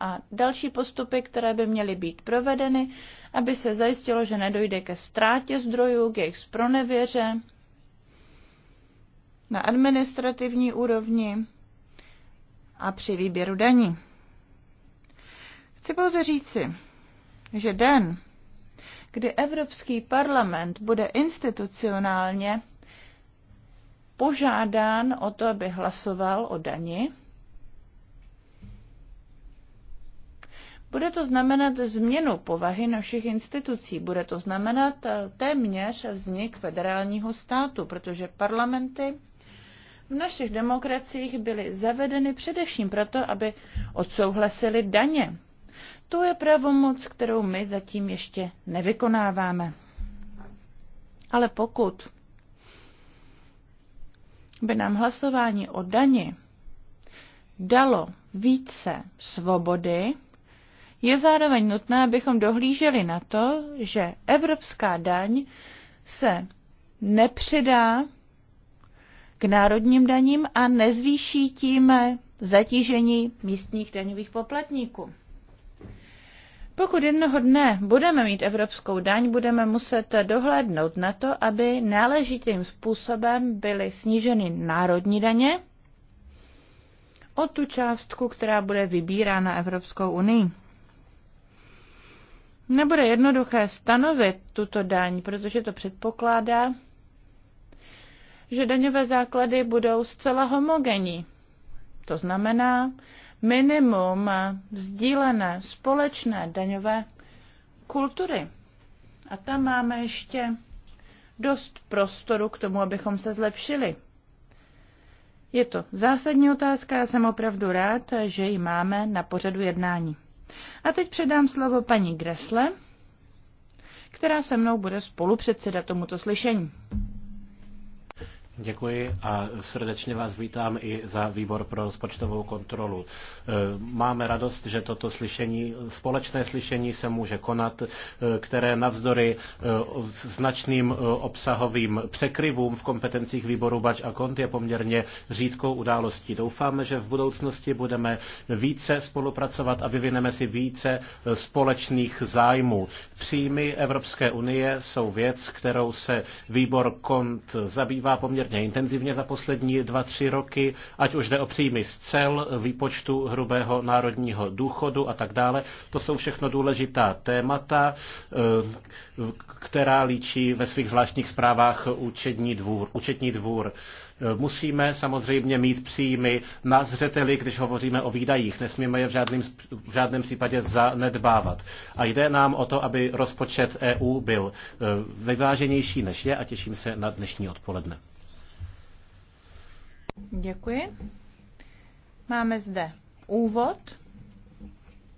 a další postupy, které by měly být provedeny, aby se zajistilo, že nedojde ke ztrátě zdrojů, k jejich spronevěře na administrativní úrovni a při výběru daní. Chci pouze říci, že den, kdy Evropský parlament bude institucionálně požádán o to, aby hlasoval o dani, Bude to znamenat změnu povahy našich institucí, bude to znamenat eh, téměř vznik federálního státu, protože parlamenty v našich demokraciích byly zavedeny především proto, aby odsouhlasili daně. To je pravomoc, kterou my zatím ještě nevykonáváme. Ale pokud by nám hlasování o dani dalo více svobody, je zároveň nutné, abychom dohlíželi na to, že evropská daň se nepřidá k národním daním a nezvýší tím zatížení místních daňových poplatníků. Pokud jednoho dne budeme mít evropskou daň, budeme muset dohlédnout na to, aby náležitým způsobem byly sníženy národní daně o tu částku, která bude vybírána Evropskou unii. Nebude jednoduché stanovit tuto daň, protože to předpokládá, že daňové základy budou zcela homogenní. To znamená minimum vzdílené společné daňové kultury. A tam máme ještě dost prostoru k tomu, abychom se zlepšili. Je to zásadní otázka, já jsem opravdu rád, že ji máme na pořadu jednání. A teď předám slovo paní Gresle, která se mnou bude spolupředsedat tomuto slyšení. Děkuji a srdečně vás vítám i za výbor pro rozpočtovou kontrolu. E, máme radost, že toto slyšení, společné slyšení se může konat, e, které navzdory e, značným obsahovým překryvům v kompetencích výboru Bač a Kont je poměrně řídkou událostí. Doufáme, že v budoucnosti budeme více spolupracovat a vyvineme si více společných zájmů. Příjmy Evropské unie jsou věc, kterou se výbor Kont zabývá poměrně poměrně intenzivně za poslední dva, tři roky, ať už jde o příjmy z cel, výpočtu hrubého národního důchodu a tak dále. To jsou všechno důležitá témata, eh, která líčí ve svých zvláštních zprávách účetní dvůr. Účetní dvůr. Eh, musíme samozřejmě mít příjmy na zřeteli, když hovoříme o výdajích. Nesmíme je v žádném, v žádném případě zanedbávat. A jde nám o to, aby rozpočet EU byl eh, vyváženější než je a těším se na dnešní odpoledne. Děkuji. Máme zde úvod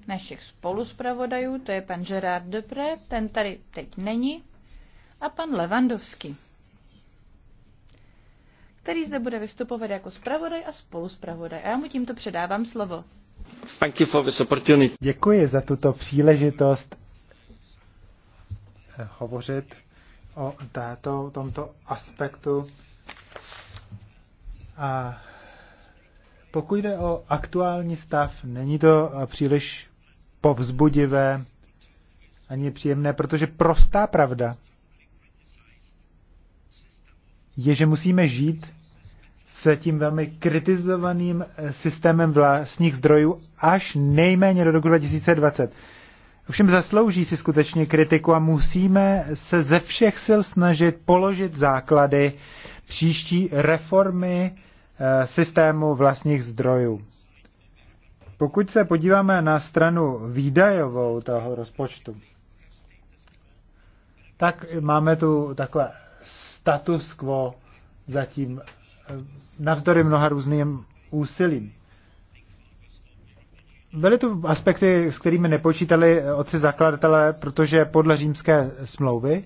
našich spoluspravodajů, to je pan Gerard Depré, ten tady teď není, a pan Levandovský, který zde bude vystupovat jako spravodaj a spoluspravodaj. A já mu tímto předávám slovo. Thank you for this opportunity. Děkuji za tuto příležitost eh, hovořit o této, tomto aspektu a pokud jde o aktuální stav, není to příliš povzbudivé ani příjemné, protože prostá pravda je, že musíme žít s tím velmi kritizovaným systémem vlastních zdrojů až nejméně do roku 2020. Ovšem zaslouží si skutečně kritiku a musíme se ze všech sil snažit položit základy příští reformy eh, systému vlastních zdrojů. Pokud se podíváme na stranu výdajovou toho rozpočtu, tak máme tu takové status quo zatím eh, navzdory mnoha různým úsilím. Byly tu aspekty, s kterými nepočítali otci zakladatelé, protože podle římské smlouvy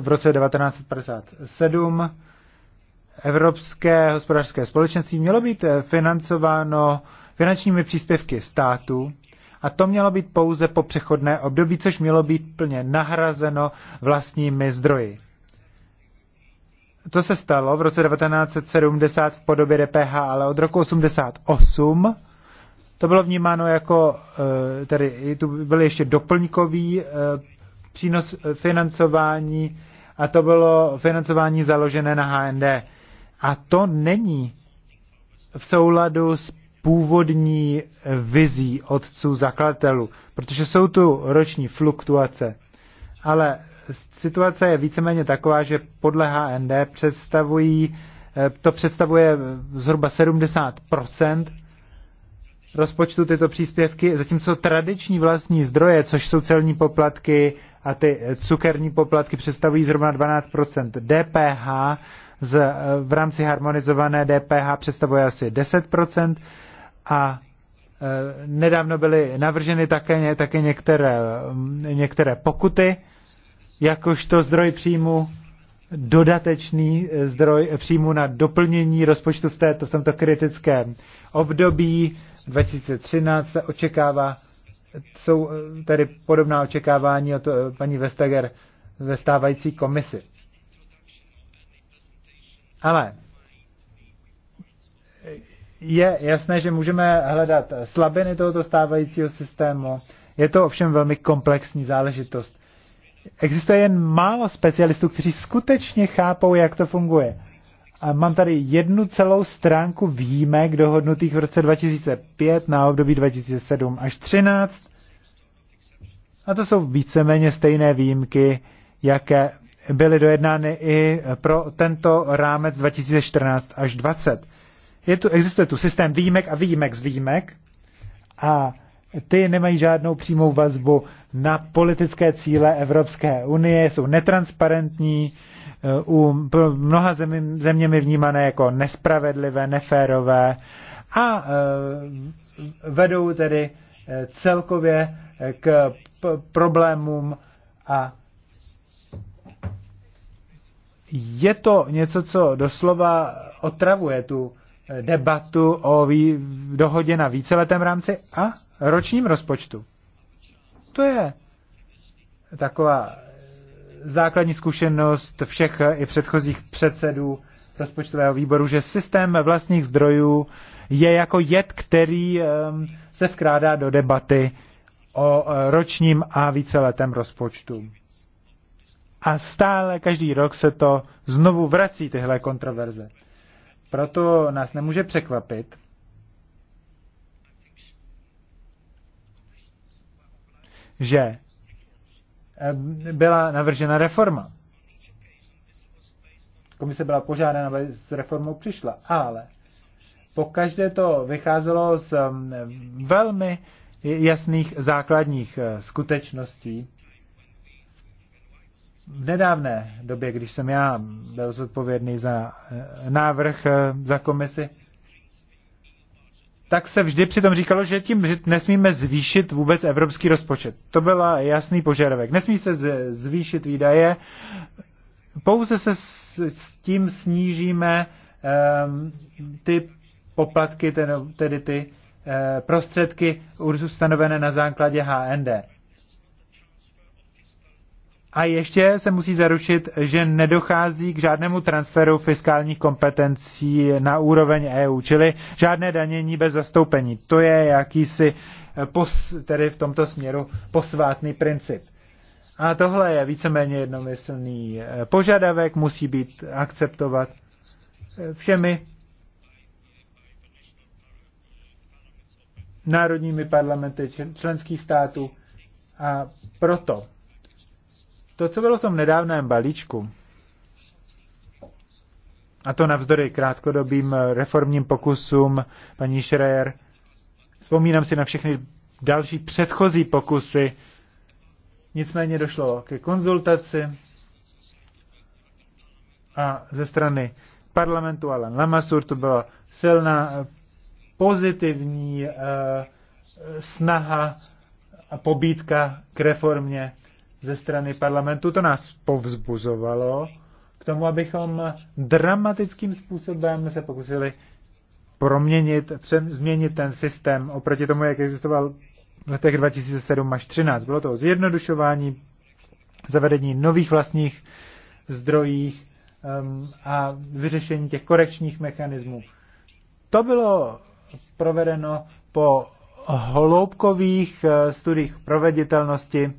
v roce 1957 Evropské hospodářské společenství mělo být eh, financováno finančními příspěvky státu a to mělo být pouze po přechodné období, což mělo být plně nahrazeno vlastními zdroji. To se stalo v roce 1970 v podobě DPH, ale od roku 1988 to bylo vnímáno jako, eh, tedy tu byl ještě doplňkový eh, přínos eh, financování a to bylo financování založené na HND. A to není v souladu s původní vizí otců zakladatelů, protože jsou tu roční fluktuace. Ale situace je víceméně taková, že podle HND představují, to představuje zhruba 70 rozpočtu tyto příspěvky, zatímco tradiční vlastní zdroje, což jsou celní poplatky a ty cukerní poplatky, představují zhruba 12 DPH z, v rámci harmonizované DPH představuje asi 10 a eh, nedávno byly navrženy také, také některé, mm, některé pokuty, jakožto zdroj příjmu, dodatečný eh, zdroj příjmu na doplnění rozpočtu v, této, v tomto kritickém období. 2013 se očekává, jsou eh, tady podobná očekávání od eh, paní Vestager ve stávající komisi. Ale je jasné, že můžeme hledat slabiny tohoto stávajícího systému. Je to ovšem velmi komplexní záležitost. Existuje jen málo specialistů, kteří skutečně chápou, jak to funguje. A mám tady jednu celou stránku výjimek dohodnutých v roce 2005 na období 2007 až 2013. A to jsou víceméně stejné výjimky, jaké byly dojednány i pro tento rámec 2014 až 2020. Je tu, existuje tu systém výjimek a výjimek z výjimek a ty nemají žádnou přímou vazbu na politické cíle Evropské unie, jsou netransparentní, u mnoha zemi, zeměmi vnímané jako nespravedlivé, neférové a e, vedou tedy e, celkově e, k problémům a je to něco, co doslova otravuje tu debatu o dohodě na víceletém rámci a ročním rozpočtu. To je taková základní zkušenost všech eh, i předchozích předsedů rozpočtového výboru, že systém vlastních zdrojů je jako jed, který ehm, se vkrádá do debaty o eh, ročním a víceletém rozpočtu. A stále každý rok se to znovu vrací, tyhle kontroverze. Proto nás nemůže překvapit, že byla navržena reforma. Komise byla požádána, aby s reformou přišla, ale po každé to vycházelo z velmi jasných základních eh, skutečností. V nedávné době, když jsem já byl zodpovědný za eh, návrh eh, za komisi, tak se vždy přitom říkalo, že tím že nesmíme zvýšit vůbec evropský rozpočet. To byl jasný požadavek. Nesmí se zvýšit výdaje, pouze se s tím snížíme um, ty poplatky, tedy ty eh, prostředky stanovené na základě HND. A ještě se musí zaručit, že nedochází k žádnému transferu fiskálních kompetencí na úroveň EU, čili žádné danění bez zastoupení. To je jakýsi eh, pos, tedy v tomto směru posvátný princip. A tohle je víceméně jednomyslný eh, požadavek, musí být akceptovat eh, všemi národními parlamenty členských států. A proto to, co bylo v tom nedávném balíčku, a to navzdory krátkodobým reformním pokusům paní Schreier, vzpomínám si na všechny další předchozí pokusy, nicméně došlo ke konzultaci a ze strany parlamentu Alan Lamassur to byla silná eh, pozitivní eh, eh, snaha a pobídka k reformě ze strany parlamentu, to nás povzbuzovalo k tomu, abychom dramatickým způsobem se pokusili proměnit, změnit ten systém oproti tomu, jak existoval v letech 2007 až 2013. Bylo to zjednodušování, zavedení nových vlastních zdrojích um, a vyřešení těch korekčních mechanismů. To bylo provedeno po hloubkových eh, studiích proveditelnosti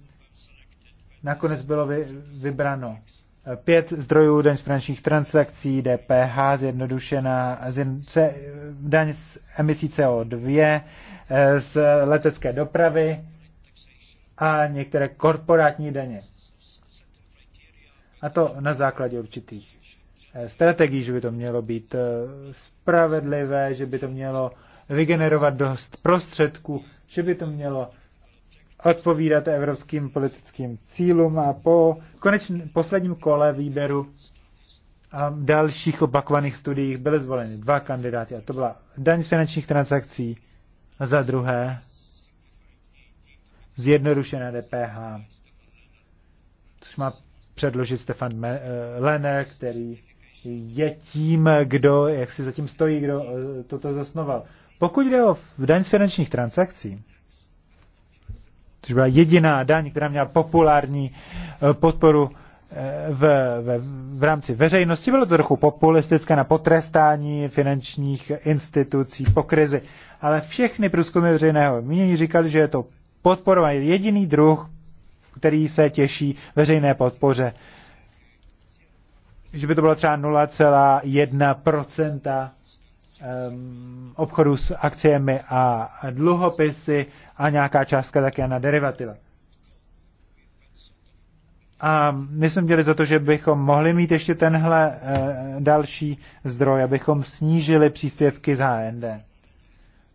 nakonec bylo vy, vybrano eh, pět zdrojů, daň z finančních transakcí, DPH, zjednodušená daň z emisí CO2, eh, z letecké dopravy a některé korporátní daně. A to na základě určitých eh, strategií, že by to mělo být spravedlivé, že by to mělo vygenerovat dost prostředků, že by to mělo odpovídat evropským politickým cílům a po konečn- posledním kole výběru a dalších opakovaných studiích byly zvoleny dva kandidáty a to byla daň z finančních transakcí a za druhé zjednodušené DPH, což má předložit Stefan eh, Lenner, který je tím, kdo, jak si zatím stojí, kdo eh, toto zasnoval. Pokud jde o daň z finančních transakcí, což byla jediná daň, která měla populární eh, podporu eh, v, v, v rámci veřejnosti. Bylo to trochu populistické na potrestání finančních institucí po krizi. Ale všechny průzkumy veřejného mínění říkali, že je to podporovaný jediný druh, který se těší veřejné podpoře. Že by to bylo třeba 0,1% obchodu s akciemi a dluhopisy a nějaká částka také na derivativa. A my jsme měli za to, že bychom mohli mít ještě tenhle eh, další zdroj, abychom snížili příspěvky z HND.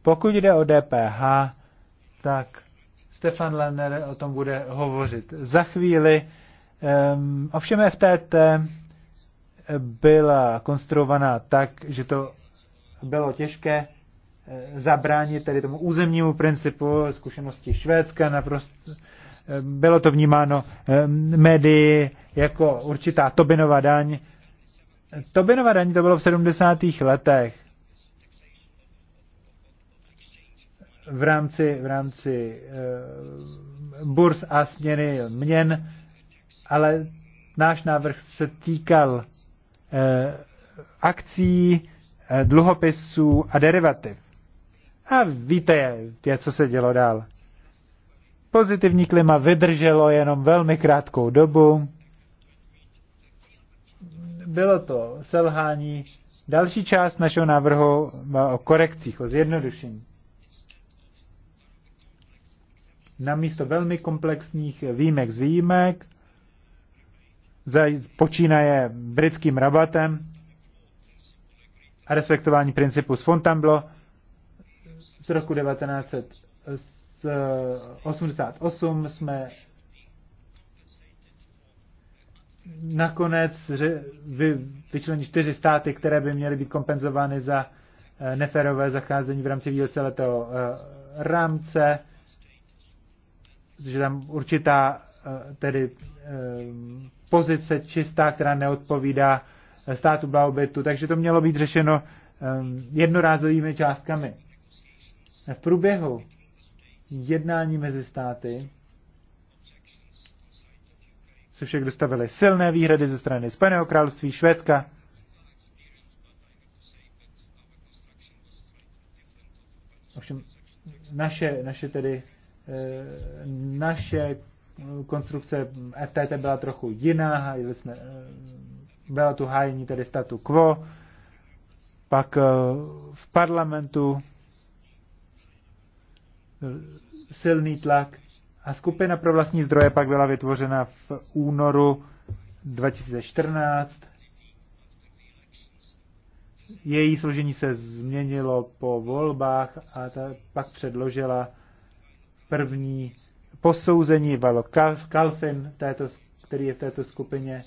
Pokud jde o DPH, tak Stefan Lenner o tom bude hovořit za chvíli. Ovšem FTT byla konstruovaná tak, že to bylo těžké eh, zabránit tedy tomu územnímu principu zkušenosti Švédska. Naprosto, eh, bylo to vnímáno eh, médii jako určitá Tobinova daň. Tobinova daň to bylo v 70. letech. v rámci, v rámci uh, burs a směny měn, ale náš návrh se týkal uh, akcí, Eh, dluhopisů a derivativ. A víte, je, co se dělo dál. Pozitivní klima vydrželo jenom velmi krátkou dobu. Bylo to selhání. Další část našeho návrhu o korekcích, o zjednodušení. Namísto velmi komplexních výjimek z výjimek, počínaje britským rabatem, a respektování principu z Fontainebleau z roku 1988 eh, jsme nakonec vy, vyčlení čtyři státy, které by měly být kompenzovány za eh, neferové zacházení v rámci víceletého eh, rámce, že tam určitá tedy pozice čistá, která neodpovídá státu blahobytu, takže to mělo být řešeno jednorázovými částkami. V průběhu jednání mezi státy se však dostavily silné výhrady ze strany Spojeného království, Švédska. Ovšem, naše, naše tedy eh, naše konstrukce FTT byla trochu jiná, jeli jsme eh, bylo tu hájení tedy statu quo, pak eh, v parlamentu silný tlak a skupina pro vlastní zdroje pak byla vytvořena v únoru 2014. Její složení se změnilo po volbách a ta pak předložila první posouzení Valo Kalfin, této, který je v této skupině.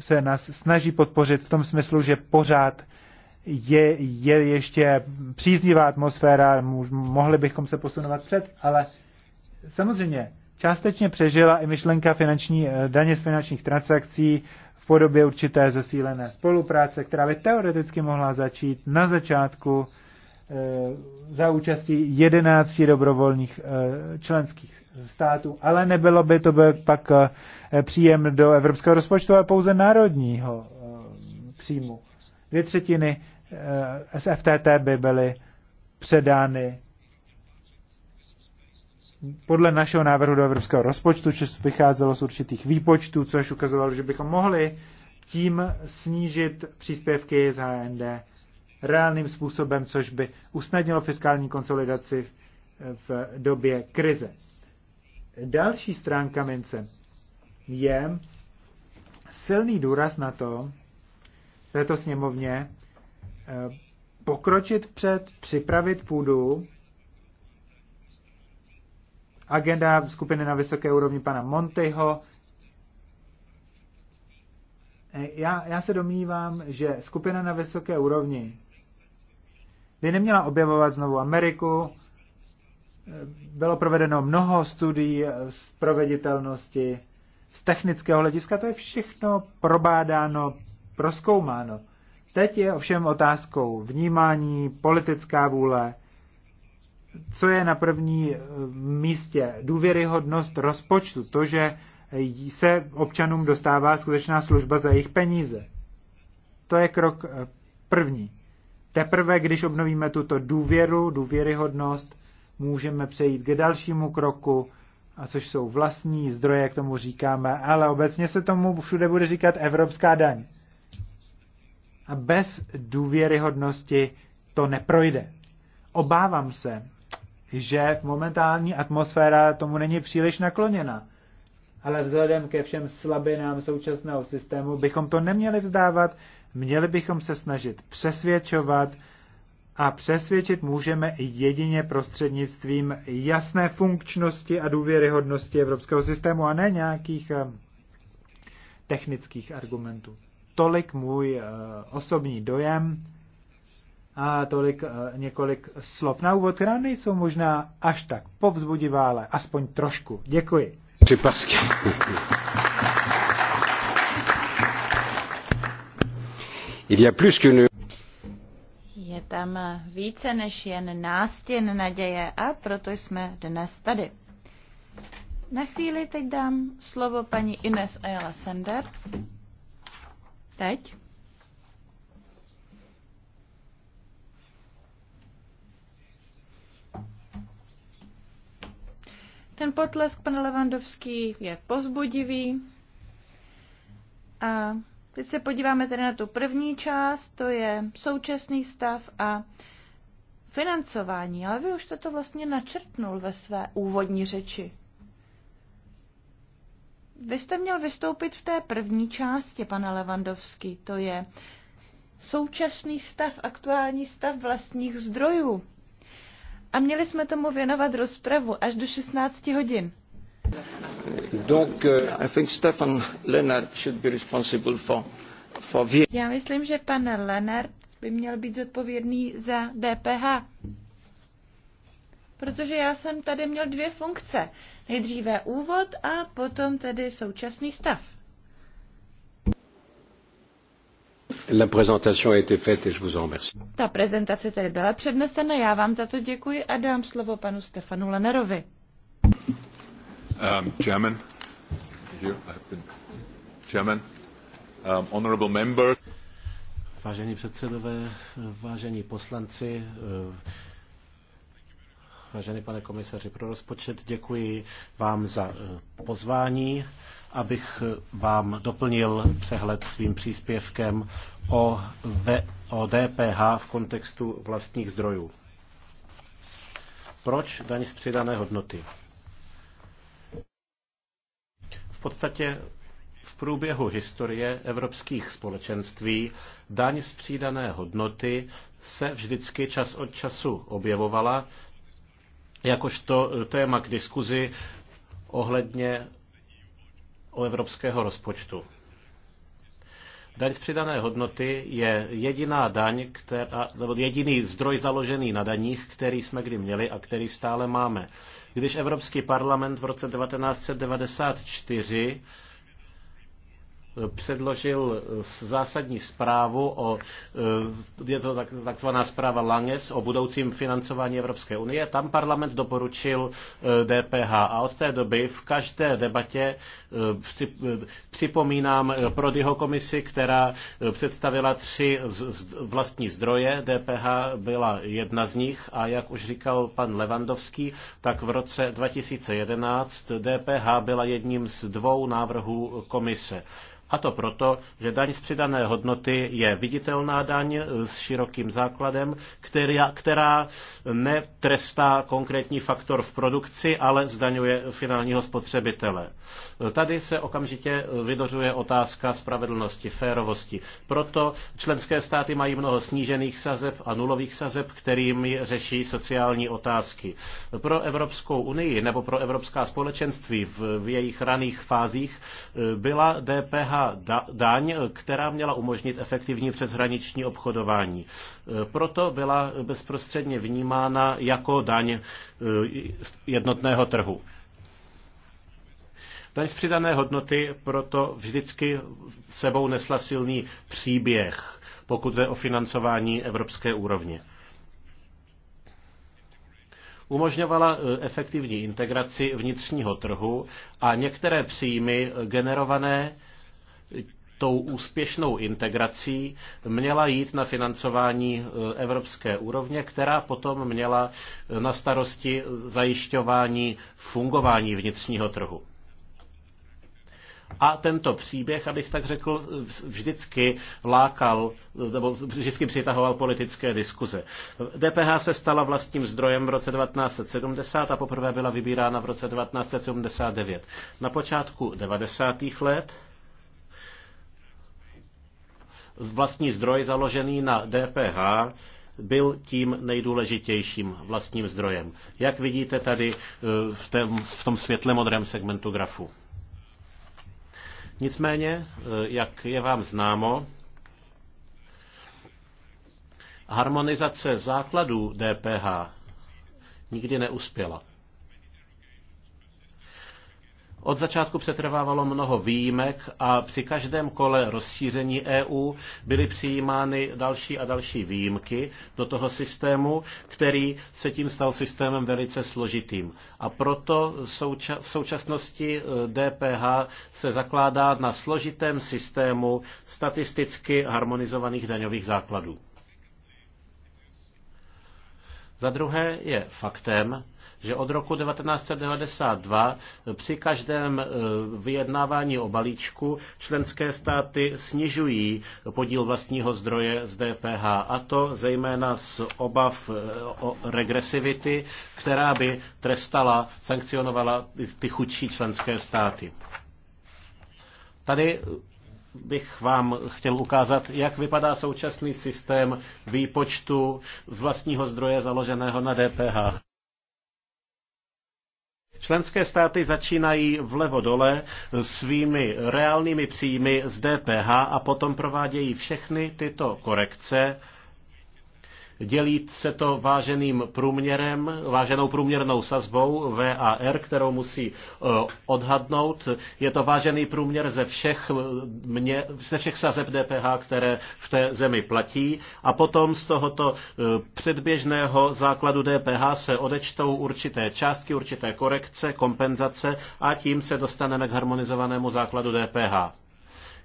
se nás snaží podpořit v tom smyslu, že pořád je, je ještě příznivá atmosféra, mohli bychom se posunovat před, ale samozřejmě částečně přežila i myšlenka finanční, eh, daně z finančních transakcí v podobě určité zesílené spolupráce, která by teoreticky mohla začít na začátku eh, za účastí 11 dobrovolných eh, členských Státu, ale nebylo by to by pak eh, příjem do evropského rozpočtu, ale pouze národního eh, příjmu. Dvě třetiny SFTT eh, by byly předány podle našeho návrhu do evropského rozpočtu, což vycházelo z určitých výpočtů, což ukazovalo, že bychom mohli tím snížit příspěvky z HND reálným způsobem, což by usnadnilo fiskální konsolidaci v době krize. Další stránka mince je silný důraz na to, této sněmovně, eh, pokročit před, připravit půdu. Agenda skupiny na vysoké úrovni pana Monteho. Eh, já, já se domnívám, že skupina na vysoké úrovni by neměla objevovat znovu Ameriku, bylo provedeno mnoho studií z proveditelnosti, z technického hlediska, to je všechno probádáno, proskoumáno. Teď je ovšem otázkou vnímání, politická vůle, co je na první eh, místě důvěryhodnost rozpočtu, to, že se občanům dostává skutečná služba za jejich peníze. To je krok eh, první. Teprve, když obnovíme tuto důvěru, důvěryhodnost, můžeme přejít k dalšímu kroku, a což jsou vlastní zdroje, jak tomu říkáme, ale obecně se tomu všude bude říkat evropská daň. A bez důvěryhodnosti to neprojde. Obávám se, že momentální atmosféra tomu není příliš nakloněna. Ale vzhledem ke všem slabinám současného systému bychom to neměli vzdávat, měli bychom se snažit přesvědčovat, a přesvědčit můžeme jedině prostřednictvím jasné funkčnosti a důvěryhodnosti evropského systému a ne nějakých eh, technických argumentů. Tolik můj eh, osobní dojem a tolik eh, několik slov na úvod, která nejsou možná až tak povzbudivá, ale aspoň trošku. Děkuji. Připasky. Il y a plus qu'une tam více než jen nástěn naděje a proto jsme dnes tady. Na chvíli teď dám slovo paní Ines Ayala Sender. Teď. Ten potlesk, pan Levandovský, je pozbudivý a Teď se podíváme tedy na tu první část, to je současný stav a financování, ale vy už toto vlastně načrtnul ve své úvodní řeči. Vy jste měl vystoupit v té první části, pane Levandovský, to je současný stav, aktuální stav vlastních zdrojů. A měli jsme tomu věnovat rozpravu až do 16 hodin. Donc, euh, I think Stefan Lennart should be responsible for, for Já myslím, že pan Lennart by měl být zodpovědný za DPH. Protože já jsem tady měl dvě funkce. Nejdříve úvod a potom tedy současný stav. La présentation a été faite et je vous en remercie. Ta prezentace tedy byla přednesena, já vám za to děkuji a dám slovo panu Stefanu Lenerovi. Um, um, vážení předsedové, vážení poslanci, eh, vážený pane komisaři pro rozpočet, děkuji vám za eh, pozvání, abych eh, vám doplnil přehled svým příspěvkem o, v, o DPH v kontextu vlastních zdrojů. Proč daň z přidané hodnoty? podstatě v průběhu historie evropských společenství daň z přídané hodnoty se vždycky čas od času objevovala jakožto eh, téma k diskuzi ohledně o evropského rozpočtu. Daň z přidané hodnoty je jediná daň, která, nebo jediný zdroj založený na daních, který jsme kdy měli a který stále máme. Když Evropský parlament v roce 1994 předložil zásadní zprávu o, e, je to tak, takzvaná zpráva Langes o budoucím financování Evropské unie. Tam parlament doporučil e, DPH a od té doby v každé debatě e, připomínám pro jeho komisi, která představila tři vlastní zdroje. DPH byla jedna z nich a jak už říkal pan Levandovský, tak v roce 2011 DPH byla jedním z dvou návrhů komise. A to proto, že daň z přidané hodnoty je viditelná daň e, s širokým základem, která, která netrestá konkrétní faktor v produkci, ale zdaňuje finálního spotřebitele. E, tady se okamžitě e, vydořuje otázka spravedlnosti, férovosti. Proto členské státy mají mnoho snížených sazeb a nulových sazeb, kterými řeší sociální otázky. Pro Evropskou unii nebo pro evropská společenství v, v jejich raných fázích byla DPH daň, která měla umožnit efektivní přeshraniční obchodování. E, proto byla bezprostředně vnímána jako daň e, jednotného trhu. Daň z přidané hodnoty proto vždycky sebou nesla silný příběh, pokud jde o financování evropské úrovně. Umožňovala e, efektivní integraci vnitřního trhu a některé příjmy generované tou úspěšnou integrací měla jít na financování e, evropské úrovně, která potom měla e, na starosti zajišťování fungování vnitřního trhu. A tento příběh, abych tak řekl, vždycky lákal, nebo vždycky přitahoval politické diskuze. DPH se stala vlastním zdrojem v roce 1970 a poprvé byla vybírána v roce 1979. Na počátku 90. let vlastní zdroj založený na DPH byl tím nejdůležitějším vlastním zdrojem. Jak vidíte tady eh, v, tém, v tom světle modrém segmentu grafu. Nicméně, eh, jak je vám známo, harmonizace základů DPH nikdy neuspěla. Od začátku přetrvávalo mnoho výjimek a při každém kole rozšíření EU byly přijímány další a další výjimky do toho systému, který se tím stal systémem velice složitým. A proto v současnosti DPH eh, se zakládá na složitém systému statisticky harmonizovaných daňových základů. Za druhé je faktem, že od roku 1992 při každém eh, vyjednávání o balíčku členské státy snižují podíl vlastního zdroje z DPH, a to zejména z obav eh, o regresivity, která by trestala, sankcionovala ty chudší členské státy. Tady eh, bych vám chtěl ukázat, jak vypadá současný systém výpočtu vlastního zdroje založeného na DPH. Členské státy začínají vlevo dole svými reálnými příjmy z DPH a potom provádějí všechny tyto korekce Dělí se to váženým průměrem, váženou průměrnou sazbou VAR, kterou musí e, odhadnout. Je to vážený průměr ze všech, e, mě, ze všech sazeb DPH, které v té zemi platí. A potom z tohoto e, předběžného základu DPH se odečtou určité částky, určité korekce, kompenzace a tím se dostaneme k harmonizovanému základu DPH.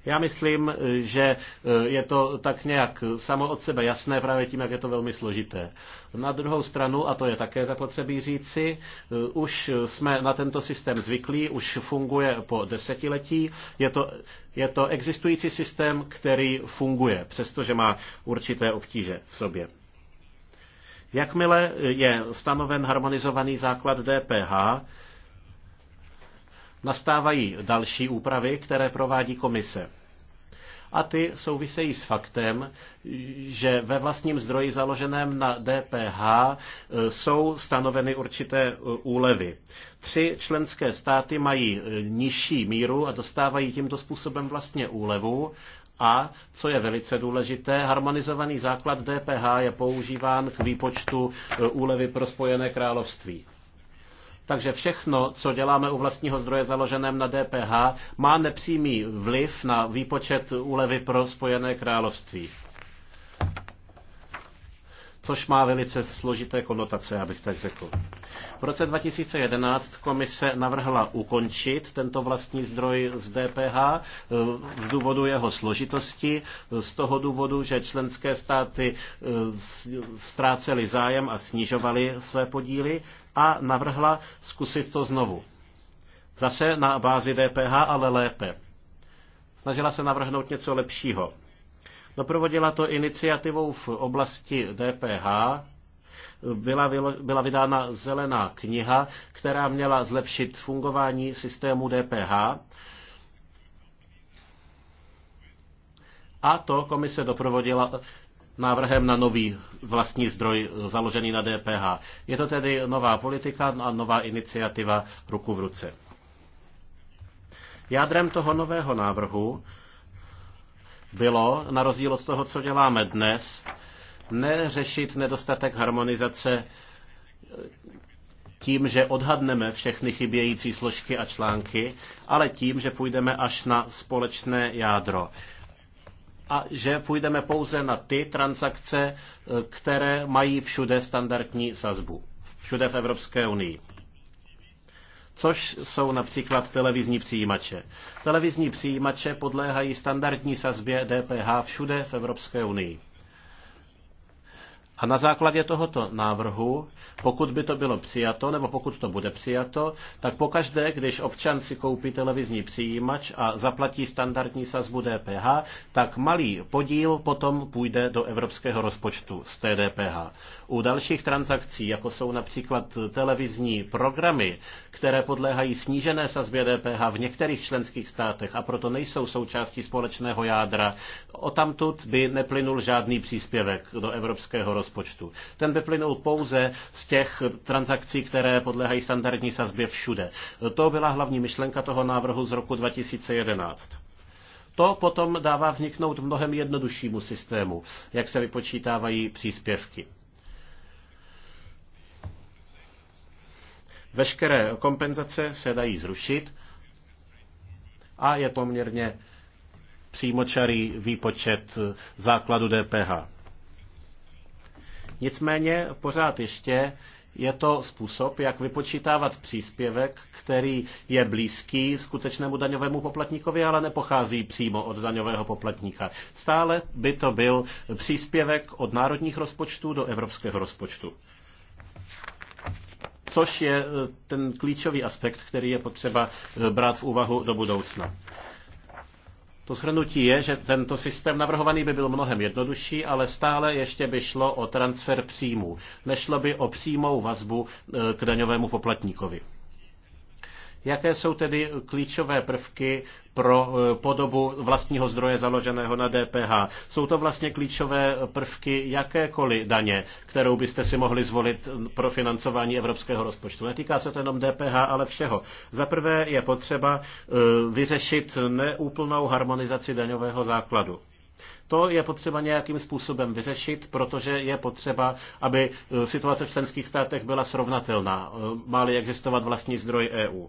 Já myslím, že eh, je to tak nějak samo od sebe jasné právě tím, jak je to velmi složité. Na druhou stranu, a to je také zapotřebí říci, eh, už jsme na tento systém zvyklí, už funguje po desetiletí. Je to, je to existující systém, který funguje, přestože má určité obtíže v sobě. Jakmile je stanoven harmonizovaný základ DPH, nastávají další úpravy, které provádí komise. A ty souvisejí s faktem, že ve vlastním zdroji založeném na DPH e, jsou stanoveny určité e, úlevy. Tři členské státy mají e, nižší míru a dostávají tímto způsobem vlastně úlevu, a, co je velice důležité, harmonizovaný základ DPH je používán k výpočtu úlevy pro Spojené království. Takže všechno, co děláme u vlastního zdroje založeném na DPH, má nepřímý vliv na výpočet úlevy pro Spojené království což má velice složité konotace, abych tak řekl. V roce 2011 komise navrhla ukončit tento vlastní zdroj z DPH eh, z důvodu jeho složitosti, eh, z toho důvodu, že členské státy eh, ztrácely zájem a snižovaly své podíly a navrhla zkusit to znovu. Zase na bázi DPH, ale lépe. Snažila se navrhnout něco lepšího Doprovodila to iniciativou v oblasti DPH, byla, byla vydána zelená kniha, která měla zlepšit fungování systému DPH. A to komise doprovodila návrhem na nový vlastní zdroj založený na DPH. Je to tedy nová politika a nová iniciativa ruku v ruce. Jádrem toho nového návrhu bylo, na rozdíl od toho, co děláme dnes, neřešit nedostatek harmonizace eh, tím, že odhadneme všechny chybějící složky a články, ale tím, že půjdeme až na společné jádro. A že půjdeme pouze na ty transakce, eh, které mají všude standardní sazbu. Všude v Evropské unii což jsou například televizní přijímače. Televizní přijímače podléhají standardní sazbě DPH všude v Evropské unii. A na základě tohoto návrhu, pokud by to bylo přijato, nebo pokud to bude přijato, tak pokaždé, když občan si koupí televizní přijímač a zaplatí standardní sazbu DPH, tak malý podíl potom půjde do evropského rozpočtu z té DPH. U dalších transakcí, jako jsou například televizní programy, které podléhají snížené sazbě DPH v některých členských státech a proto nejsou součástí společného jádra, o tamtud by neplynul žádný příspěvek do evropského rozpočtu rozpočtu. Ten by plynul pouze z těch transakcí, které podléhají standardní sazbě všude. To byla hlavní myšlenka toho návrhu z roku 2011. To potom dává vzniknout mnohem jednoduššímu systému, jak se vypočítávají příspěvky. Veškeré kompenzace se dají zrušit a je poměrně přímočarý výpočet základu DPH. Nicméně pořád ještě je to způsob, jak vypočítávat příspěvek, který je blízký skutečnému daňovému poplatníkovi, ale nepochází přímo od daňového poplatníka. Stále by to byl příspěvek od národních rozpočtů do evropského rozpočtu. Což je eh, ten klíčový aspekt, který je potřeba eh, brát v úvahu do budoucna. To shrnutí je, že tento systém navrhovaný by byl mnohem jednodušší, ale stále ještě by šlo o transfer příjmů. Nešlo by o přímou vazbu e, k daňovému poplatníkovi. Jaké jsou tedy klíčové prvky pro e, podobu vlastního zdroje založeného na DPH? Jsou to vlastně klíčové prvky jakékoliv daně, kterou byste si mohli zvolit pro financování evropského rozpočtu? Netýká se to jenom DPH, ale všeho. Za prvé je potřeba e, vyřešit neúplnou harmonizaci daňového základu. To je potřeba nějakým způsobem vyřešit, protože je potřeba, aby eh, situace v členských státech byla srovnatelná. Eh, máli existovat vlastní zdroj EU.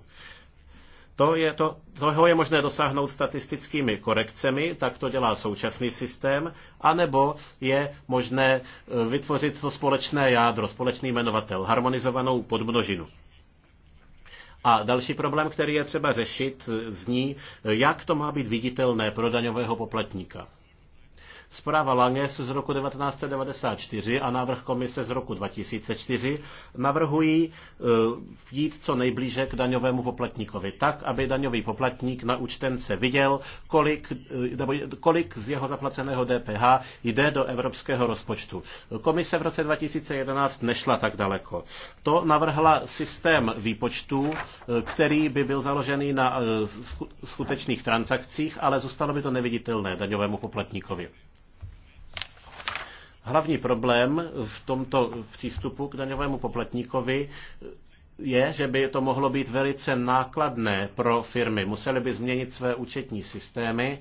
To je to, toho je možné dosáhnout statistickými korekcemi, tak to dělá současný systém, anebo je možné eh, vytvořit to společné jádro, společný jmenovatel, harmonizovanou podmnožinu. A další problém, který je třeba řešit, zní, jak to má být viditelné pro daňového poplatníka. Zpráva Langes z roku 1994 a návrh komise z roku 2004 navrhují e, jít co nejblíže k daňovému poplatníkovi, tak, aby daňový poplatník na účtence viděl, kolik, e, nebo kolik z jeho zaplaceného DPH jde do evropského rozpočtu. Komise v roce 2011 nešla tak daleko. To navrhla systém výpočtů, e, který by byl založený na skutečných transakcích, ale zůstalo by to neviditelné daňovému poplatníkovi. Hlavní problém v tomto přístupu k daňovému poplatníkovi je, že by to mohlo být velice nákladné pro firmy. Museli by změnit své účetní systémy,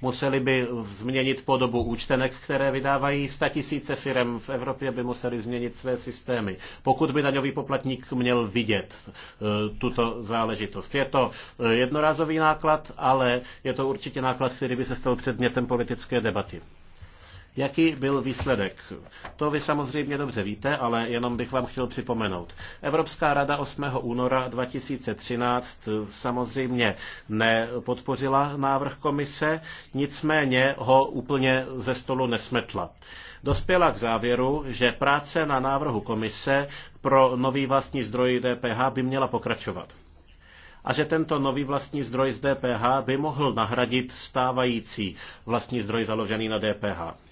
museli by změnit podobu účtenek, které vydávají. Statisíce firm v Evropě by museli změnit své systémy, pokud by daňový poplatník měl vidět eh, tuto záležitost. Je to eh, jednorázový náklad, ale je to určitě náklad, který by se stal předmětem politické debaty. Jaký byl výsledek? To vy samozřejmě dobře víte, ale jenom bych vám chtěl připomenout. Evropská rada 8. února 2013 samozřejmě nepodpořila návrh komise, nicméně ho úplně ze stolu nesmetla dospěla k závěru, že práce na návrhu komise pro nový vlastní zdroj DPH by měla pokračovat a že tento nový vlastní zdroj z DPH by mohl nahradit stávající vlastní zdroj založený na DPH.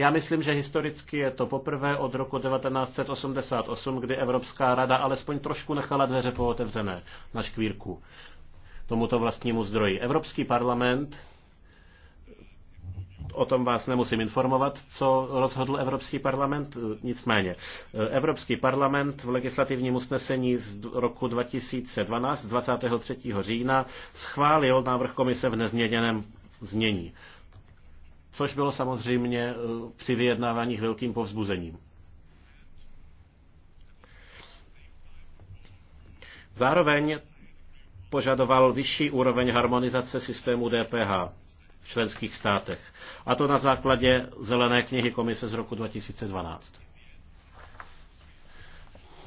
Já myslím, že historicky je to poprvé od roku 1988, kdy Evropská rada alespoň trošku nechala dveře pootevřené na škvírku tomuto vlastnímu zdroji. Evropský parlament o tom vás nemusím informovat, co rozhodl Evropský parlament. Nicméně, Evropský parlament v legislativním usnesení z roku 2012, 23. října, schválil návrh komise v nezměněném znění což bylo samozřejmě eh, při vyjednávání velkým povzbuzením. Zároveň požadoval vyšší úroveň harmonizace systému DPH v členských státech. A to na základě zelené knihy komise z roku 2012.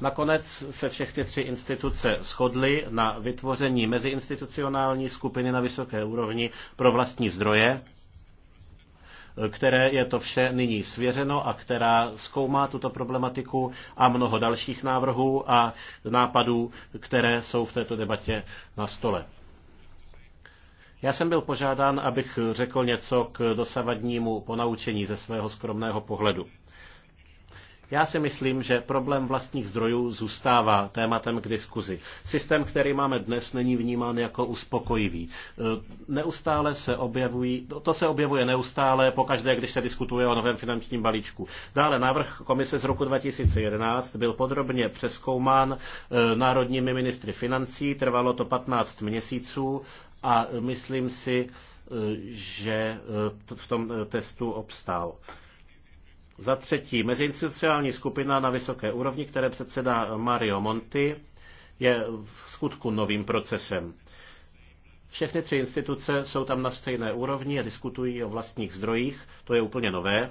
Nakonec se všechny tři instituce shodly na vytvoření meziinstitucionální skupiny na vysoké úrovni pro vlastní zdroje, které je to vše nyní svěřeno a která zkoumá tuto problematiku a mnoho dalších návrhů a nápadů, které jsou v této debatě na stole. Já jsem byl požádán, abych řekl něco k dosavadnímu ponaučení ze svého skromného pohledu. Já si myslím, že problém vlastních zdrojů zůstává tématem k diskuzi. Systém, který máme dnes, není vnímán jako uspokojivý. E, neustále se objevují, to se objevuje neustále, pokaždé, když se diskutuje o novém finančním balíčku. Dále návrh komise z roku 2011 byl podrobně přeskoumán e, národními ministry financí, trvalo to 15 měsíců a myslím si, e, že v tom testu obstál. Za třetí, meziinstitucionální skupina na vysoké úrovni, které předsedá Mario Monti, je v skutku novým procesem. Všechny tři instituce jsou tam na stejné úrovni a diskutují o vlastních zdrojích, to je úplně nové.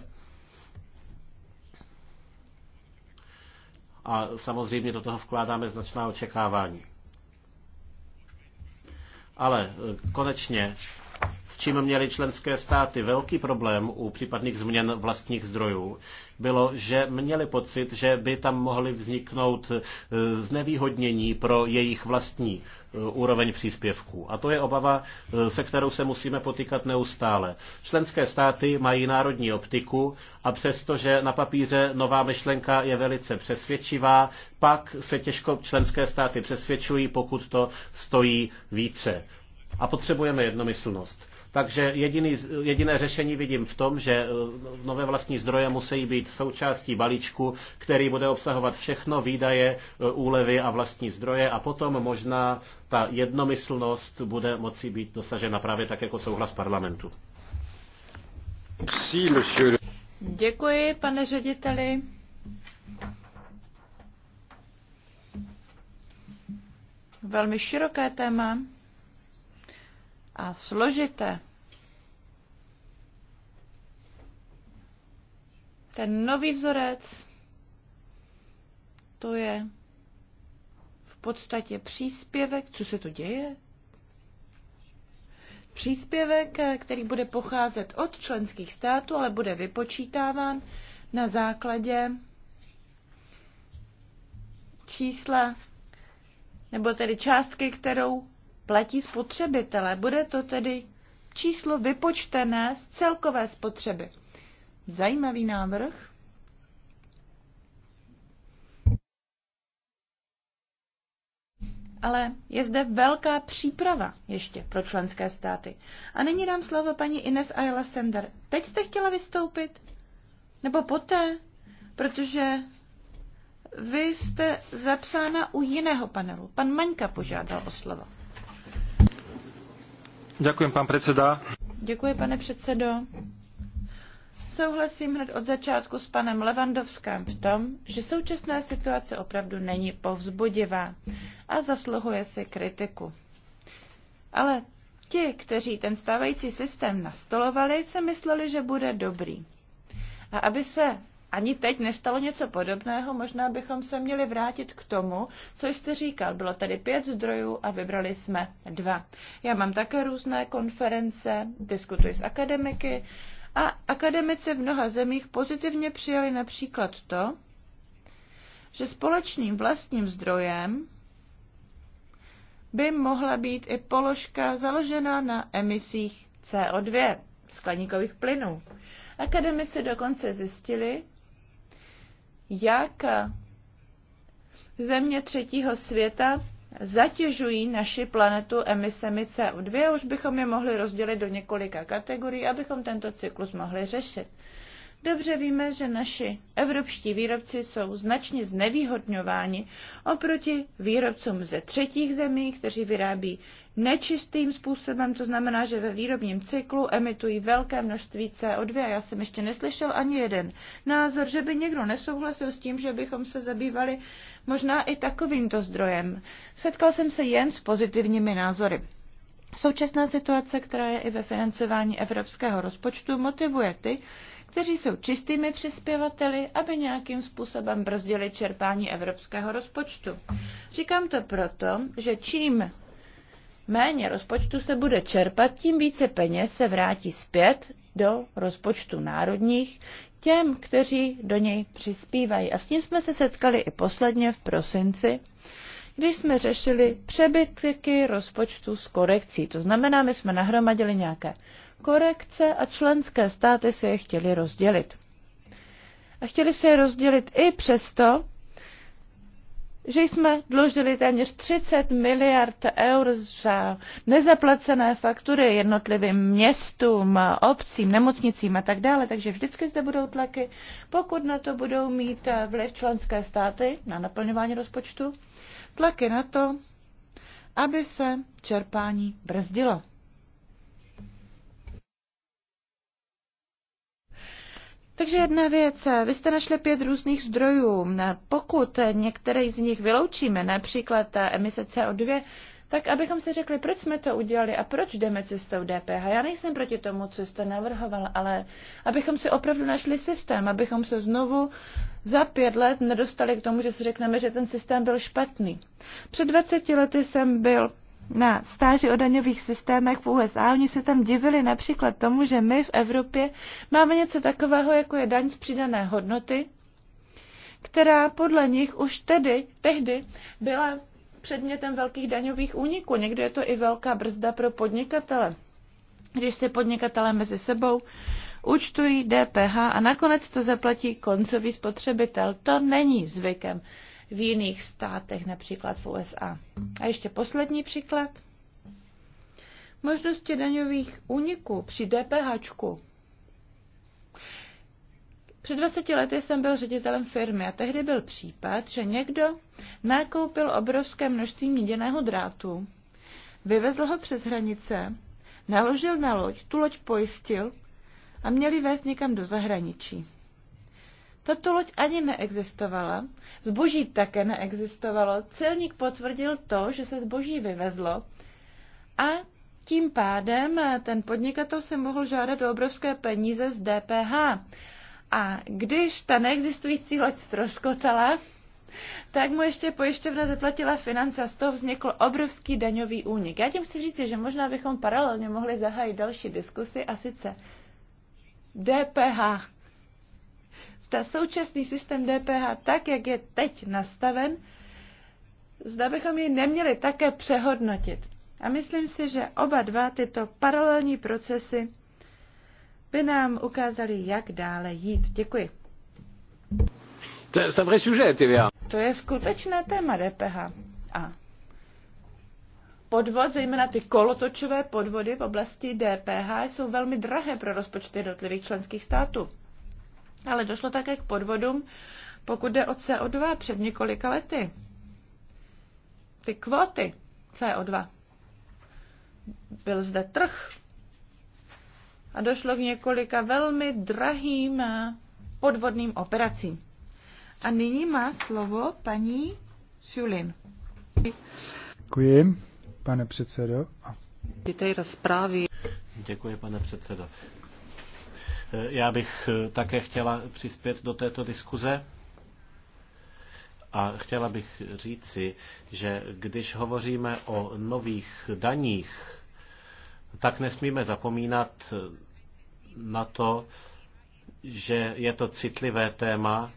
A samozřejmě do toho vkládáme značná očekávání. Ale eh, konečně s čím měly členské státy velký problém u případných změn vlastních zdrojů, bylo, že měli pocit, že by tam mohly vzniknout eh, znevýhodnění pro jejich vlastní eh, úroveň příspěvků. A to je obava, eh, se kterou se musíme potýkat neustále. Členské státy mají národní optiku a přestože na papíře nová myšlenka je velice přesvědčivá, pak se těžko členské státy přesvědčují, pokud to stojí více a potřebujeme jednomyslnost. Takže jediný, jediné řešení vidím v tom, že eh, nové vlastní zdroje musí být součástí balíčku, který bude obsahovat všechno výdaje, eh, úlevy a vlastní zdroje a potom možná ta jednomyslnost bude moci být dosažena právě tak jako souhlas parlamentu. Děkuji, pane řediteli. Velmi široké téma a složité. Ten nový vzorec, to je v podstatě příspěvek, co se to děje? Příspěvek, který bude pocházet od členských států, ale bude vypočítáván na základě čísla, nebo tedy částky, kterou platí spotřebitele. Bude to tedy číslo vypočtené z celkové spotřeby. Zajímavý návrh. Ale je zde velká příprava ještě pro členské státy. A nyní dám slovo paní Ines Ayala Sender. Teď jste chtěla vystoupit? Nebo poté? Protože vy jste zapsána u jiného panelu. Pan Maňka požádal o slovo. Děkuji, pan předseda. Děkuji, pane předsedo. Souhlasím hned od začátku s panem Levandovským v tom, že současná situace opravdu není povzbudivá a zasluhuje si kritiku. Ale ti, kteří ten stávající systém nastolovali, se mysleli, že bude dobrý. A aby se ani teď nestalo něco podobného, možná bychom se měli vrátit k tomu, co jste říkal. Bylo tady pět zdrojů a vybrali jsme dva. Já mám také různé konference, diskutuji s akademiky a akademici v mnoha zemích pozitivně přijali například to, že společným vlastním zdrojem by mohla být i položka založená na emisích CO2, skleníkových plynů. Akademici dokonce zjistili, jak země třetího světa zatěžují naši planetu emisemi CO2. Už bychom je mohli rozdělit do několika kategorií, abychom tento cyklus mohli řešit. Dobře víme, že naši evropští výrobci jsou značně znevýhodňováni oproti výrobcům ze třetích zemí, kteří vyrábí nečistým způsobem, to znamená, že ve výrobním cyklu emitují velké množství CO2. Já jsem ještě neslyšel ani jeden názor, že by někdo nesouhlasil s tím, že bychom se zabývali možná i takovýmto zdrojem. Setkal jsem se jen s pozitivními názory. Současná situace, která je i ve financování evropského rozpočtu, motivuje ty, kteří jsou čistými přispěvateli, aby nějakým způsobem brzdili čerpání evropského rozpočtu. Říkám to proto, že čím méně rozpočtu se bude čerpat, tím více peněz se vrátí zpět do rozpočtu národních těm, kteří do něj přispívají. A s tím jsme se setkali i posledně v prosinci, když jsme řešili přebytky rozpočtu s korekcí. To znamená, my jsme nahromadili nějaké korekce a členské státy si je chtěli rozdělit. A chtěli si je rozdělit i přesto, že jsme dlužili téměř 30 miliard eur za nezaplacené faktury jednotlivým městům, obcím, nemocnicím a tak dále, takže vždycky zde budou tlaky, pokud na to budou mít vliv členské státy na naplňování rozpočtu, tlaky na to, aby se čerpání brzdilo. Takže jedna věc, vy jste našli pět různých zdrojů. Pokud některý z nich vyloučíme, například emise CO2, tak abychom si řekli, proč jsme to udělali a proč jdeme cestou DPH. Já nejsem proti tomu, co jste navrhoval, ale abychom si opravdu našli systém, abychom se znovu za pět let nedostali k tomu, že si řekneme, že ten systém byl špatný. Před 20 lety jsem byl na stáži o daňových systémech v USA. Oni se tam divili například tomu, že my v Evropě máme něco takového, jako je daň z přidané hodnoty, která podle nich už tedy, tehdy byla předmětem velkých daňových úniků. Někdy je to i velká brzda pro podnikatele. Když se podnikatele mezi sebou účtují DPH a nakonec to zaplatí koncový spotřebitel. To není zvykem v jiných státech, například v USA. A ještě poslední příklad. Možnosti daňových úniků při DPH. Před 20 lety jsem byl ředitelem firmy a tehdy byl případ, že někdo nakoupil obrovské množství měděného drátu, vyvezl ho přes hranice, naložil na loď, tu loď pojistil a měli vést někam do zahraničí. Tato loď ani neexistovala, zboží také neexistovalo, celník potvrdil to, že se zboží vyvezlo a tím pádem ten podnikatel si mohl žádat o obrovské peníze z DPH. A když ta neexistující loď ztroskotala, tak mu ještě pojišťovna zaplatila finance a z toho vznikl obrovský daňový únik. Já tím chci říct, že možná bychom paralelně mohli zahájit další diskusy a sice DPH současný systém DPH tak, jak je teď nastaven, zda bychom ji neměli také přehodnotit. A myslím si, že oba dva tyto paralelní procesy by nám ukázaly, jak dále jít. Děkuji. To je, to sujet, To je skutečné téma DPH. A podvod, zejména ty kolotočové podvody v oblasti DPH, jsou velmi drahé pro rozpočty jednotlivých členských států. Ale došlo také k podvodům, pokud jde o CO2 před několika lety. Ty kvóty CO2. Byl zde trh a došlo k několika velmi drahým podvodným operacím. A nyní má slovo paní Šulin. Děkuji, pane předsedo. Ty rozprávy. Děkuji, pane předsedo. Eh, já bych eh, také chtěla přispět do této diskuze. A chtěla bych říci, že když hovoříme o nových daních, tak nesmíme zapomínat eh, na to, že je to citlivé téma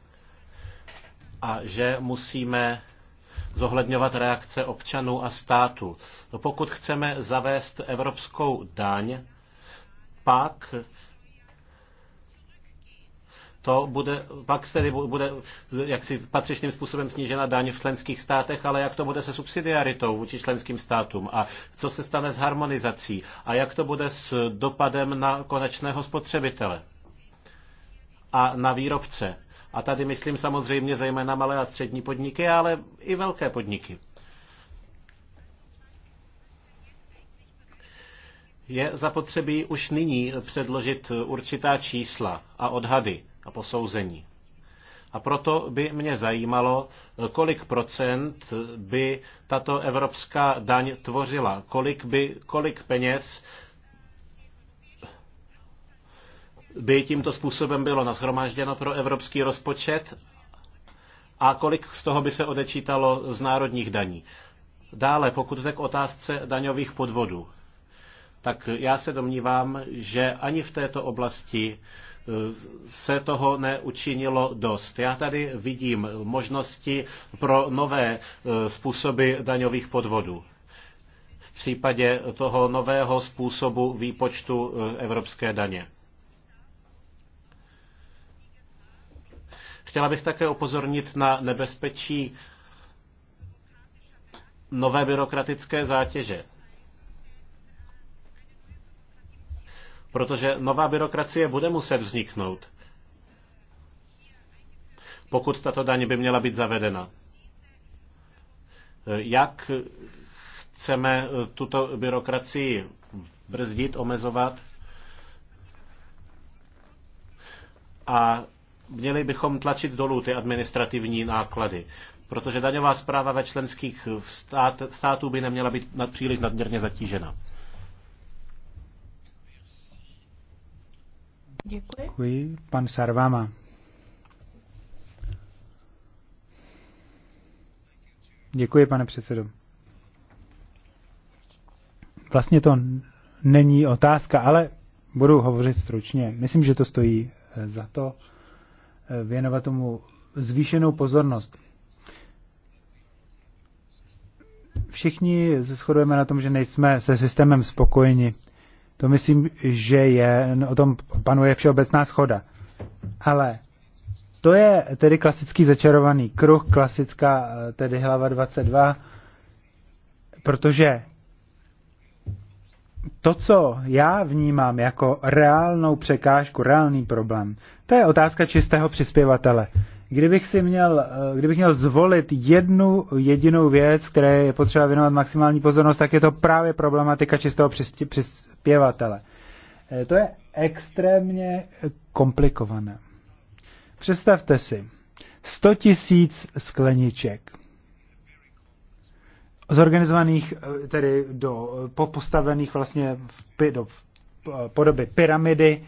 a že musíme zohledňovat reakce občanů a státu. No, pokud chceme zavést evropskou daň, pak to bude, pak tedy bude jaksi patřičným způsobem snížena daň v členských státech, ale jak to bude se subsidiaritou vůči členským státům a co se stane s harmonizací a jak to bude s dopadem na konečného spotřebitele a na výrobce. A tady myslím samozřejmě zejména malé a střední podniky, ale i velké podniky. Je zapotřebí už nyní předložit určitá čísla a odhady a posouzení. A proto by mě zajímalo, kolik procent by tato evropská daň tvořila, kolik, by, kolik peněz by tímto způsobem bylo nashromážděno pro evropský rozpočet a kolik z toho by se odečítalo z národních daní. Dále, pokud jde k otázce daňových podvodů, tak já se domnívám, že ani v této oblasti se toho neučinilo dost. Já tady vidím možnosti pro nové e, způsoby daňových podvodů v případě toho nového způsobu výpočtu e, evropské daně. Chtěla bych také upozornit na nebezpečí nové byrokratické zátěže. protože nová byrokracie bude muset vzniknout, pokud tato daň by měla být zavedena. Jak chceme tuto byrokracii brzdit, omezovat? A měli bychom tlačit dolů ty administrativní náklady, protože daňová zpráva ve členských stát, států by neměla být nad, příliš nadměrně zatížena. Děkuji. Děkuji. Pan Sarvama. Děkuji, pane předsedo. Vlastně to není otázka, ale budu hovořit stručně. Myslím, že to stojí eh, za to eh, věnovat tomu zvýšenou pozornost. Všichni se shodujeme na tom, že nejsme se systémem spokojeni. To myslím, že je, o tom panuje všeobecná schoda. Ale to je tedy klasický začarovaný kruh, klasická eh, tedy hlava 22, protože to, co já vnímám jako reálnou překážku, reálný problém, to je otázka čistého přispěvatele. Kdybych, si měl, eh, kdybych měl zvolit jednu jedinou věc, které je potřeba věnovat maximální pozornost, tak je to právě problematika čistého přis, přis, zpěvatele. Eh, to je extrémně komplikované. Představte si, 100 tisíc skleniček zorganizovaných, eh, tedy do postavených vlastně v, do eh, podoby pyramidy,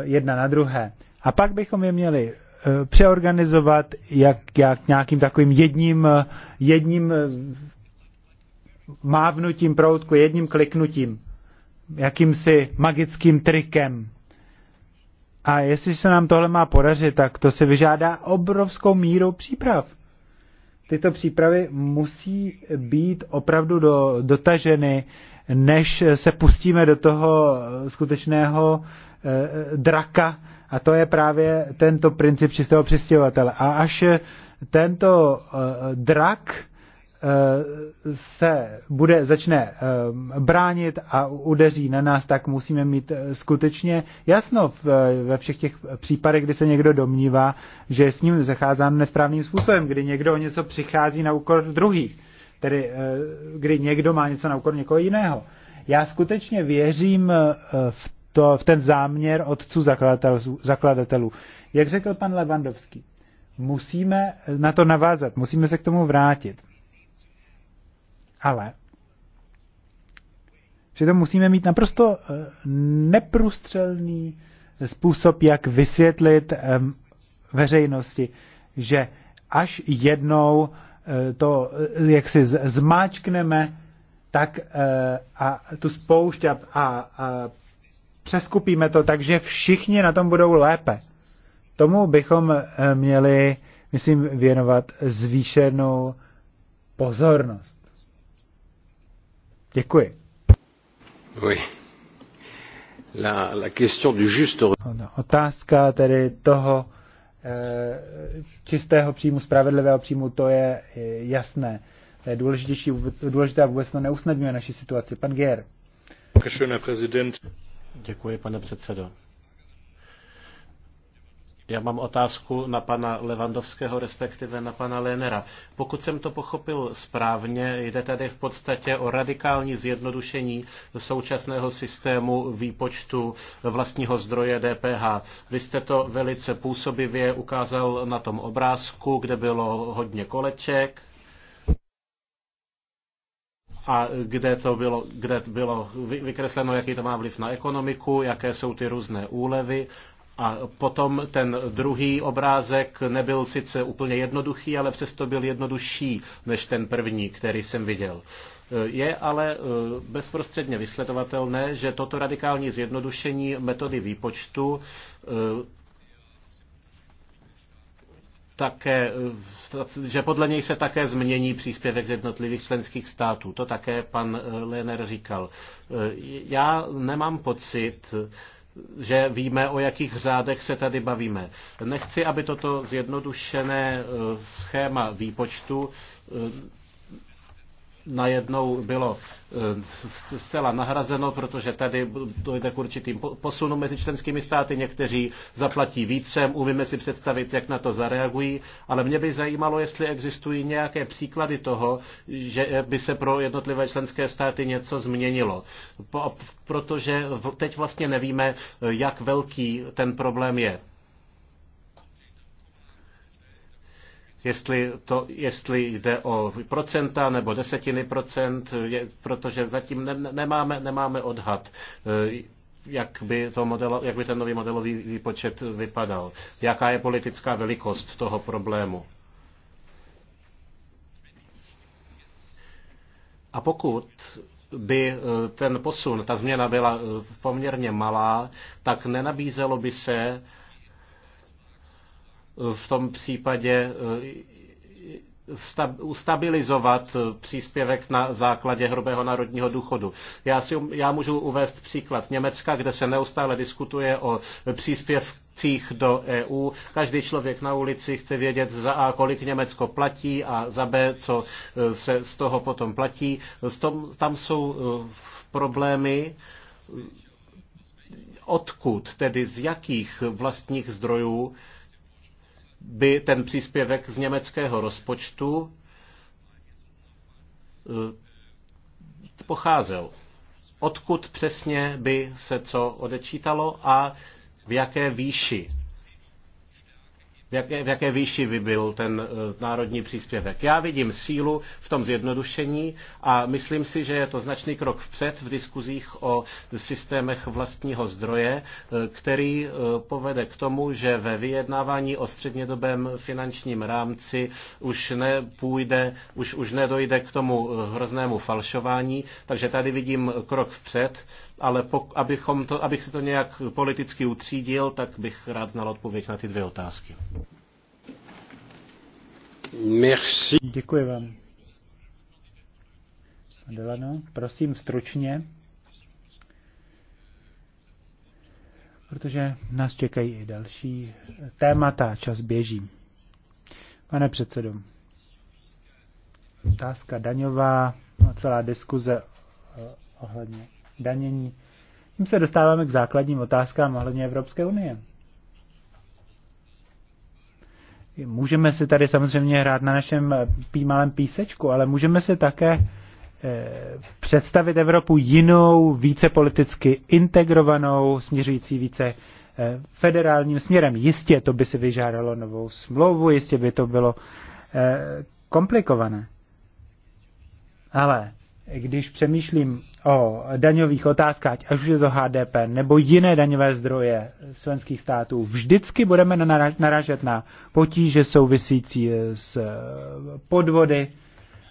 jedna na druhé. A pak bychom je měli přeorganizovat jak, jak nějakým takovým jedním, jedním mávnutím proutku, jedním kliknutím jakýmsi magickým trikem. A jestli se nám tohle má podařit, tak to si vyžádá obrovskou míru příprav. Tyto přípravy musí být opravdu do, dotaženy, než se pustíme do toho skutečného e, draka, a to je právě tento princip čistého přistěhovatele. A až tento e, drak Eh, se bude, začne eh, bránit a udeří na nás, tak musíme mít eh, skutečně jasno ve všech těch případech, kdy se někdo domnívá, že s ním zacházám nesprávným způsobem, kdy někdo o něco přichází na úkor druhých, tedy kdy někdo má něco na úkor někoho jiného. Já skutečně věřím v, to, v ten záměr otců zakladatelů. Jak řekl pan Levandovský, musíme na to navázat, musíme se k tomu vrátit. Ale přitom musíme mít naprosto eh, neprůstřelný způsob, jak vysvětlit veřejnosti, že až jednou eh, to, eh, jak si zmáčkneme, tak a tu spoušť a, a, a přeskupíme to, takže všichni na tom budou lépe. Tomu bychom měli, myslím, věnovat zvýšenou pozornost. Děkuji. Oui. La, la question du juste... Otázka tedy toho e, čistého příjmu, spravedlivého příjmu, to je jasné. To je důležitější, důležité a vůbec to neusnadňuje naši situaci. Pan Gier. Děkuji, pane předsedo. Já mám otázku na pana Levandovského, respektive na pana Lénera. Pokud jsem to pochopil správně, jde tady v podstatě o radikální zjednodušení současného systému výpočtu vlastního zdroje DPH. Vy jste to velice působivě ukázal na tom obrázku, kde bylo hodně koleček, a kde to bylo, kde bylo vykresleno, jaký to má vliv na ekonomiku, jaké jsou ty různé úlevy a potom ten druhý obrázek nebyl sice úplně jednoduchý, ale přesto byl jednodušší než ten první, který jsem viděl. Je ale eh, bezprostředně vysledovatelné, že toto radikální zjednodušení metody výpočtu eh, také, eh, že podle něj se také změní příspěvek z jednotlivých členských států. To také pan Lehner říkal. Já nemám pocit, že víme, o jakých řádech se tady bavíme. Nechci, aby toto zjednodušené eh, schéma výpočtu eh, najednou bylo eh, zcela nahrazeno, protože tady dojde k určitým posunům mezi členskými státy. Někteří zaplatí více, umíme si představit, jak na to zareagují, ale mě by zajímalo, jestli existují nějaké příklady toho, že by se pro jednotlivé členské státy něco změnilo. Protože teď vlastně nevíme, jak velký ten problém je. jestli, to, jestli jde o procenta nebo desetiny procent, je, protože zatím ne, nemáme, nemáme odhad eh, jak by, to modelo, jak by ten nový modelový výpočet vypadal. Jaká je politická velikost toho problému? A pokud by eh, ten posun, ta změna byla eh, poměrně malá, tak nenabízelo by se v tom případě e, ustabilizovat e, příspěvek na základě hrubého národního důchodu. Já, si, um-, já můžu uvést příklad Německa, kde se neustále diskutuje o příspěvcích do EU. Každý člověk na ulici chce vědět za A, kolik Německo platí a za B, co e, se z toho potom platí. Tom, tam jsou problémy odkud, tedy z jakých vlastních zdrojů by ten příspěvek z německého rozpočtu eh, pocházel. Odkud přesně by se co odečítalo a v jaké výši v jaké, v jaké výši by byl ten eh, národní příspěvek. Já vidím sílu v tom zjednodušení a myslím si, že je to značný krok vpřed v diskuzích o systémech vlastního zdroje, eh, který eh, povede k tomu, že ve vyjednávání o střednědobém finančním rámci už nepůjde, už, už nedojde k tomu hroznému falšování, takže tady vidím krok vpřed ale po, abychom to, abych si to nějak politicky utřídil, tak bych rád znal odpověď na ty dvě otázky. Merci. Děkuji vám. Delano, prosím stručně, protože nás čekají i další témata, čas běží. Pane předsedo, otázka daňová, no, celá diskuze eh, ohledně danění. Tím se dostáváme k základním otázkám ohledně Evropské unie. Můžeme si tady samozřejmě hrát na našem pímalém malém písečku, ale můžeme si také eh, představit Evropu jinou, více politicky integrovanou, směřující více eh, federálním směrem. Jistě to by si vyžádalo novou smlouvu, jistě by to bylo eh, komplikované. Ale když přemýšlím o daňových otázkách, až už je to HDP nebo jiné daňové zdroje slovenských států, vždycky budeme naražet na potíže souvisící s eh, podvody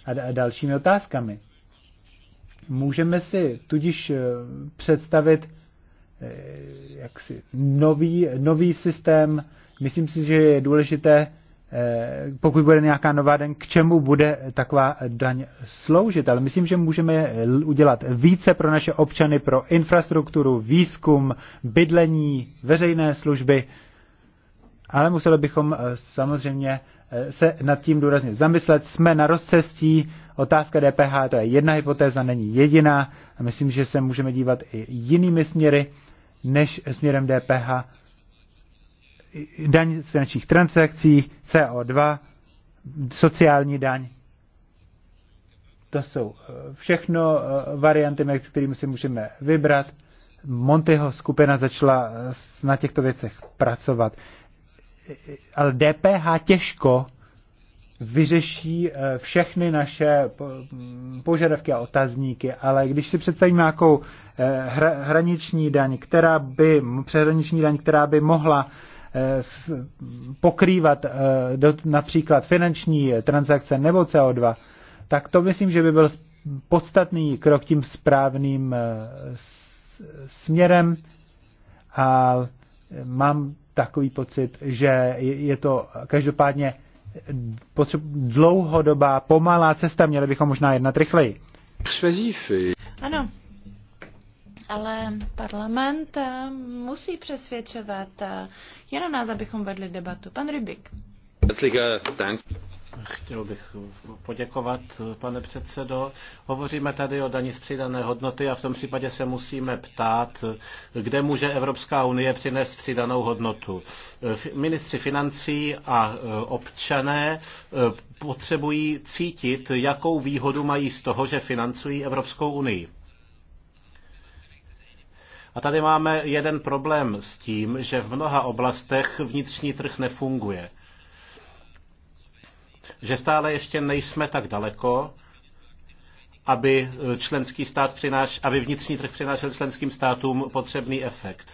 a dalšími otázkami. Můžeme si tudíž eh, představit eh, jaksi nový, nový systém. Myslím si, že je důležité Eh, pokud bude nějaká nová daň, k čemu bude taková daň sloužit. Ale myslím, že můžeme udělat více pro naše občany, pro infrastrukturu, výzkum, bydlení, veřejné služby. Ale museli bychom eh, samozřejmě eh, se nad tím důrazně zamyslet. Jsme na rozcestí, otázka DPH to je jedna hypotéza, není jediná. A myslím, že se můžeme dívat i jinými směry než směrem DPH daň z finančních transakcí, CO2, sociální daň. To jsou eh, všechno eh, varianty, mezi kterými si můžeme vybrat. Montyho skupina začala eh, na těchto věcech pracovat. Ale DPH těžko vyřeší všechny naše mm, požadavky a otazníky, ale když si představíme nějakou hraniční daň, která by, přeshraniční daň, která by mohla Eh, pokrývat eh, například finanční transakce nebo CO2, tak to myslím, že by byl podstatný krok tím správným eh, směrem a mám takový pocit, že je to každopádně dlouhodobá, pomalá cesta. Měli bychom možná jednat rychleji. Ano, ale parlament eh, musí přesvědčovat. Eh, Je na nás, abychom vedli debatu. Pan Rybik. Chtěl bych poděkovat, pane předsedo. Hovoříme tady o daní z přidané hodnoty a v tom případě se musíme ptát, kde může Evropská unie přinést přidanou hodnotu. Ministři financí a e, občané e, potřebují cítit, jakou výhodu mají z toho, že financují Evropskou unii. A tady máme jeden problém s tím, že v mnoha oblastech vnitřní trh nefunguje. Že stále ještě nejsme tak daleko, aby, členský stát přináš, aby vnitřní trh přinášel členským státům potřebný efekt.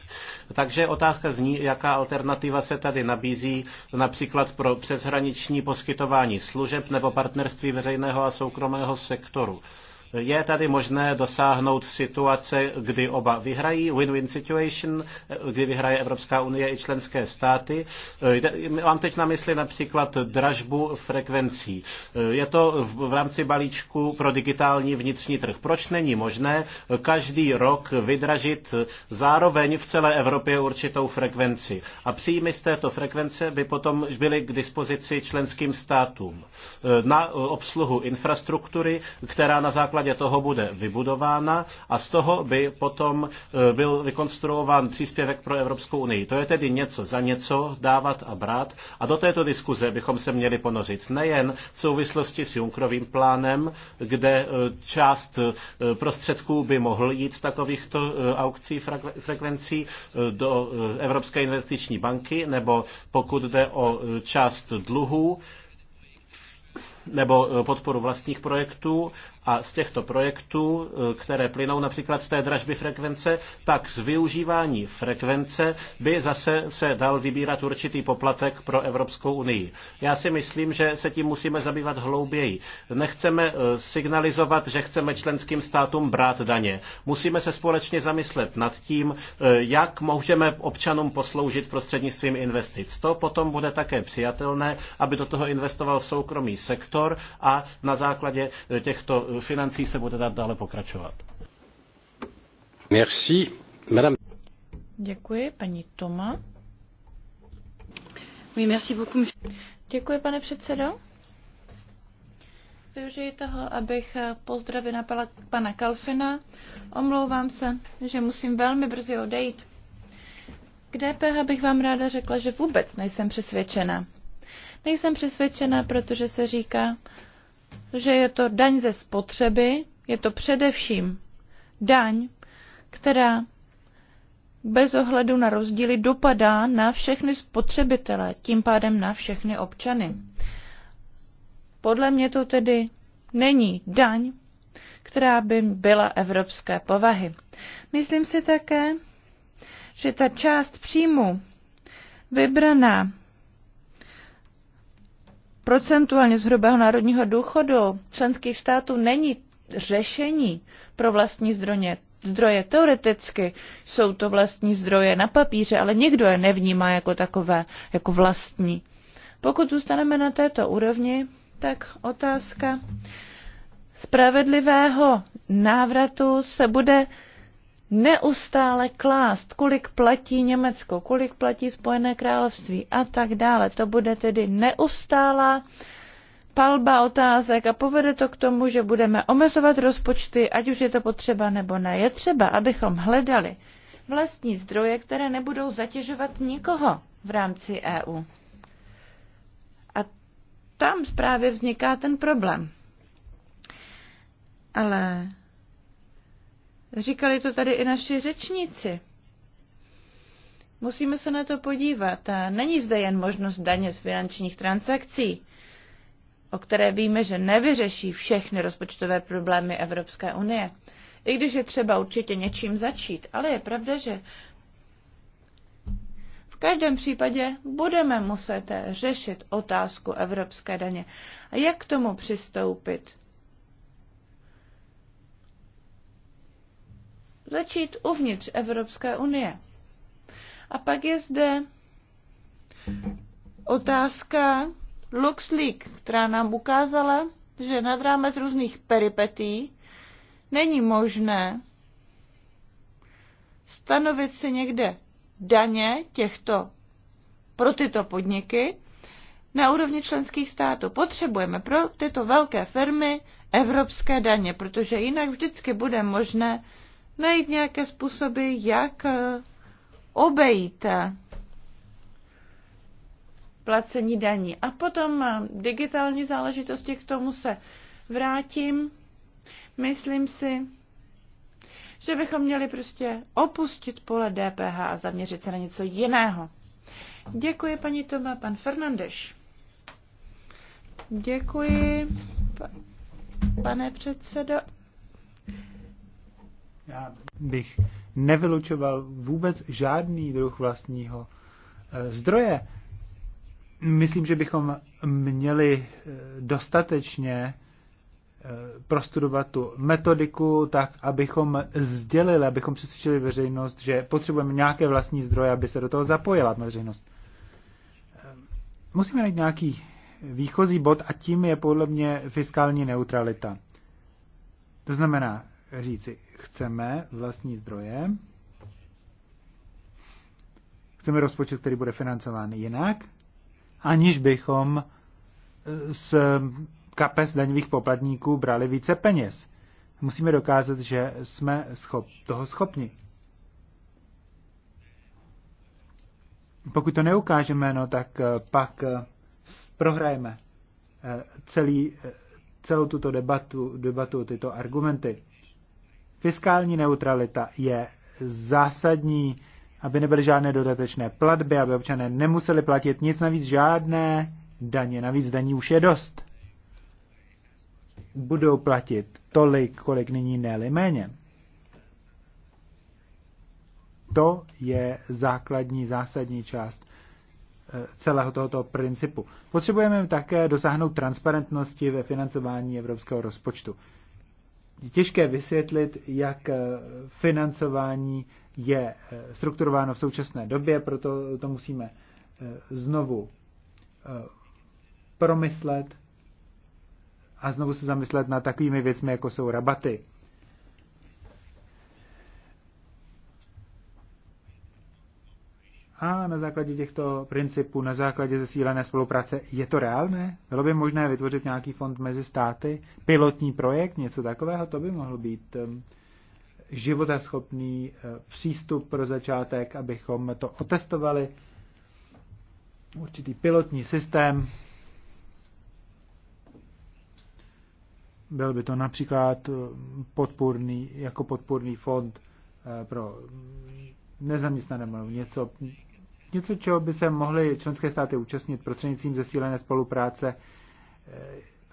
Takže otázka zní, jaká alternativa se tady nabízí například pro přeshraniční poskytování služeb nebo partnerství veřejného a soukromého sektoru. Je tady možné dosáhnout situace, kdy oba vyhrají, win-win situation, kdy vyhraje Evropská unie i členské státy. Mám teď na mysli například dražbu frekvencí. Je to v rámci balíčku pro digitální vnitřní trh. Proč není možné každý rok vydražit zároveň v celé Evropě určitou frekvenci? A příjmy z této frekvence by potom byly k dispozici členským státům na obsluhu infrastruktury, která na základě základě toho bude vybudována a z toho by potom eh, byl vykonstruován příspěvek pro Evropskou unii. To je tedy něco za něco dávat a brát a do této diskuze bychom se měli ponořit nejen v souvislosti s Junkrovým plánem, kde eh, část eh, prostředků by mohl jít z takovýchto aukcí frekvencí do Evropské investiční banky, nebo pokud jde o část dluhů, nebo podporu vlastních projektů, a z těchto projektů, eh, které plynou například z té dražby frekvence, tak z využívání frekvence by zase se dal vybírat určitý poplatek pro Evropskou unii. Já si myslím, že se tím musíme zabývat hlouběji. Nechceme eh, signalizovat, že chceme členským státům brát daně. Musíme se společně zamyslet nad tím, eh, jak můžeme občanům posloužit prostřednictvím investic. To potom bude také přijatelné, aby do toho investoval soukromý sektor a na základě těchto financí se bude dát dále pokračovat. Merci, madame. Děkuji, paní Toma. Oui, merci beaucoup. Děkuji, pane předsedo. Využiji toho, abych pozdravila pana Kalfina. Omlouvám se, že musím velmi brzy odejít. K DPH bych vám ráda řekla, že vůbec nejsem přesvědčena. Nejsem přesvědčena, protože se říká, že je to daň ze spotřeby, je to především daň, která bez ohledu na rozdíly dopadá na všechny spotřebitele, tím pádem na všechny občany. Podle mě to tedy není daň, která by byla evropské povahy. Myslím si také, že ta část příjmu vybraná procentuálně z hrubého národního důchodu členských států není řešení pro vlastní zdroje. Zdroje teoreticky jsou to vlastní zdroje na papíře, ale nikdo je nevnímá jako takové, jako vlastní. Pokud zůstaneme na této úrovni, tak otázka spravedlivého návratu se bude neustále klást, kolik platí Německo, kolik platí Spojené království a tak dále. To bude tedy neustálá palba otázek a povede to k tomu, že budeme omezovat rozpočty, ať už je to potřeba nebo ne. Je třeba, abychom hledali vlastní zdroje, které nebudou zatěžovat nikoho v rámci EU. A tam právě vzniká ten problém. Ale Říkali to tady i naši řečníci. Musíme se na to podívat. A Není zde jen možnost daně z finančních transakcí, o které víme, že nevyřeší všechny rozpočtové problémy Evropské unie. I když je třeba určitě něčím začít, ale je pravda, že v každém případě budeme muset řešit otázku evropské daně. A jak k tomu přistoupit? začít uvnitř Evropské unie. A pak je zde otázka LuxLeak, která nám ukázala, že nad rámec různých peripetí není možné stanovit si někde daně těchto pro tyto podniky na úrovni členských států. Potřebujeme pro tyto velké firmy evropské daně, protože jinak vždycky bude možné najít nějaké způsoby, jak eh, obejít eh, placení daní. A potom eh, digitální záležitosti, k tomu se vrátím. Myslím si, že bychom měli prostě opustit pole DPH a zaměřit se na něco jiného. Děkuji, paní Toma, pan Fernandeš. Děkuji, pane předsedo. Já bych nevylučoval vůbec žádný druh vlastního eh, zdroje. Myslím, že bychom měli eh, dostatečně eh, prostudovat tu metodiku tak, abychom sdělili, abychom přesvědčili veřejnost, že potřebujeme nějaké vlastní zdroje, aby se do toho zapojila veřejnost. Musíme najít nějaký výchozí bod a tím je podle mě fiskální neutralita. To znamená, říci, chceme vlastní zdroje, chceme rozpočet, který bude financován jinak, aniž bychom z kapes daňových poplatníků brali více peněz. Musíme dokázat, že jsme schop, toho schopni. Pokud to neukážeme, no, tak eh, pak eh, prohrajeme eh, celý, celou tuto debatu, debatu, tyto argumenty. Fiskální neutralita je zásadní, aby nebyly žádné dodatečné platby, aby občané nemuseli platit nic navíc, žádné daně. Navíc daní už je dost. Budou platit tolik, kolik nyní ne méně. To je základní, zásadní část eh, celého tohoto principu. Potřebujeme také dosáhnout transparentnosti ve financování evropského rozpočtu. Je těžké vysvětlit, jak eh, financování je eh, strukturováno v současné době, proto to musíme eh, znovu promyslet a znovu se zamyslet nad takovými věcmi, jako jsou rabaty. A na základě těchto principů, na základě zesílené spolupráce, je to reálné? Bylo by možné vytvořit nějaký fond mezi státy, pilotní projekt, něco takového? To by mohl být um, životaschopný uh, přístup pro začátek, abychom to otestovali. Určitý pilotní systém. Byl by to například um, podpůrný, jako podpůrný fond uh, pro um, nezaměstnané nebo něco něco, čeho by se mohly členské státy účastnit prostřednictvím zesílené spolupráce, eh,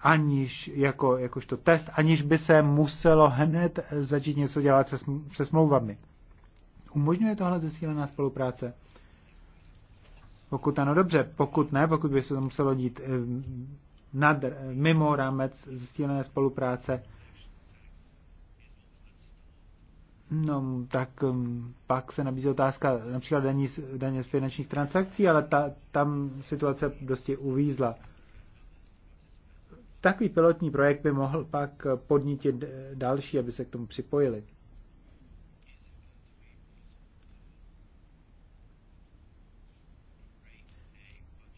aniž, jako, jakožto test, aniž by se muselo hned začít něco dělat se, se smlouvami. Umožňuje tohle zesílená spolupráce? Pokud ano, dobře, pokud ne, pokud by se to muselo dít eh, nad, mimo rámec zesílené spolupráce, No, tak um, pak se nabízí otázka například daní, daně z finančních transakcí, ale ta, tam situace dosti uvízla. Takový pilotní projekt by mohl pak podnítit další, aby se k tomu připojili.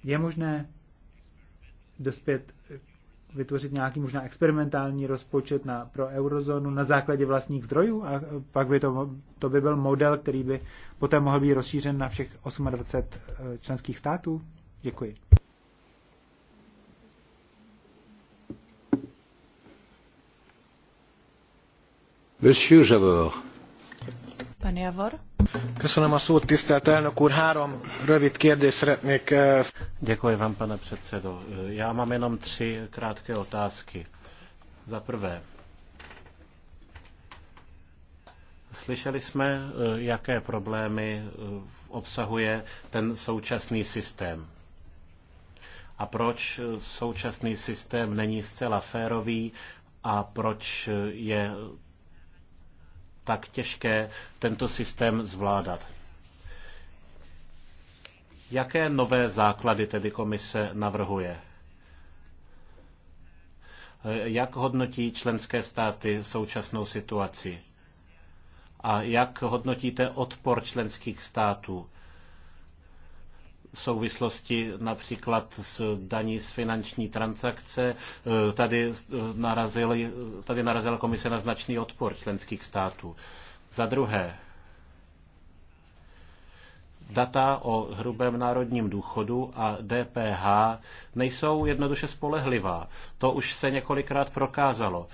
Je možné dospět vytvořit nějaký možná experimentální rozpočet na, pro eurozónu na základě vlastních zdrojů a eh, pak by to, to by byl model, který by poté mohl být rozšířen na všech 28 eh, členských států? Děkuji. Monsieur Javor. Pan Javor tisztelt elnök úr. Három rövid kérdést szeretnék... Eh, Děkuji vám, pane předsedo. Já mám jenom tři krátké otázky. Za prvé, Slyšeli jsme, eh, jaké problémy eh, obsahuje ten současný systém. A proč současný systém není zcela férový a proč je tak těžké tento systém zvládat. Jaké nové základy tedy komise navrhuje? Jak hodnotí členské státy současnou situaci? A jak hodnotíte odpor členských států? souvislosti například s daní z finanční transakce. Eh, tady, eh, narazil, tady narazila komise na značný odpor členských států. Za druhé, data o hrubém národním důchodu a DPH nejsou jednoduše spolehlivá. To už se několikrát prokázalo.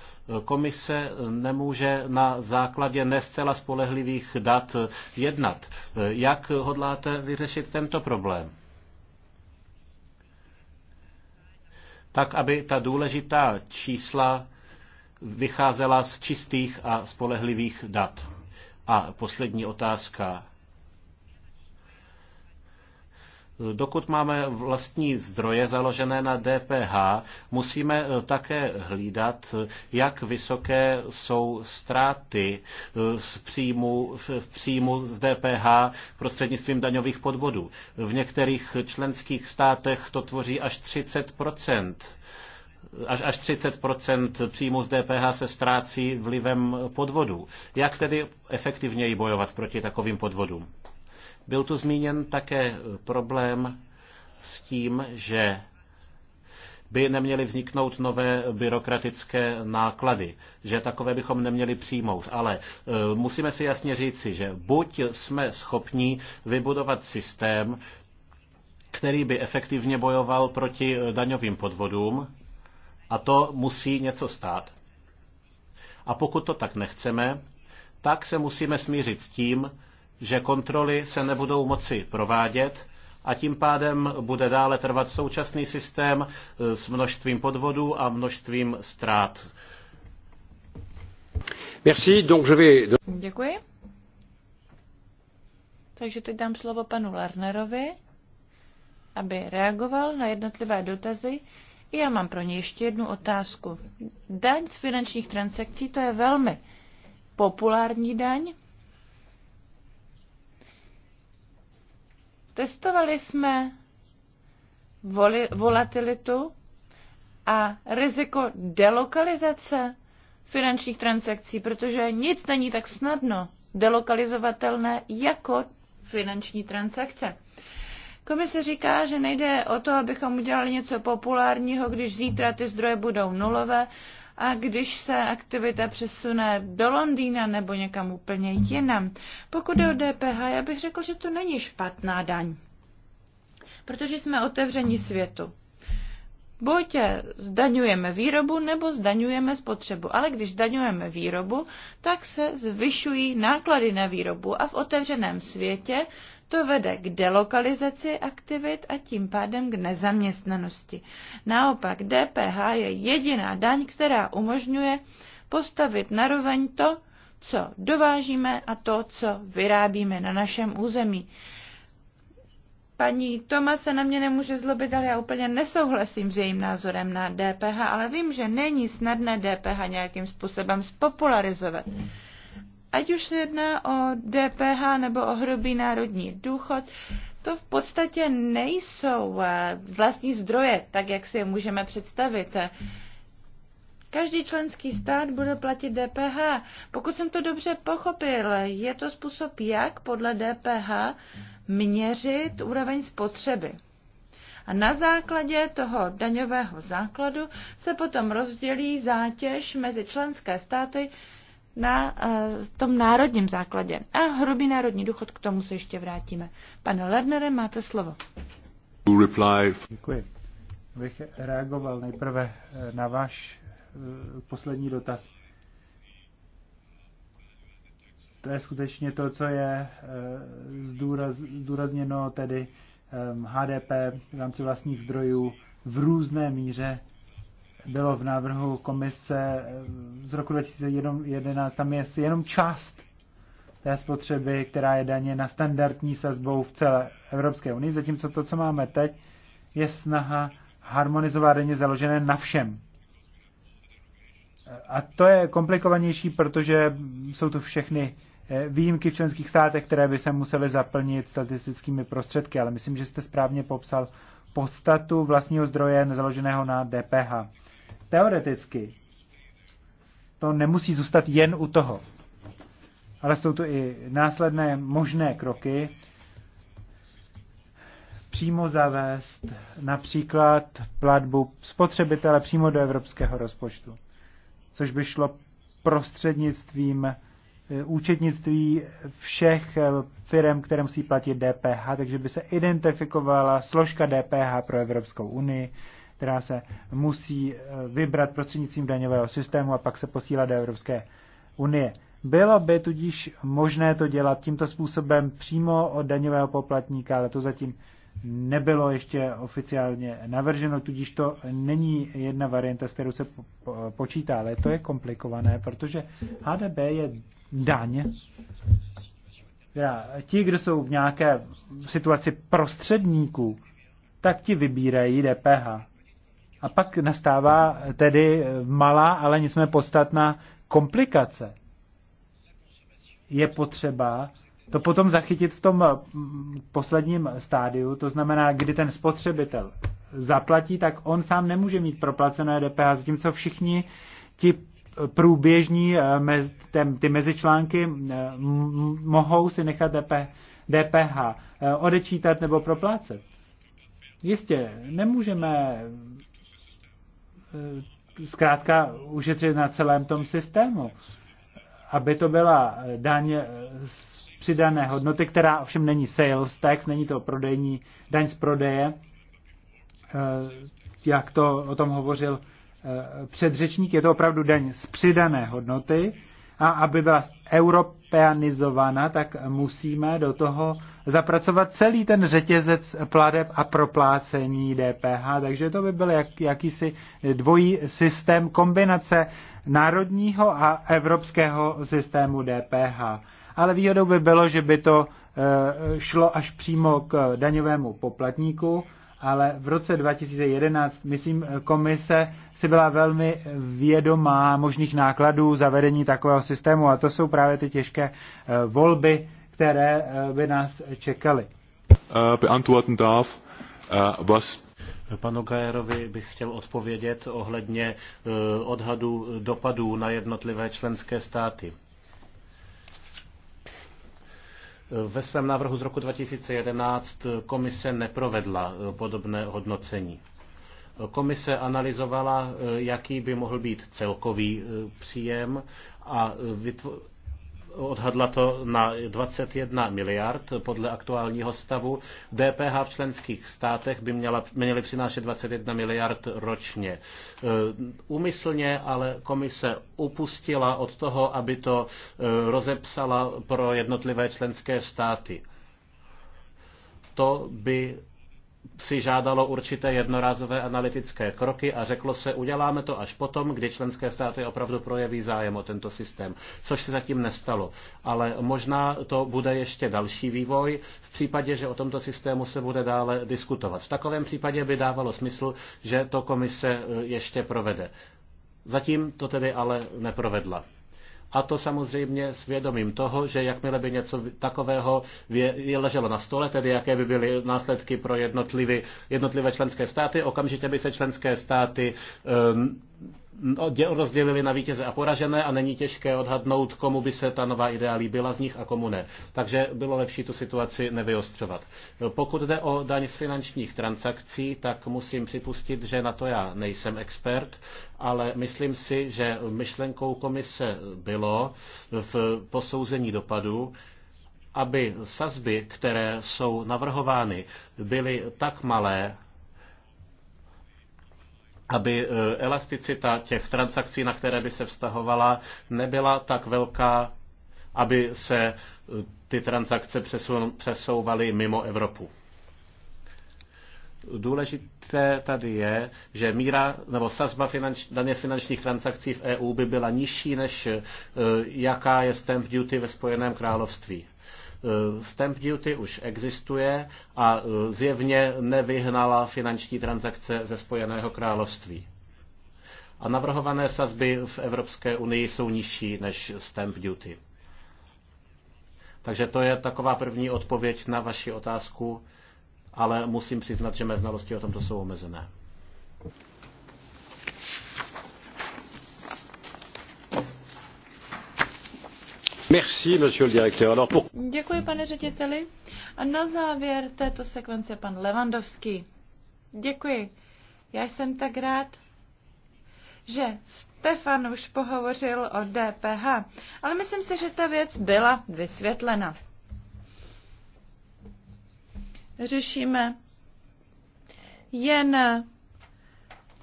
Komise nemůže na základě nescela spolehlivých dat jednat. Jak hodláte vyřešit tento problém? Tak, aby ta důležitá čísla vycházela z čistých a spolehlivých dat. A poslední otázka Dokud máme vlastní zdroje založené na DPH, musíme eh, také hlídat, jak vysoké jsou ztráty eh, v příjmu, v příjmu z DPH prostřednictvím daňových podvodů. V některých členských státech to tvoří až 30 až, až 30 příjmu z DPH se ztrácí vlivem podvodů. Jak tedy efektivněji bojovat proti takovým podvodům? Byl tu zmíněn také e, problém s tím, že by neměly vzniknout nové byrokratické náklady, že takové bychom neměli přijmout. Ale e, musíme si jasně říci, že buď jsme schopni vybudovat systém, který by efektivně bojoval proti e, daňovým podvodům, a to musí něco stát. A pokud to tak nechceme, tak se musíme smířit s tím, že kontroly se nebudou moci provádět a tím pádem bude dále trvat současný systém eh, s množstvím podvodů a množstvím ztrát. Merci, donc je vais... Děkuji. Takže teď dám slovo panu Lernerovi, aby reagoval na jednotlivé dotazy. já mám pro ně ještě jednu otázku. Daň z finančních transakcí, to je velmi populární daň Testovali jsme volatilitu a riziko delokalizace finančních transakcí, protože nic není tak snadno delokalizovatelné jako finanční transakce. Komise říká, že nejde o to, abychom udělali něco populárního, když zítra ty zdroje budou nulové, a když se aktivita přesune do Londýna nebo někam úplně jinam. Pokud je o DPH, já bych řekl, že to není špatná daň, protože jsme otevření světu. Buď zdaňujeme výrobu, nebo zdaňujeme spotřebu. Ale když zdaňujeme výrobu, tak se zvyšují náklady na výrobu a v otevřeném světě to vede k delokalizaci aktivit a tím pádem k nezaměstnanosti. Naopak DPH je jediná daň, která umožňuje postavit naroveň to, co dovážíme a to, co vyrábíme na našem území. Paní Toma se na mě nemůže zlobit, ale já úplně nesouhlasím s jejím názorem na DPH, ale vím, že není snadné DPH nějakým způsobem spopularizovat. Hmm Ať už se jedná o DPH nebo o hrubý národní důchod, to v podstatě nejsou eh, vlastní zdroje, tak jak si je můžeme představit. Každý členský stát bude platit DPH. Pokud jsem to dobře pochopil, je to způsob, jak podle DPH měřit úroveň spotřeby. A na základě toho daňového základu se potom rozdělí zátěž mezi členské státy na eh, tom národním základě. A hrubý národní důchod, k tomu se ještě vrátíme. Pane Lernere, máte slovo. Děkuji. Bych reagoval nejprve eh, na váš eh, poslední dotaz. To je skutečně to, co je zdůraz, zdůrazněno tedy HDP v rámci vlastních zdrojů v různé míře bylo v návrhu komise eh, z roku 2011, tam je jenom část té spotřeby, která je daně na standardní sazbou v celé Evropské unii, zatímco to, co máme teď, je snaha harmonizovat daně založené na všem. A to je komplikovanější, protože jsou tu všechny eh, výjimky v členských státech, které by se musely zaplnit statistickými prostředky, ale myslím, že jste správně popsal podstatu vlastního zdroje nezaloženého na DPH. Teoreticky to nemusí zůstat jen u toho. Ale jsou tu i následné možné kroky. Přímo zavést například platbu spotřebitele přímo do evropského rozpočtu, což by šlo prostřednictvím eh, účetnictví všech eh, firm, které musí platit DPH, takže by se identifikovala složka DPH pro Evropskou unii, která se musí eh, vybrat prostřednictvím daňového systému a pak se posílá do Evropské unie. Bylo by tudíž možné to dělat tímto způsobem přímo od daňového poplatníka, ale to zatím nebylo ještě oficiálně navrženo, tudíž to není jedna varianta, s kterou se počítá, ale to je komplikované, protože HDB je daň. Ti, kdo jsou v nějaké situaci prostředníků, tak ti vybírají DPH. A pak nastává tedy malá, ale nicméně podstatná komplikace. Je potřeba to potom zachytit v tom posledním stádiu, to znamená, kdy ten spotřebitel zaplatí, tak on sám nemůže mít proplacené DPH, zatímco všichni ti průběžní eh, ty mezičlánky mohou si nechat DPH eh, odečítat nebo proplácet. Jistě, nemůžeme Eh, zkrátka ušetřit na celém tom systému. Aby to byla daň eh, z přidané hodnoty, která ovšem není sales tax, není to prodejní daň z prodeje, eh, jak to o tom hovořil předřečník, je to opravdu daň z přidané hodnoty, a aby byla europeanizována, tak musíme do toho zapracovat celý ten řetězec pladeb a proplácení DPH. Takže to by byl jak, jakýsi dvojí systém kombinace národního a evropského systému DPH. Ale výhodou by bylo, že by to eh, šlo až přímo k daňovému poplatníku ale v roce 2011, myslím, komise si byla velmi vědomá možných nákladů zavedení takového systému a to jsou právě ty těžké eh, volby, které eh, by nás čekaly. Eh, Panu Gajerovi bych chtěl odpovědět ohledně odhadu dopadů na jednotlivé členské státy. Ve svém návrhu z roku 2011 komise neprovedla eh, podobné hodnocení. Komise analyzovala, eh, jaký by mohl být celkový eh, příjem a odhadla to na 21 miliard podle aktuálního stavu. DPH v členských státech by měla, měly přinášet 21 miliard ročně. E, úmyslně ale komise upustila od toho, aby to e, rozepsala pro jednotlivé členské státy. To by si žádalo určité jednorázové analytické kroky a řeklo se, uděláme to až potom, kdy členské státy opravdu projeví zájem o tento systém, což se zatím nestalo. Ale možná to bude ještě další vývoj v případě, že o tomto systému se bude dále diskutovat. V takovém případě by dávalo smysl, že to komise e, ještě provede. Zatím to tedy ale neprovedla. A to samozřejmě s vědomím toho, že jakmile by něco takového leželo na stole, tedy jaké by byly následky pro jednotlivé členské státy, okamžitě by se členské státy ehm, rozdělili na vítěze a poražené a není těžké odhadnout, komu by se ta nová idea líbila z nich a komu ne. Takže bylo lepší tu situaci nevyostřovat. Pokud jde o daň z finančních transakcí, tak musím připustit, že na to já nejsem expert, ale myslím si, že myšlenkou komise bylo v posouzení dopadu, aby sazby, které jsou navrhovány, byly tak malé, aby eh, elasticita těch transakcí, na které by se vztahovala, nebyla tak velká, aby se eh, ty transakce přesouvaly mimo Evropu. Důležité tady je, že míra nebo sazba finanč, daně z finančních transakcí v EU by byla nižší, než eh, jaká je stamp duty ve Spojeném království. Eh, stamp duty už existuje a eh, zjevně nevyhnala finanční transakce ze Spojeného království. A navrhované sazby v Evropské unii jsou nižší než stamp duty. Takže to je taková první odpověď na vaši otázku, ale musím přiznat, že mé znalosti o tomto jsou omezené. Děkuji, pane řediteli. A na závěr této sekvence pan Levandovský. Děkuji. Já jsem tak rád, že Stefan už pohovořil o DPH, ale myslím si, že ta věc byla vysvětlena. Řešíme jen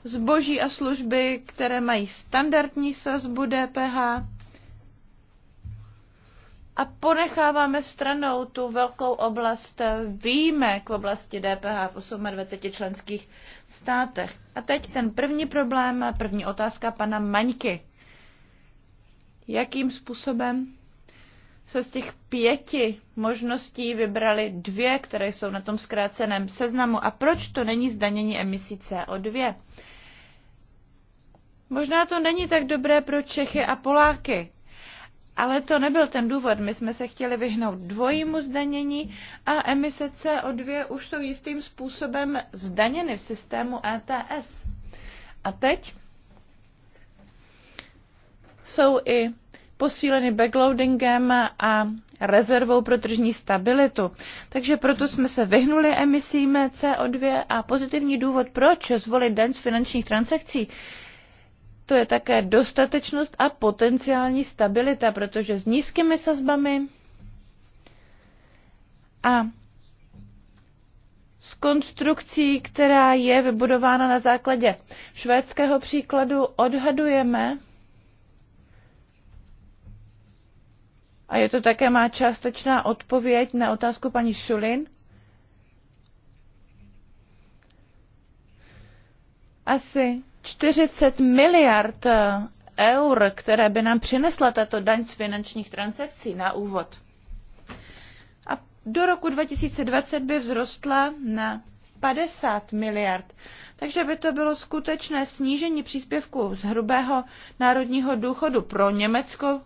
zboží a služby, které mají standardní sazbu DPH a ponecháváme stranou tu velkou oblast výjimek v oblasti DPH v 28 členských státech. A teď ten první problém, první otázka pana Maňky. Jakým způsobem se z těch pěti možností vybrali dvě, které jsou na tom zkráceném seznamu a proč to není zdanění emisí CO2? Možná to není tak dobré pro Čechy a Poláky, ale to nebyl ten důvod. My jsme se chtěli vyhnout dvojímu zdanění a emise CO2 už jsou jistým způsobem zdaněny v systému ETS. A teď jsou i posíleny backloadingem a rezervou pro tržní stabilitu. Takže proto jsme se vyhnuli emisím CO2 a pozitivní důvod, proč zvolit daň z finančních transakcí, to je také dostatečnost a potenciální stabilita, protože s nízkými sazbami a s konstrukcí, která je vybudována na základě švédského příkladu, odhadujeme, a je to také má částečná odpověď na otázku paní Šulin, asi 40 miliard eh, eur, které by nám přinesla tato daň z finančních transakcí na úvod. A do roku 2020 by vzrostla na 50 miliard. Takže by to bylo skutečné snížení příspěvku z hrubého národního důchodu pro Německo.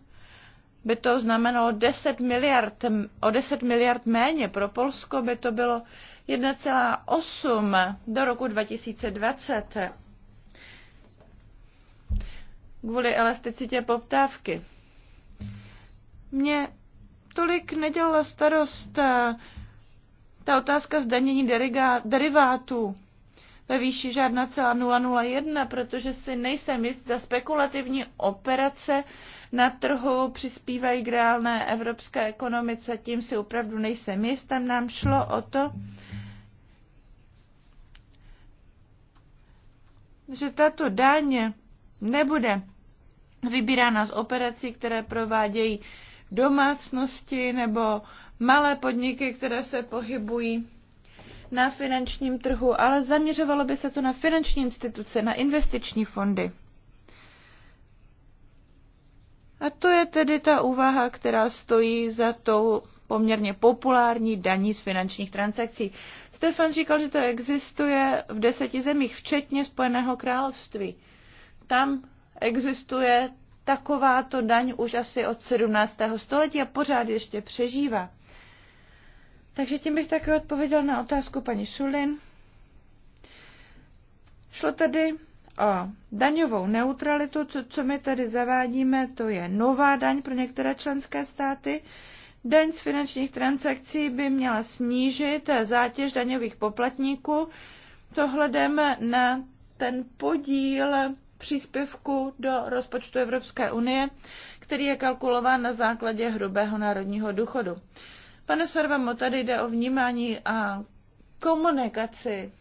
By to znamenalo 10 miliard, o 10 miliard méně, pro Polsko by to bylo 1,8 do roku 2020 kvůli elasticitě poptávky. Mě tolik nedělala starost eh, ta otázka zdanění derivátů ve výši žádná celá 001, protože si nejsem jist, za spekulativní operace na trhu přispívají k reálné evropské ekonomice, tím si opravdu nejsem jist, tam nám šlo o to, že tato dáně nebude vybírána z operací, které provádějí domácnosti nebo malé podniky, které se pohybují na finančním trhu, ale zaměřovalo by se to na finanční instituce, na investiční fondy. A to je tedy ta úvaha, která stojí za tou poměrně populární daní z finančních transakcí. Stefan říkal, že to existuje v deseti zemích, včetně Spojeného království tam existuje takováto daň už asi od 17. století a pořád ještě přežívá. Takže tím bych také odpověděl na otázku paní Šulin. Šlo tedy o daňovou neutralitu, co, co my tady zavádíme, to je nová daň pro některé členské státy. Daň z finančních transakcí by měla snížit zátěž daňových poplatníků co hledem na ten podíl příspěvku do rozpočtu Evropské unie, který je kalkulován na základě hrubého národního důchodu. Pane Sarvamo, tady jde o vnímání a komunikaci,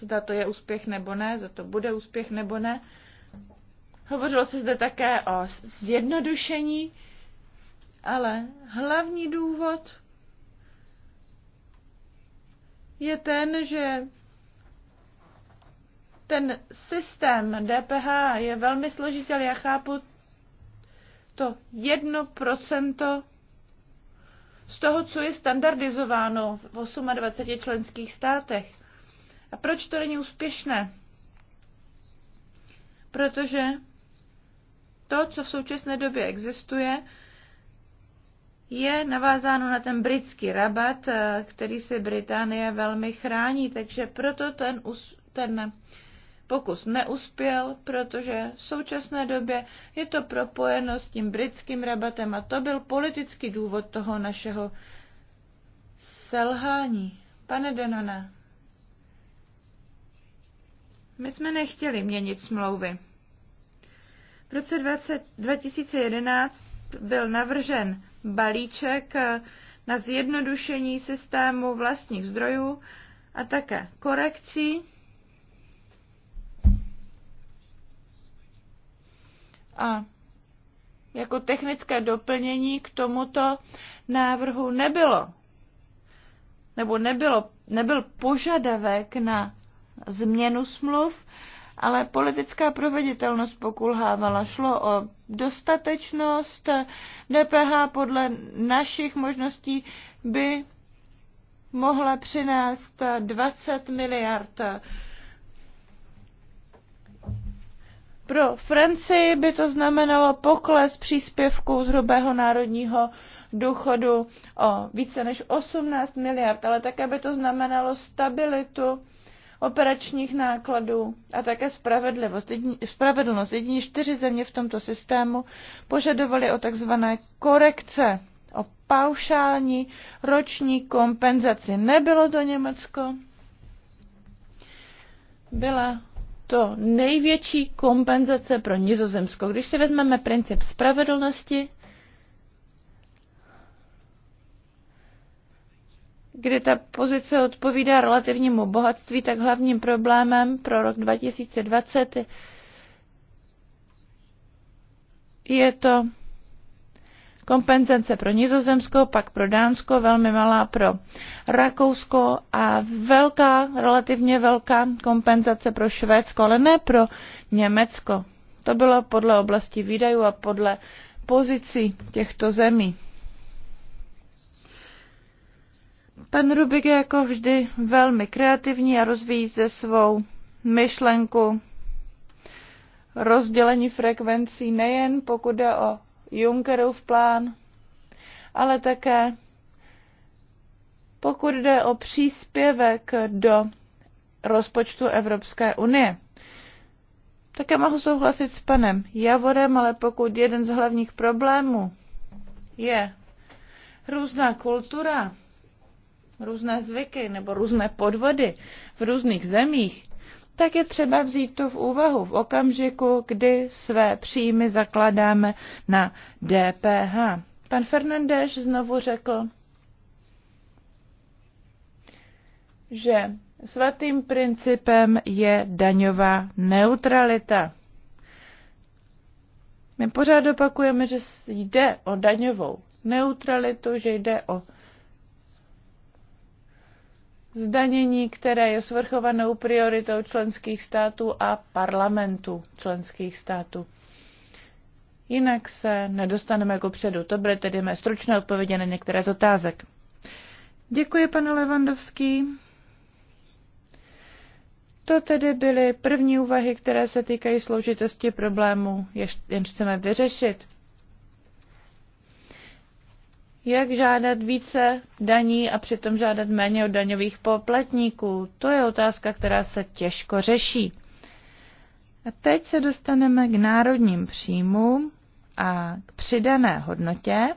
zda to je úspěch nebo ne, za to bude úspěch nebo ne. Hovořilo se zde také o zjednodušení, ale hlavní důvod je ten, že ten systém DPH je velmi složitý, ale já chápu to jedno procento z toho, co je standardizováno v 28 členských státech. A proč to není úspěšné? Protože to, co v současné době existuje, je navázáno na ten britský rabat, eh, který si Británie velmi chrání, takže proto ten, ten pokus neuspěl, protože v současné době je to propojeno s tím britským rabatem a to byl politický důvod toho našeho selhání. Pane Denona, my jsme nechtěli měnit smlouvy. V roce 20, 2011 byl navržen balíček eh, na zjednodušení systému vlastních zdrojů a také korekcí A jako technické doplnění k tomuto návrhu nebylo, nebo nebylo, nebyl požadavek na změnu smluv, ale politická proveditelnost pokulhávala. Šlo o dostatečnost DPH podle našich možností by mohla přinést 20 miliard Pro Francii by to znamenalo pokles příspěvku z hrubého národního důchodu o více než 18 miliard, ale také by to znamenalo stabilitu operačních nákladů a také spravedlivost. Jedni, spravedlnost. Jediní čtyři země v tomto systému požadovali o takzvané korekce, o paušální roční kompenzaci. Nebylo to Německo, byla to největší kompenzace pro Nizozemsko. Když si vezmeme princip spravedlnosti, kdy ta pozice odpovídá relativnímu bohatství, tak hlavním problémem pro rok 2020 je to kompenzace pro Nizozemsko, pak pro Dánsko, velmi malá pro Rakousko a velká, relativně velká kompenzace pro Švédsko, ale ne pro Německo. To bylo podle oblasti výdajů a podle pozicí těchto zemí. Pan Rubik je jako vždy velmi kreativní a rozvíjí zde svou myšlenku rozdělení frekvencí nejen pokud jde o Junckerův plán, ale také pokud jde o příspěvek do rozpočtu Evropské unie. Také mohu souhlasit s panem Javorem, ale pokud jeden z hlavních problémů je různá kultura, různé zvyky nebo různé podvody v různých zemích, tak je třeba vzít to v úvahu v okamžiku, kdy své příjmy zakládáme na DPH. Pan Fernandéš znovu řekl, že svatým principem je daňová neutralita. My pořád opakujeme, že jde o daňovou neutralitu, že jde o zdanění, které je svrchovanou prioritou členských států a parlamentu členských států. Jinak se nedostaneme ku předu. To byly tedy mé stručné odpovědi na některé z otázek. Děkuji, pane Levandovský. To tedy byly první úvahy, které se týkají složitosti problému, jenž chceme vyřešit. Jak žádat více daní a přitom žádat méně od daňových poplatníků? To je otázka, která se těžko řeší. A teď se dostaneme k národním příjmům a k přidané hodnotě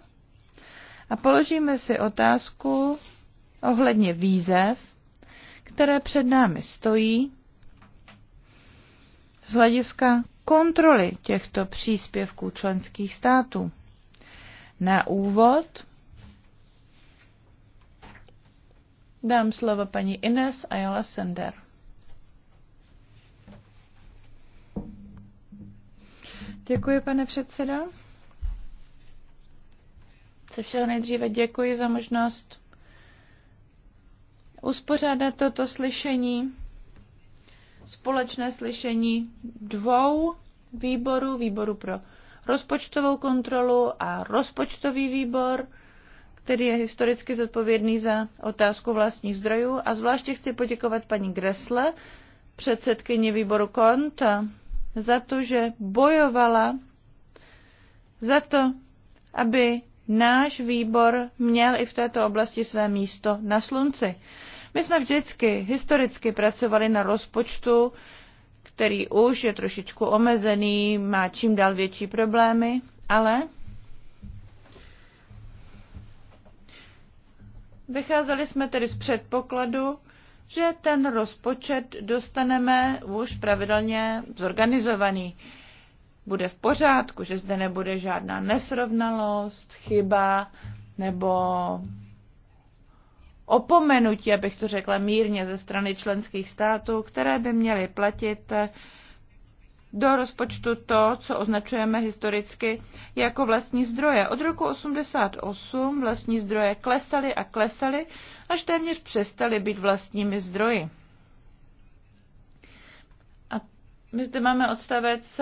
a položíme si otázku ohledně výzev, které před námi stojí z hlediska kontroly těchto příspěvků členských států. Na úvod Dám slovo paní Ines Ayala Sender. Děkuji, pane předseda. Se všeho nejdříve děkuji za možnost uspořádat toto slyšení, společné slyšení dvou výborů, výboru pro rozpočtovou kontrolu a rozpočtový výbor který je historicky zodpovědný za otázku vlastních zdrojů. A zvláště chci poděkovat paní Gressle, předsedkyni výboru KONT, za to, že bojovala za to, aby náš výbor měl i v této oblasti své místo na slunci. My jsme vždycky historicky pracovali na rozpočtu, který už je trošičku omezený, má čím dál větší problémy, ale Vycházeli jsme tedy z předpokladu, že ten rozpočet dostaneme už pravidelně zorganizovaný. Bude v pořádku, že zde nebude žádná nesrovnalost, chyba nebo opomenutí, abych to řekla mírně, ze strany členských států, které by měly platit do rozpočtu to, co označujeme historicky jako vlastní zdroje. Od roku 1988 vlastní zdroje klesaly a klesaly, až téměř přestaly být vlastními zdroji. A my zde máme odstavec,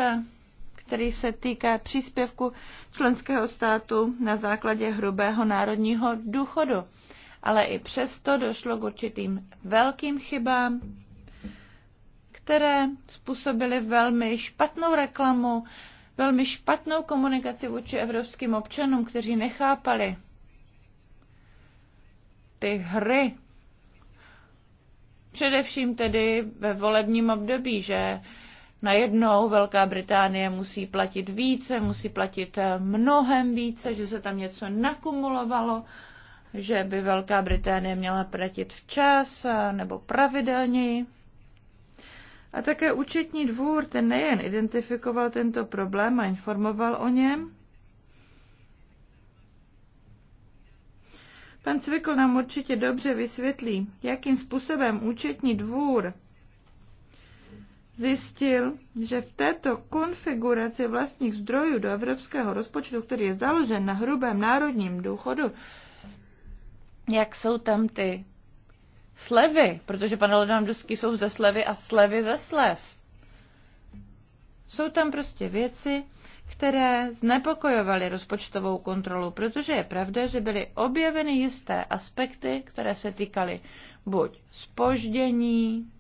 který se týká příspěvku členského státu na základě hrubého národního důchodu. Ale i přesto došlo k určitým velkým chybám, které způsobily velmi špatnou reklamu, velmi špatnou komunikaci vůči evropským občanům, kteří nechápali ty hry. Především tedy ve volebním období, že najednou Velká Británie musí platit více, musí platit mnohem více, že se tam něco nakumulovalo, že by Velká Británie měla platit včas nebo pravidelněji. A také účetní dvůr ten nejen identifikoval tento problém a informoval o něm, Pan Cvikl nám určitě dobře vysvětlí, jakým způsobem účetní dvůr zjistil, že v této konfiguraci vlastních zdrojů do evropského rozpočtu, který je založen na hrubém národním důchodu, jak jsou tam ty slevy, protože panelovdamdusky jsou ze slevy a slevy ze slev. Jsou tam prostě věci, které znepokojovaly rozpočtovou kontrolu, protože je pravda, že byly objeveny jisté aspekty, které se týkaly buď spoždění,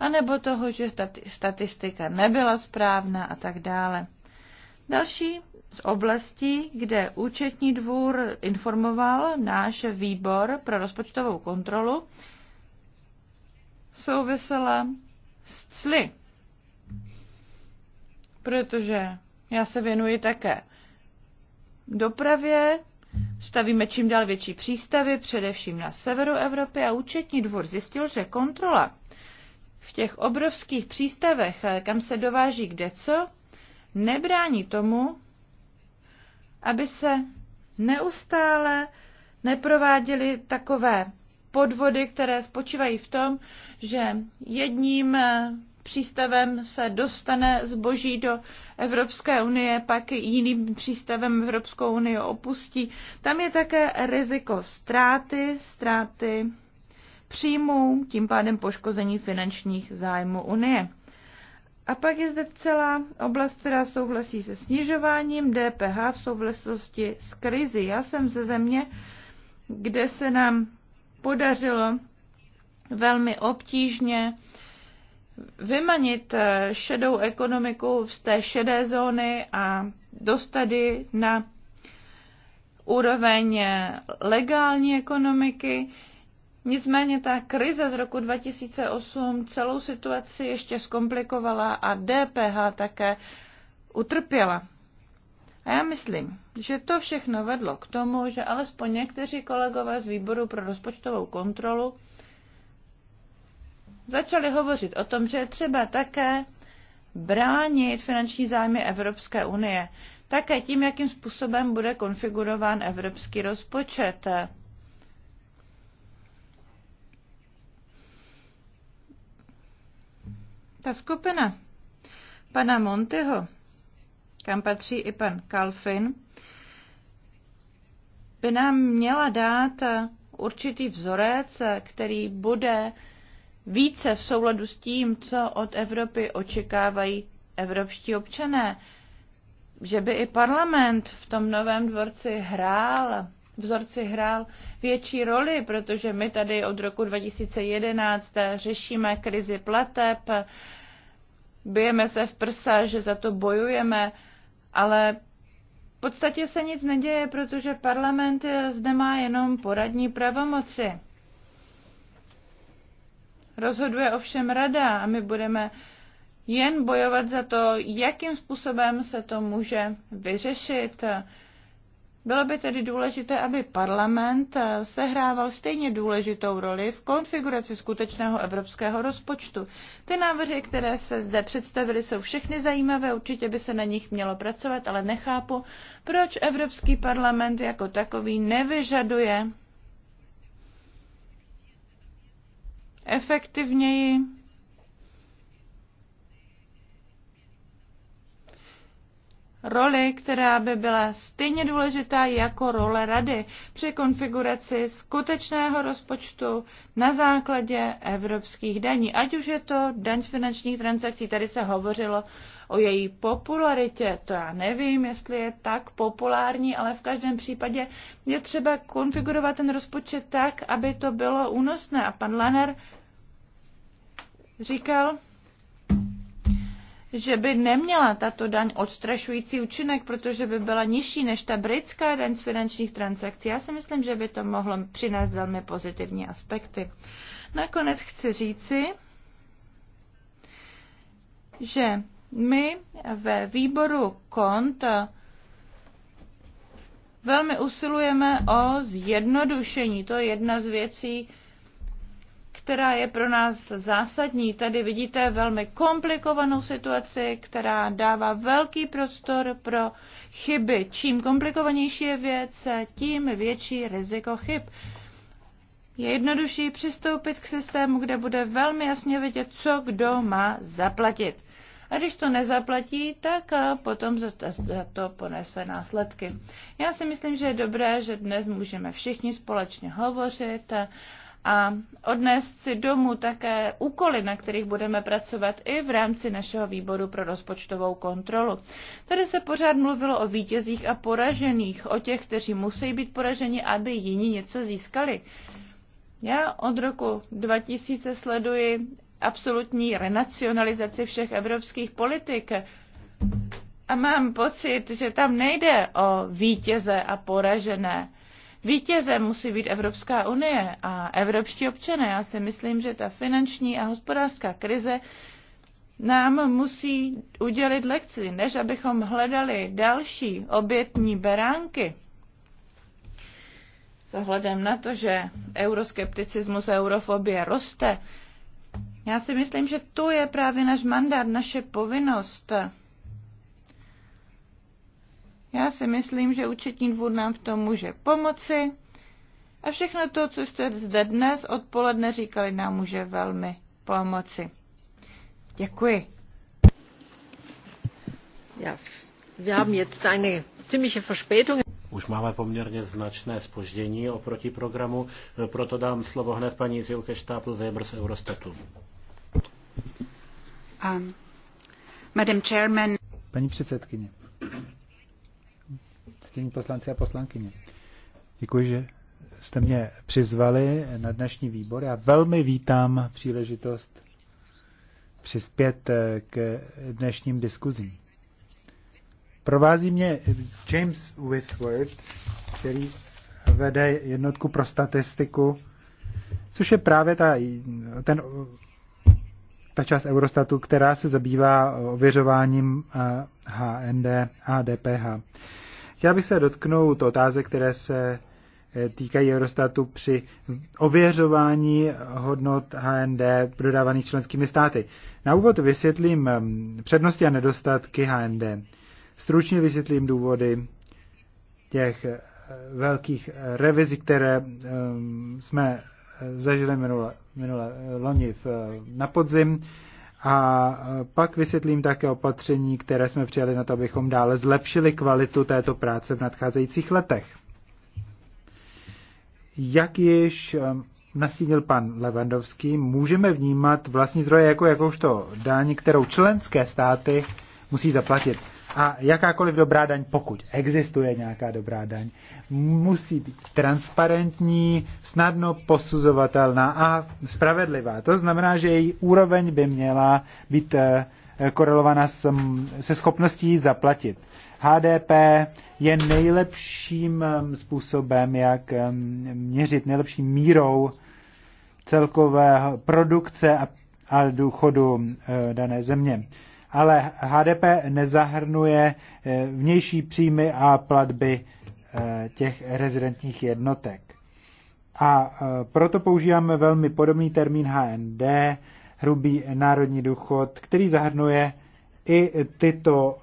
anebo toho, že statistika nebyla správná a tak dále. Další z oblastí, kde účetní dvůr informoval náš výbor pro rozpočtovou kontrolu, souvisela s cly. Protože já se věnuji také dopravě, stavíme čím dál větší přístavy, především na severu Evropy a účetní dvůr zjistil, že kontrola v těch obrovských přístavech, kam se dováží kde co, nebrání tomu, aby se neustále neprováděly takové podvody, které spočívají v tom, že jedním eh, přístavem se dostane zboží do Evropské unie, pak jiným přístavem Evropskou unii opustí. Tam je také riziko ztráty, ztráty příjmů, tím pádem poškození finančních zájmů Unie. A pak je zde celá oblast, která souhlasí se snižováním DPH v souvislosti s krizi. Já jsem ze země, kde se nám podařilo velmi obtížně vymanit eh, šedou ekonomiku z té šedé zóny a dostat ji na úroveň eh, legální ekonomiky. Nicméně ta krize z roku 2008 celou situaci ještě zkomplikovala a DPH také utrpěla. A já myslím, že to všechno vedlo k tomu, že alespoň někteří kolegové z výboru pro rozpočtovou kontrolu začali hovořit o tom, že je třeba také bránit finanční zájmy Evropské unie, také tím, jakým způsobem bude konfigurován evropský rozpočet. Ta skupina pana Monteho, kam patří i pan Kalfin, by nám měla dát určitý vzorec, který bude více v souladu s tím, co od Evropy očekávají evropští občané. Že by i parlament v tom novém dvorci hrál vzorci hrál větší roli, protože my tady od roku 2011 řešíme krizi plateb, bijeme se v prsa, že za to bojujeme, ale v podstatě se nic neděje, protože parlament zde má jenom poradní pravomoci. Rozhoduje ovšem rada a my budeme jen bojovat za to, jakým způsobem se to může vyřešit. Bylo by tedy důležité, aby parlament eh, sehrával stejně důležitou roli v konfiguraci skutečného evropského rozpočtu. Ty návrhy, které se zde představily, jsou všechny zajímavé, určitě by se na nich mělo pracovat, ale nechápu, proč Evropský parlament jako takový nevyžaduje efektivněji roli, která by byla stejně důležitá jako role rady při konfiguraci skutečného rozpočtu na základě evropských daní. Ať už je to daň z finančních transakcí, tady se hovořilo o její popularitě, to já nevím, jestli je tak populární, ale v každém případě je třeba konfigurovat ten rozpočet tak, aby to bylo únosné. A pan Lenner říkal, že by neměla tato daň odstrašující účinek, protože by byla nižší než ta britská daň z finančních transakcí. Já si myslím, že by to mohlo přinést velmi pozitivní aspekty. Nakonec chci říci, že my ve výboru KONT velmi usilujeme o zjednodušení. To je jedna z věcí, která je pro nás zásadní. Tady vidíte velmi komplikovanou situaci, která dává velký prostor pro chyby. Čím komplikovanější je věc, tím větší riziko chyb. Je jednodušší přistoupit k systému, kde bude velmi jasně vidět, co kdo má zaplatit. A když to nezaplatí, tak potom za to ponese následky. Já si myslím, že je dobré, že dnes můžeme všichni společně hovořit a odnést si domů také úkoly, na kterých budeme pracovat i v rámci našeho výboru pro rozpočtovou kontrolu. Tady se pořád mluvilo o vítězích a poražených, o těch, kteří musí být poraženi, aby jiní něco získali. Já od roku 2000 sleduji absolutní renacionalizaci všech evropských politik a mám pocit, že tam nejde o vítěze a poražené Vítězem musí být Evropská unie a evropští občané. Já si myslím, že ta finanční a hospodářská krize nám musí udělit lekci, než abychom hledali další obětní beránky. S ohledem na to, že euroskepticismus a eurofobie roste, já si myslím, že tu je právě náš mandát, naše povinnost já si myslím, že účetní dvůr nám v tom může pomoci a všechno to, co jste zde dnes odpoledne říkali, nám může velmi pomoci. Děkuji. Ja, wir haben jetzt eine ziemliche Verspätung. Už máme poměrně značné spoždění oproti programu, proto dám slovo hned paní Zilke Štápl Weber z Eurostatu. Um, Madam Chairman. Paní předsedkyně, ctění poslanci a poslankyně. Děkuji, že jste mě přizvali na dnešní výbor. Já velmi vítám příležitost přispět eh, k dnešním diskuzím. Provází mě James Whitworth, který vede jednotku pro statistiku, což je právě ta, ten, ta část Eurostatu, která se zabývá ověřováním HND eh, a DPH. Chtěl bych se dotknout otázek, které se eh, týkají Eurostatu při ověřování hodnot HND prodávaných členskými státy. Na úvod vysvětlím mm, přednosti a nedostatky HND. Stručně vysvětlím důvody těch eh, velkých eh, revizí, které mm, jsme zažili minule, minule loni v, na podzim. A e, pak vysvětlím také opatření, které jsme přijali na to, abychom dále zlepšili kvalitu této práce v nadcházejících letech. Jak již e, nastínil pan Levandovský, můžeme vnímat vlastní zdroje jako jakožto daň, kterou členské státy musí zaplatit. A jakákoliv dobrá daň, pokud existuje nějaká dobrá daň, musí být transparentní, snadno posuzovatelná a spravedlivá. To znamená, že její úroveň by měla být eh, korelovaná mm, se schopností zaplatit. HDP je nejlepším mm, způsobem, jak mm, měřit nejlepší mírou celkové produkce a důchodu eh, dané země ale HDP nezahrnuje eh, vnější příjmy a platby eh, těch rezidentních jednotek. A eh, proto používáme velmi podobný termín HND, hrubý národní důchod, který zahrnuje i tyto,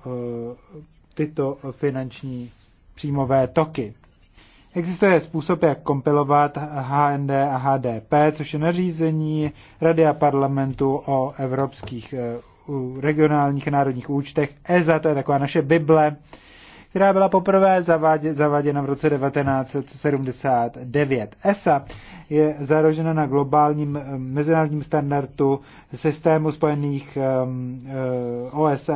tyto finanční příjmové toky. Existuje způsob, jak kompilovat HND a HDP, což je nařízení Rady a parlamentu o evropských regionálních a národních účtech. EZA, to je taková naše Bible, která byla poprvé zavádě, zaváděna v roce 1979. ESA je založena na globálním eh, mezinárodním standardu systému spojených um, ehm, eh, OSN,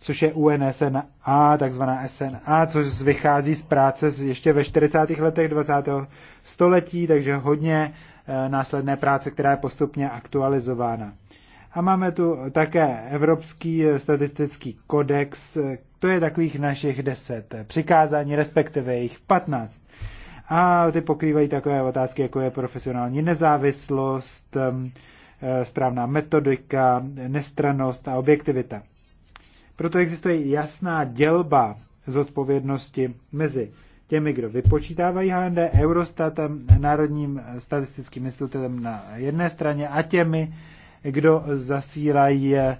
což je UNSNA, takzvaná SNA, což vychází z práce ještě ve 40. letech 20. století, takže hodně eh, následné práce, která je postupně aktualizována. A máme tu také Evropský statistický kodex, to je takových našich deset přikázání, respektive jejich patnáct. A ty pokrývají takové otázky, jako je profesionální nezávislost, e, správná metodika, nestranost a objektivita. Proto existuje jasná dělba zodpovědnosti mezi těmi, kdo vypočítávají HND, Eurostatem, Národním statistickým institutem na jedné straně a těmi, kdo zasílají eh,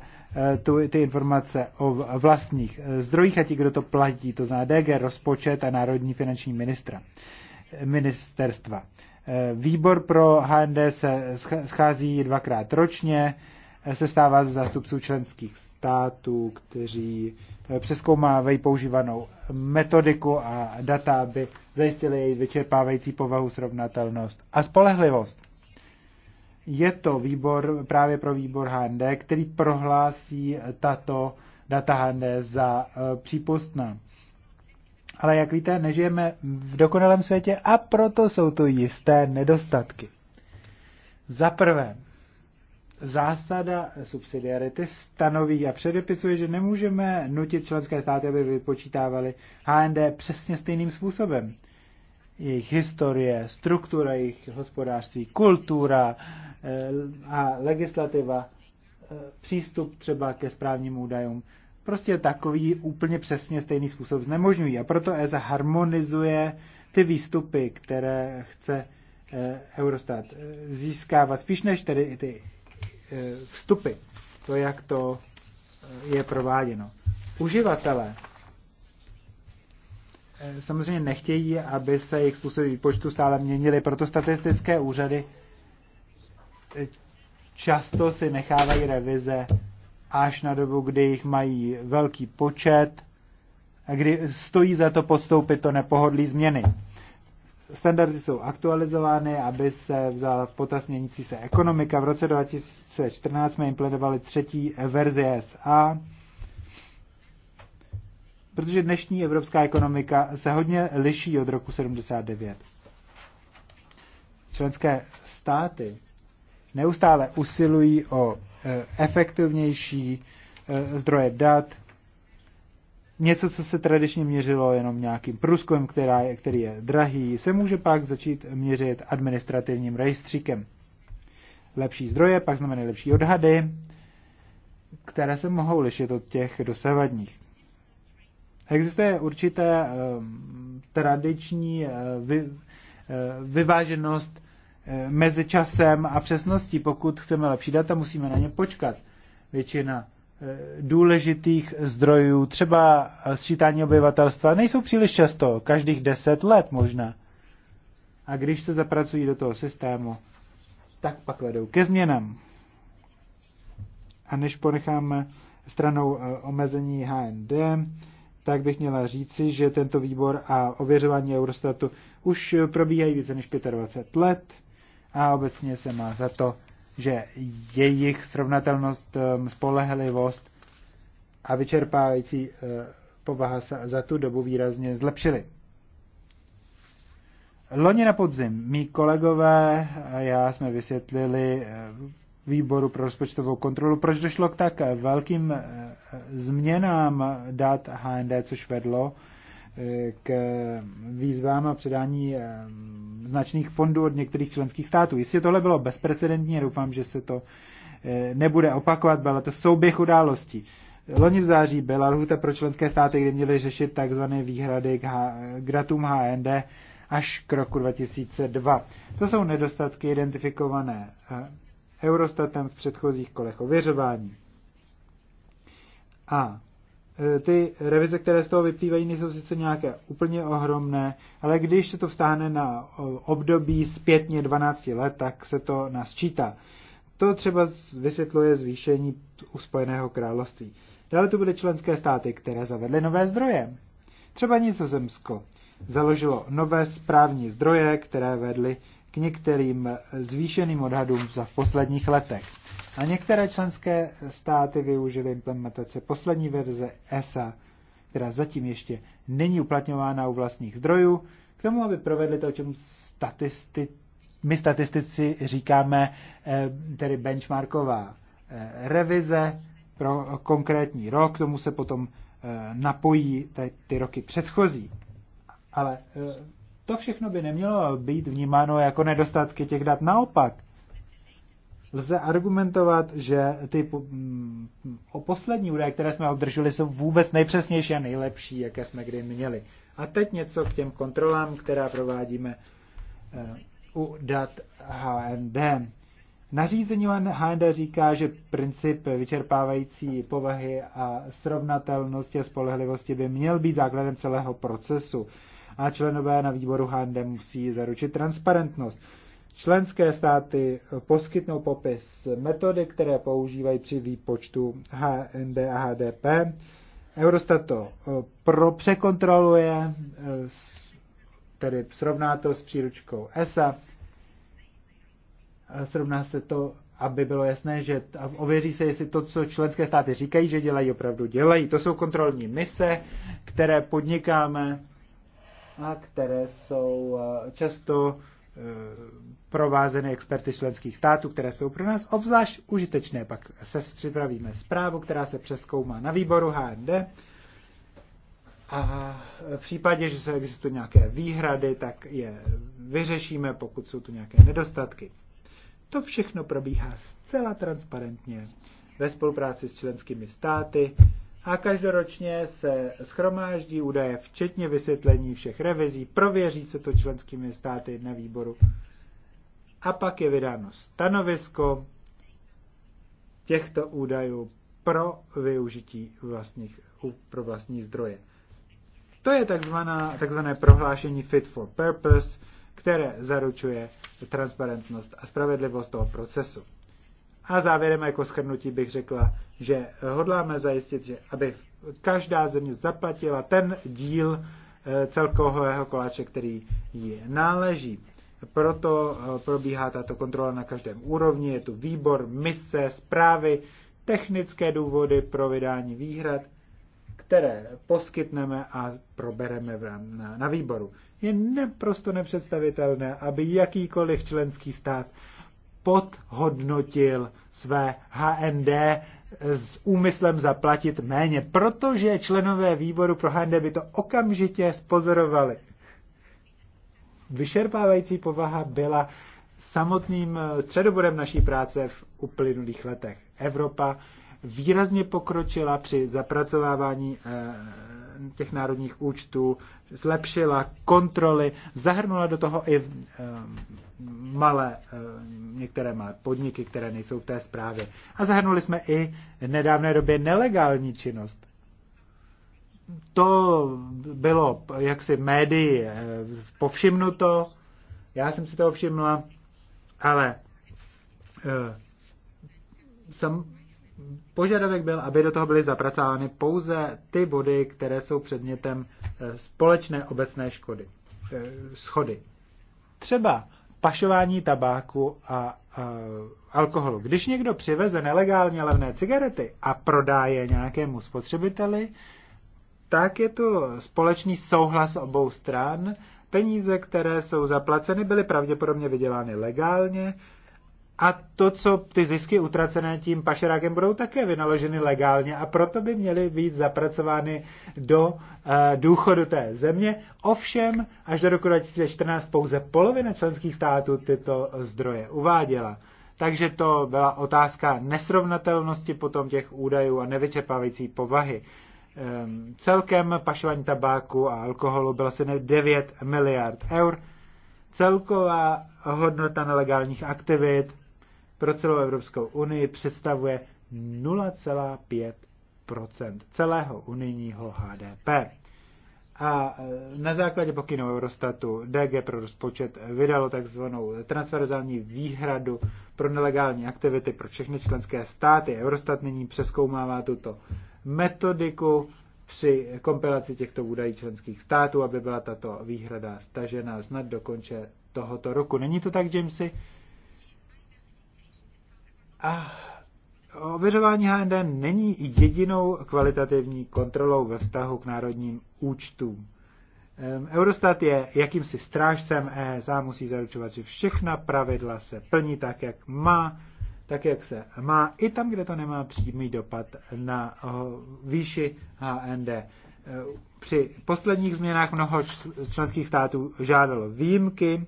tu, ty informace o vlastních eh, zdrojích a ti, kdo to platí, to zná DG, rozpočet a Národní finanční ministra, ministerstva. Eh, výbor pro HND se schází dvakrát ročně, se stává z zástupců členských států, kteří přeskoumávají používanou metodiku a data, aby zajistili její vyčerpávající povahu, srovnatelnost a spolehlivost je to výbor, právě pro výbor HND, který prohlásí tato data HND za e, přípustná. Ale jak víte, nežijeme v dokonalém světě a proto jsou tu jisté nedostatky. Za prvé, zásada subsidiarity stanoví a předepisuje, že nemůžeme nutit členské státy, aby vypočítávali HND přesně stejným způsobem. Jejich historie, struktura jejich hospodářství, kultura, Eh, a legislativa, eh, přístup třeba ke správním údajům, prostě takový úplně přesně stejný způsob znemožňují. A proto ESA harmonizuje ty výstupy, které chce eh, Eurostat získávat, spíš než tedy i ty vstupy, to, jak to je prováděno. Uživatelé samozřejmě nechtějí, aby se jejich způsoby výpočtu stále měnily, proto statistické úřady často si nechávají revize až na dobu, kdy jich mají velký počet a kdy stojí za to podstoupit to nepohodlí změny. Standardy jsou aktualizovány, aby se vzala v potaz měnící se ekonomika. V roce 2014 jsme implementovali třetí verzi SA, protože dnešní evropská ekonomika se hodně liší od roku 79. Členské státy neustále usilují o e, efektivnější e, zdroje dat, něco, co se tradičně měřilo jenom nějakým průzkumem, která je, který je drahý, se může pak začít měřit administrativním rejstříkem. Lepší zdroje pak znamenají lepší odhady, které se mohou lišit od těch dosavadních. Existuje určité um, tradiční uh, vy, uh, vyváženost Eh, mezi časem a přesností. Pokud chceme lepší data, musíme na ně počkat. Většina eh, důležitých zdrojů, třeba sčítání obyvatelstva, nejsou příliš často, každých deset let možná. A když se zapracují do toho systému, tak pak vedou ke změnám. A než ponecháme stranou eh, omezení HND, tak bych měla říci, že tento výbor a ověřování Eurostatu už probíhají více než 25 let a obecně se má za to, že jejich srovnatelnost, um, spolehlivost a vyčerpávající uh, povaha se za tu dobu výrazně zlepšily. Loni na podzim mý kolegové a já jsme vysvětlili uh, výboru pro rozpočtovou kontrolu, proč došlo k tak velkým uh, změnám dat HND, což vedlo k výzvám a předání eh, značných fondů od některých členských států. Jistě tohle bylo bezprecedentní, doufám, že se to eh, nebude opakovat, byla to souběh událostí. Loni v září byla lhuta pro členské státy, kdy měly řešit tzv. výhrady k, H- HND až k roku 2002. To jsou nedostatky identifikované eh, Eurostatem v předchozích kolech ověřování. A Eh, ty revize, které z toho vyplývají, nejsou sice nějaké úplně ohromné, ale když se to vztáhne na období zpětně 12 let, tak se to nasčítá. To třeba vysvětluje zvýšení u Spojeného království. Dále tu byly členské státy, které zavedly nové zdroje. Třeba Nizozemsko založilo nové správní zdroje, které vedly některým zvýšeným odhadům za v posledních letech. A některé členské státy využily implementace poslední verze ESA, která zatím ještě není uplatňována u vlastních zdrojů, k tomu, aby provedli to, o čem statisti, my statistici říkáme, eh, tedy benchmarková eh, revize pro konkrétní rok, k tomu se potom eh, napojí ty roky předchozí. Ale to všechno by nemělo být vnímáno jako nedostatky těch dat. Naopak, lze argumentovat, že ty mm, o poslední údaje, které jsme obdrželi, jsou vůbec nejpřesnější a nejlepší, jaké jsme kdy měli. A teď něco k těm kontrolám, která provádíme eh, u dat HND. Nařízení HND říká, že princip vyčerpávající povahy a srovnatelnosti a spolehlivosti by měl být základem celého procesu a členové na výboru HND musí zaručit transparentnost. Členské státy poskytnou popis metody, které používají při výpočtu HND a HDP. Eurostat to eh, pro překontroluje, eh, tedy srovná to s příručkou ESA. Srovná se to, aby bylo jasné, že ověří se, jestli to, co členské státy říkají, že dělají, opravdu dělají. To jsou kontrolní mise, které podnikáme a které jsou eh, často eh, provázeny experty členských států, které jsou pro nás obzvlášť užitečné. Pak se připravíme zprávu, která se přeskoumá na výboru HND. A v případě, že se existují nějaké výhrady, tak je vyřešíme, pokud jsou tu nějaké nedostatky. To všechno probíhá zcela transparentně ve spolupráci s členskými státy a každoročně se schromáždí údaje, včetně vysvětlení všech revizí, prověří se to členskými státy na výboru a pak je vydáno stanovisko těchto údajů pro využití vlastních, pro vlastní zdroje. To je takzvaná, takzvané prohlášení fit for purpose, které zaručuje transparentnost a spravedlivost toho procesu. A závěrem jako schrnutí bych řekla, že hodláme zajistit, že aby každá země zaplatila ten díl eh, celkového koláče, který ji náleží. Proto eh, probíhá tato kontrola na každém úrovni. Je tu výbor, mise, zprávy, technické důvody pro vydání výhrad, které poskytneme a probereme na, na výboru. Je naprosto nepředstavitelné, aby jakýkoliv členský stát podhodnotil své HND s úmyslem zaplatit méně, protože členové výboru pro HND by to okamžitě spozorovali. Vyšerpávající povaha byla samotným eh, středobodem naší práce v uplynulých letech. Evropa výrazně pokročila při zapracovávání eh, těch národních účtů, zlepšila kontroly, zahrnula do toho i eh, malé, eh, některé malé podniky, které nejsou v té zprávě. A zahrnuli jsme i v nedávné době nelegální činnost. To bylo jaksi médii eh, povšimnuto, já jsem si to všimla, ale sam, požadavek byl, aby do toho byly zapracovány pouze ty body, které jsou předmětem eh, společné obecné škody, eh, schody. Třeba pašování tabáku a, a alkoholu. Když někdo přiveze nelegálně levné cigarety a prodá je nějakému spotřebiteli, tak je to společný souhlas obou stran. Peníze, které jsou zaplaceny, byly pravděpodobně vydělány legálně a to, co ty zisky utracené tím pašerákem budou také vynaloženy legálně a proto by měly být zapracovány do e, důchodu té země. Ovšem, až do roku 2014 pouze polovina členských států tyto zdroje uváděla. Takže to byla otázka nesrovnatelnosti potom těch údajů a nevyčerpávající povahy. Ehm, celkem pašování tabáku a alkoholu bylo asi 9 miliard eur. Celková hodnota nelegálních aktivit pro celou Evropskou unii představuje 0,5 celého unijního HDP. A e, na základě pokynů Eurostatu DG pro rozpočet vydalo takzvanou transverzální výhradu pro nelegální aktivity pro všechny členské státy. Eurostat nyní přeskoumává tuto metodiku při kompilaci těchto údajů členských států, aby byla tato výhrada stažena snad do konce tohoto roku. Není to tak, Jamesy? A ověřování HND není jedinou kvalitativní kontrolou ve vztahu k národním účtům. Eurostat je jakýmsi strážcem ESA, musí zaručovat, že všechna pravidla se plní tak, jak má, tak, jak se má, i tam, kde to nemá přímý dopad na výši HND. E, při posledních změnách mnoho členských států žádalo výjimky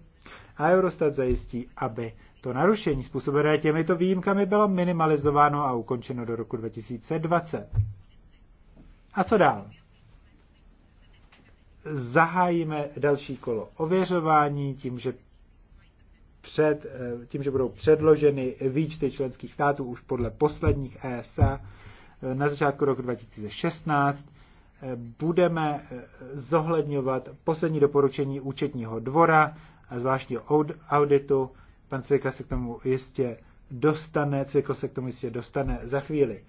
a Eurostat zajistí, aby to narušení způsobené těmito výjimkami bylo minimalizováno a ukončeno do roku 2020. A co dál? Zahájíme další kolo ověřování tím, že před, eh, tím, že budou předloženy výčty členských států už podle posledních ESA eh, na začátku roku 2016, eh, budeme zohledňovat poslední doporučení účetního dvora a zvláštního auditu Pan Cvika se k tomu jistě dostane, Cvikl se k tomu jistě dostane za chvíli.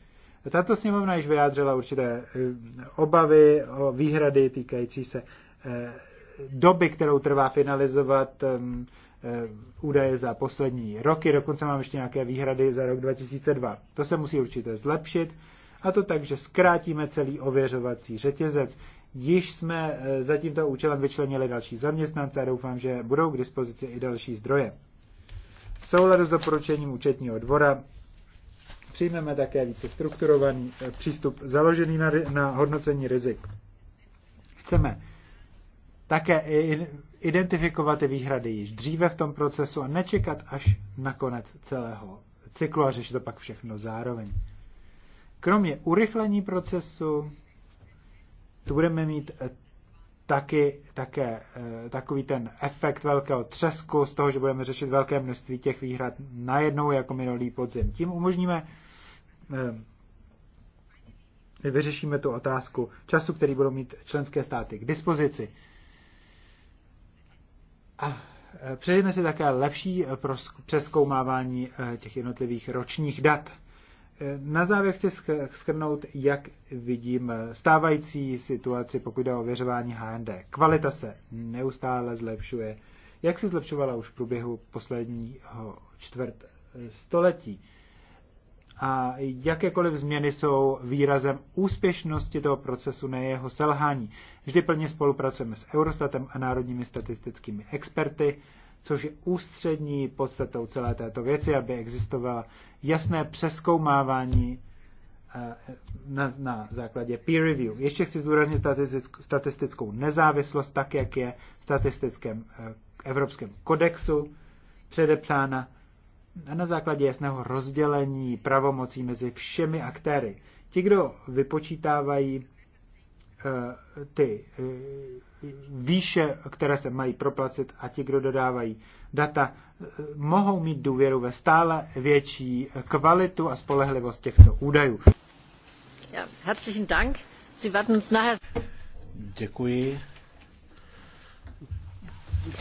Tato sněmovna již vyjádřila určité eh, obavy o výhrady týkající se eh, doby, kterou trvá finalizovat ehm, eh, údaje za poslední roky, dokonce mám ještě nějaké výhrady za rok 2002. To se musí určitě zlepšit, a to tak, že zkrátíme celý ověřovací řetězec. Již jsme za tímto účelem vyčlenili další zaměstnance a doufám, že budou k dispozici i další zdroje. V souladu s doporučením účetního dvora přijmeme také více strukturovaný eh, přístup založený na, na hodnocení rizik. Chceme také identifikovat výhrady již dříve v tom procesu a nečekat až na konec celého cyklu a řešit to pak všechno zároveň. Kromě urychlení procesu tu budeme mít eh, taky také eh, takový ten efekt velkého třesku z toho, že budeme řešit velké množství těch výhrad najednou jako minulý podzim. Tím umožníme eh, vyřešíme tu otázku času, který budou mít členské státy k dispozici. A eh, přejeme si také lepší přeskoumávání těch jednotlivých ročních dat. Na závěr chci schrnout, jak vidím stávající situaci, pokud jde o ověřování HND. Kvalita se neustále zlepšuje, jak se zlepšovala už v průběhu posledního čtvrt století. A jakékoliv změny jsou výrazem úspěšnosti toho procesu, ne jeho selhání. Vždy plně spolupracujeme s Eurostatem a národními statistickými experty což je ústřední podstatou celé této věci, aby existovala jasné přeskoumávání eh, na, na základě peer review. Ještě chci zdůraznit statistickou nezávislost, tak jak je v statistickém eh, evropském kodexu předepsána a na základě jasného rozdělení pravomocí mezi všemi aktéry. Ti, kdo vypočítávají Eh, ty eh, výše, které se mají proplacit a ti, kdo dodávají data, eh, mohou mít důvěru ve stále větší kvalitu a spolehlivost těchto údajů. Ja, herzlichen Dank. Sie werden uns nachher... Děkuji.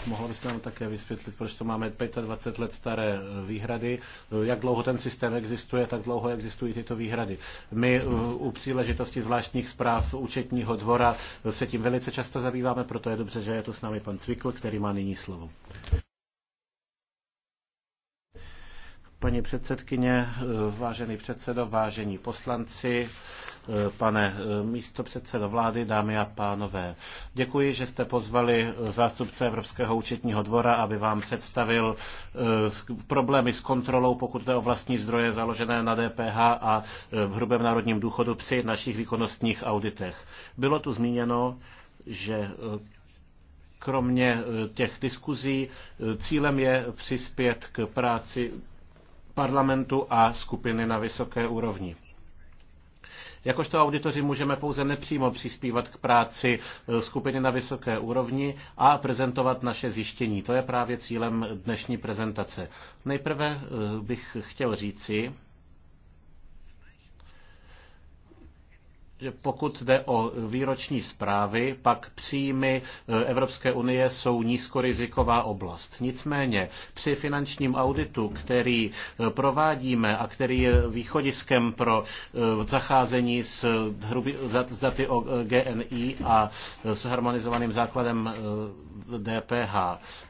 Mohla byste nám také vysvětlit, proč to máme 25 let staré eh, výhrady, eh, jak dlouho ten systém existuje, tak dlouho existují tyto výhrady. My eh, u příležitosti zvláštních zpráv účetního dvora se tím velice často zabýváme, proto je dobře, že je tu s námi pan Cvikl, který má nyní slovo. Paní předsedkyně, vážený předsedo, vážení poslanci, Eh, pane eh, místo předsedo vlády, dámy a pánové. Děkuji, že jste pozvali eh, zástupce Evropského účetního dvora, aby vám představil problémy s kontrolou, pokud jde o vlastní zdroje založené na DPH a v hrubém národním důchodu při našich výkonnostních auditech. Bylo tu zmíněno, že kromě těch diskuzí cílem je přispět k práci parlamentu a skupiny na vysoké úrovni. Jakožto auditoři můžeme pouze nepřímo přispívat k práci eh, skupiny na vysoké úrovni a prezentovat naše zjištění. To je právě cílem dnešní prezentace. Nejprve eh, bych chtěl říci, že pokud jde o výroční zprávy, pak příjmy eh, Evropské unie jsou nízkoriziková oblast. Nicméně při finančním auditu, který eh, provádíme a který je východiskem pro eh, zacházení s, hruby, s daty o GNI a s harmonizovaným základem DPH,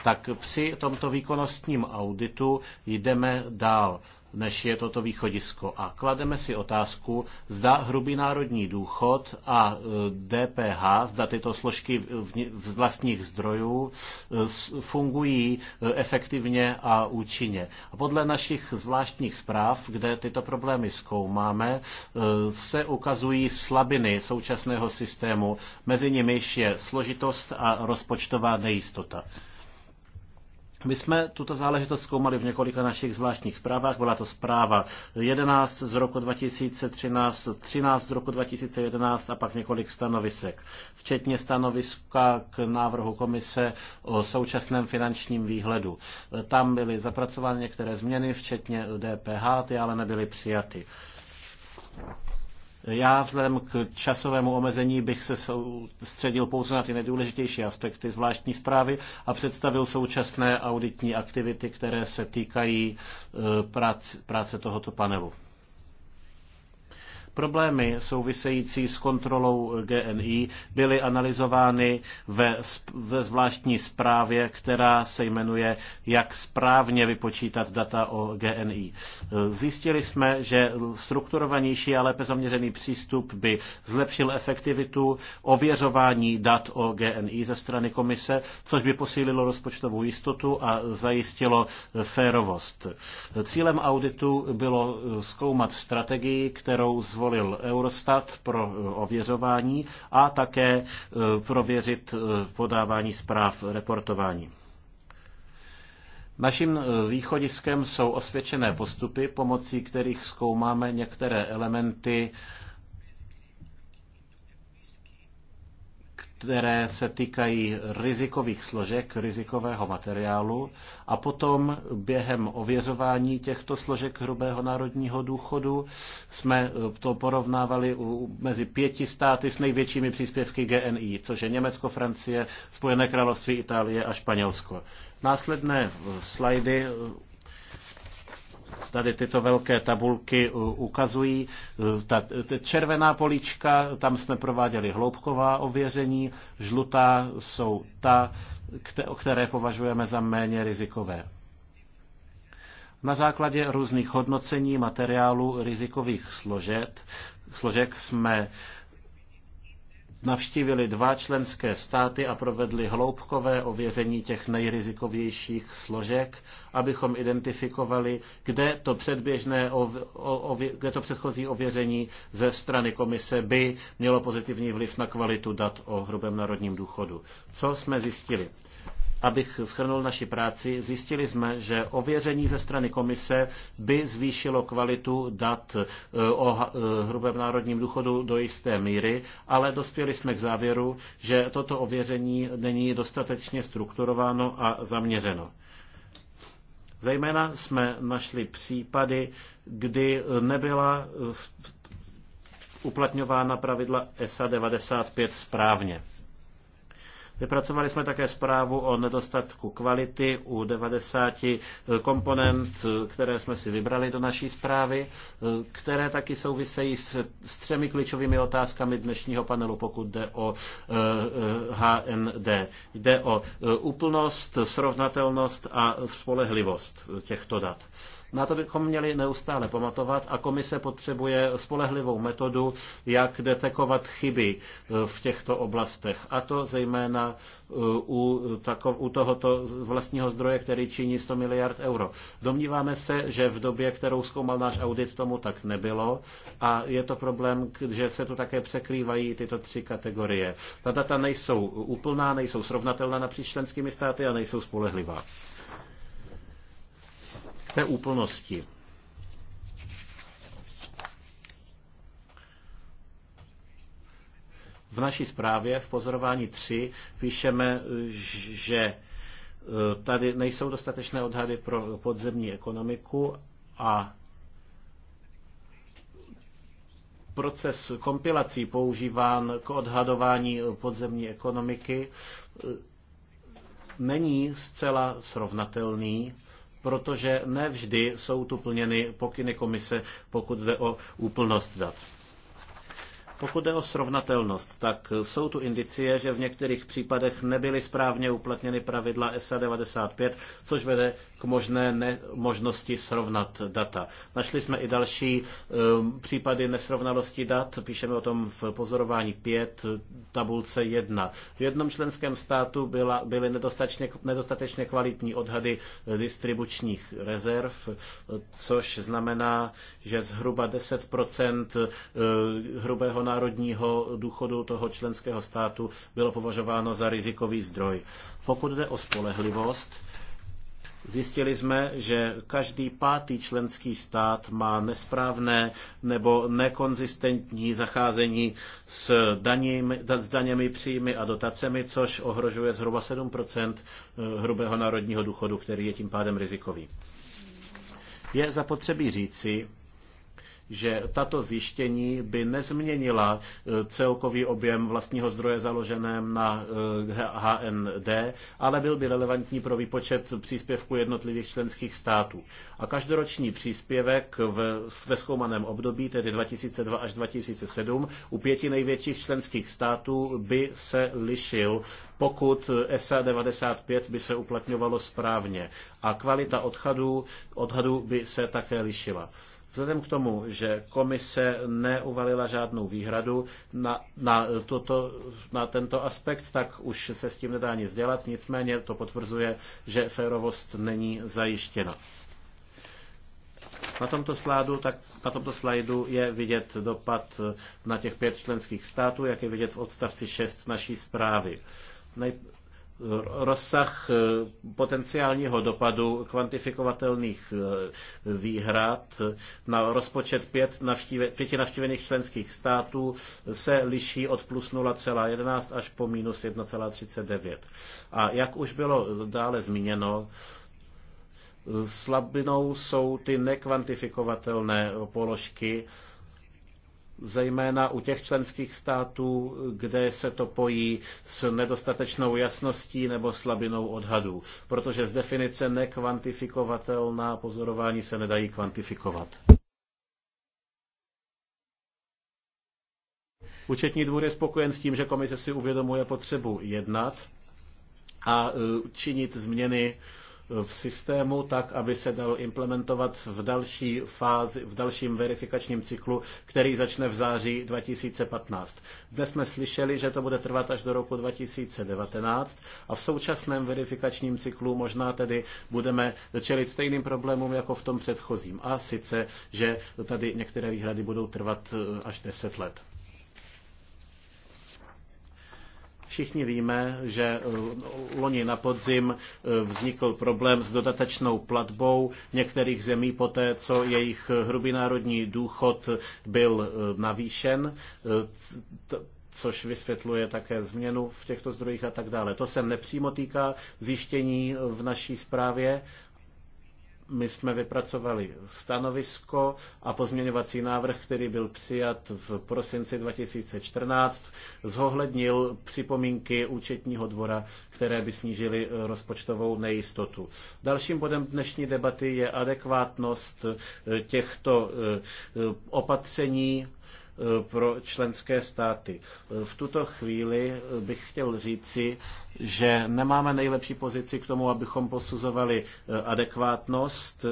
tak při tomto výkonnostním auditu jdeme dál než je toto východisko. A klademe si otázku, zda hrubý národní důchod a e, DPH, zda tyto složky z vlastních zdrojů e, fungují e, efektivně a účinně. A podle našich zvláštních zpráv, kde tyto problémy zkoumáme, se ukazují slabiny současného systému. Mezi nimiž je složitost a rozpočtová nejistota. My jsme tuto záležitost zkoumali v několika našich zvláštních zprávách. Byla to zpráva 11 z roku 2013, 13 z roku 2011 a pak několik stanovisek, včetně stanoviska k návrhu komise o současném finančním výhledu. Tam byly zapracovány některé změny, včetně DPH, ty ale nebyly přijaty. Já vzhledem k časovému omezení bych se středil pouze na ty nejdůležitější aspekty zvláštní zprávy a představil současné auditní aktivity, které se týkají eh, práce tohoto panelu. Problémy související s kontrolou GNI byly analyzovány ve, ve zvláštní zprávě, která se jmenuje Jak správně vypočítat data o GNI. Zjistili jsme, že strukturovanější a lépe zaměřený přístup by zlepšil efektivitu ověřování dat o GNI ze strany komise, což by posílilo rozpočtovou jistotu a zajistilo férovost. Cílem auditu bylo zkoumat strategii, kterou z zvolil Eurostat pro e, ověřování a také e, prověřit e, podávání zpráv reportování. Naším východiskem jsou osvědčené postupy, pomocí kterých zkoumáme některé elementy které se týkají rizikových složek, rizikového materiálu a potom během ověřování těchto složek hrubého národního důchodu jsme eh, to porovnávali mezi pěti státy s největšími příspěvky GNI, což je Německo, Francie, Spojené království, Itálie a Španělsko. Následné eh, slajdy eh, tady tyto velké tabulky eh, ukazují. Eh, ta červená polička tam jsme prováděli hloubková ověření, žlutá jsou ta, které považujeme za méně rizikové. Na základě různých hodnocení materiálu rizikových složek, složek jsme navštívili dva členské státy a provedli hloubkové ověření těch nejrizikovějších složek, abychom identifikovali, kde to, předběžné, kde to předchozí ověření ze strany komise by mělo pozitivní vliv na kvalitu dat o hrubém národním důchodu. Co jsme zjistili? Abych schrnul naši práci, zjistili jsme, že ověření ze strany komise by zvýšilo kvalitu dat eh, o eh, hrubém národním důchodu do jisté míry, ale dospěli jsme k závěru, že toto ověření není dostatečně strukturováno a zaměřeno. Zejména jsme našli případy, kdy nebyla eh, uplatňována pravidla e ESA 95 správně. Vypracovali jsme také zprávu o nedostatku kvality u 90 eh, komponent, eh, které jsme si vybrali do naší zprávy, eh, které taky souvisejí s, s třemi klíčovými otázkami dnešního panelu, pokud jde o HND. Jde o úplnost, srovnatelnost a spolehlivost těchto dat. Na to bychom měli neustále pamatovat a komise potřebuje spolehlivou metodu, jak detekovat chyby e, v těchto oblastech. A to zejména e, u, takov, u tohoto vlastního zdroje, který činí 100 miliard euro. Domníváme se, že v době, kterou zkoumal náš audit, tomu tak nebylo a je to problém, že se tu také překrývají tyto tři kategorie. Ta data nejsou úplná, nejsou srovnatelná napříč členskými státy a nejsou spolehlivá té úplnosti. V naší zprávě v pozorování 3 píšeme, že e, tady nejsou dostatečné odhady pro podzemní ekonomiku a proces kompilací používán k odhadování podzemní ekonomiky e, není zcela srovnatelný protože nevždy jsou tu plněny pokyny komise, pokud jde o úplnost dat. Pokud jde o srovnatelnost, tak jsou tu indicie, že v některých případech nebyly správně uplatněny pravidla SA 95, což vede k možné ne- možnosti srovnat data. Našli jsme i další um, případy nesrovnalosti dat, píšeme o tom v pozorování 5, tabulce 1. V jednom členském státu byla, byly nedostatečně, nedostatečně kvalitní odhady eh, distribučních rezerv, což znamená, že zhruba 10% eh, hrubého národního důchodu toho členského státu bylo považováno za rizikový zdroj. Pokud jde o spolehlivost, Zjistili jsme, že každý pátý členský stát má nesprávné nebo nekonzistentní zacházení s, daněmi, s daněmi, příjmy a dotacemi, což ohrožuje zhruba 7 eh, hrubého národního důchodu, který je tím pádem rizikový. Je zapotřebí říci, že tato zjištění by nezměnila eh, celkový objem vlastního zdroje založeném na HND, eh, ale byl by relevantní pro výpočet příspěvku jednotlivých členských států. A každoroční příspěvek v, ve zkoumaném období, tedy 2002 až 2007, u pěti největších členských států by se lišil pokud SA 95 by se uplatňovalo správně a kvalita odhadů, odhadů by se také lišila. Vzhledem k tomu, že komise neuvalila žádnou výhradu na, na, tuto, na tento aspekt, tak už se s tím nedá nic dělat, nicméně to potvrzuje, že férovost není zajištěna. Na tomto, sládu, tak na tomto slajdu je vidět dopad na těch pět členských států, jak je vidět v odstavci 6 naší zprávy. Eh, rozsah eh, potenciálního dopadu kvantifikovatelných eh, výhrad na rozpočet pět navštíve, pěti navštívených členských států se liší od plus 0,11 až po minus 1,39. A jak už bylo dále zmíněno, slabinou jsou ty nekvantifikovatelné položky, zejména u těch členských států, kde se to pojí s nedostatečnou jasností nebo slabinou odhadů, protože z definice nekvantifikovatelná pozorování se nedají kvantifikovat. Účetní dvůr je spokojen s tím, že komise si uvědomuje potřebu jednat a e, činit změny v systému tak, aby se dal implementovat v další fázi, v dalším verifikačním cyklu, který začne v září 2015. Dnes jsme slyšeli, že to bude trvat až do roku 2019 a v současném verifikačním cyklu možná tedy budeme čelit stejným problémům jako v tom předchozím. A sice, že tady některé výhrady budou trvat eh, až 10 let. Všichni víme, že eh, loni na podzim eh, vznikl problém s dodatečnou platbou některých zemí poté, co jejich hrubý národní důchod byl eh, navýšen což vysvětluje také změnu v těchto zdrojích a tak dále. To se nepřímo týká zjištění v naší zprávě, my jsme vypracovali stanovisko a pozměňovací návrh, který byl přijat v prosinci 2014, zohlednil připomínky účetního dvora, které by snížily rozpočtovou nejistotu. Dalším bodem dnešní debaty je adekvátnost těchto eh, opatření Eh, pro členské státy. Eh, v tuto chvíli eh, bych chtěl říci, že nemáme nejlepší pozici k tomu, abychom posuzovali adekvátnost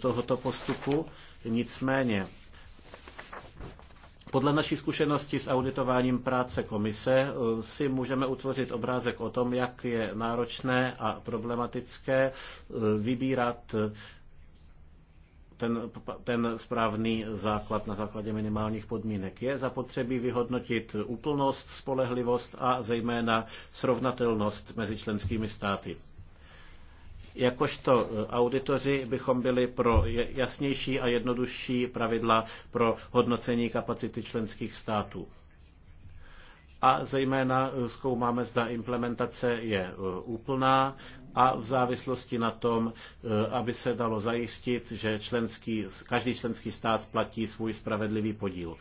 tohoto postupu. Nicméně podle naší zkušenosti s auditováním práce komise si můžeme utvořit obrázek o tom, jak je náročné a problematické vybírat ten, ten správný základ na základě minimálních podmínek. Je zapotřebí vyhodnotit úplnost, spolehlivost a zejména srovnatelnost mezi členskými státy. Jakožto eh, auditoři bychom byli pro jasnější a jednodušší pravidla pro hodnocení kapacity členských států a zejména eh, zkoumáme, zda implementace je eh, úplná a v závislosti na tom, eh, aby se dalo zajistit, že členský, každý členský stát platí svůj spravedlivý podíl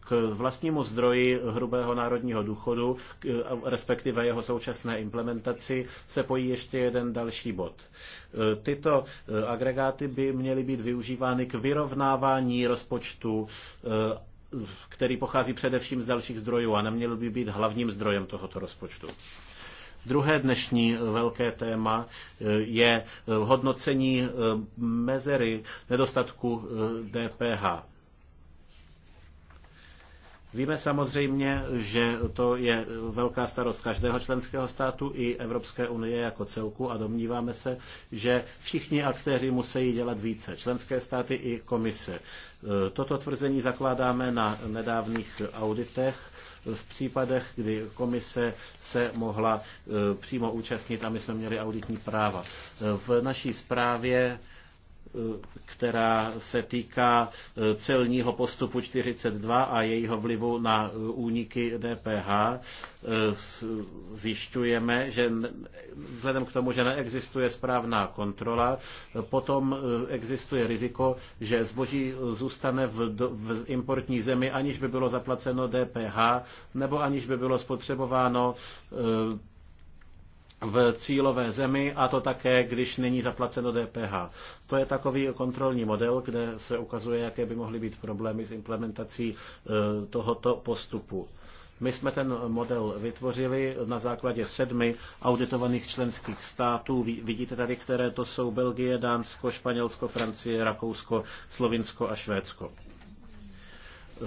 k vlastnímu zdroji hrubého národního důchodu, respektive jeho současné implementaci, se pojí ještě jeden další bod. Tyto agregáty by měly být využívány k vyrovnávání rozpočtu který pochází především z dalších zdrojů a neměl by být hlavním zdrojem tohoto rozpočtu. Druhé dnešní velké téma eh, je eh, hodnocení eh, mezery nedostatku DPH. Víme samozřejmě, že to je velká starost každého členského státu i Evropské unie jako celku a domníváme se, že všichni aktéři musí dělat více, členské státy i komise. Toto tvrzení zakládáme na nedávných auditech v případech, kdy komise se mohla eh, přímo účastnit a my jsme měli auditní práva. V naší zprávě která se týká eh, celního postupu 42 a jejího vlivu na eh, úniky DPH, eh, zjišťujeme, že vzhledem k tomu, že neexistuje správná kontrola, potom existuje riziko, že zboží zůstane v, v importní zemi, aniž by bylo zaplaceno DPH, nebo aniž by bylo spotřebováno v cílové zemi a to také, když není zaplaceno DPH. To je takový kontrolní model, kde se ukazuje, jaké by mohly být problémy s implementací e, tohoto postupu. My jsme ten model vytvořili na základě sedmi auditovaných členských států. Vidíte tady, které to jsou Belgie, Dánsko, Španělsko, Francie, Rakousko, Slovinsko a Švédsko.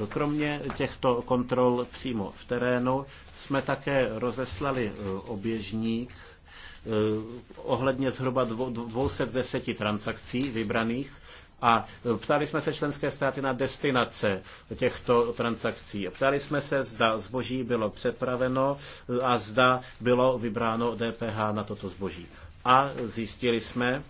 Kromě těchto kontrol přímo v terénu jsme také rozeslali eh, oběžník eh, ohledně zhruba 210 transakcí vybraných a eh, ptali jsme se členské státy na destinace těchto transakcí. Ptali jsme se, zda zboží bylo přepraveno a zda bylo vybráno DPH na toto zboží. A zjistili jsme,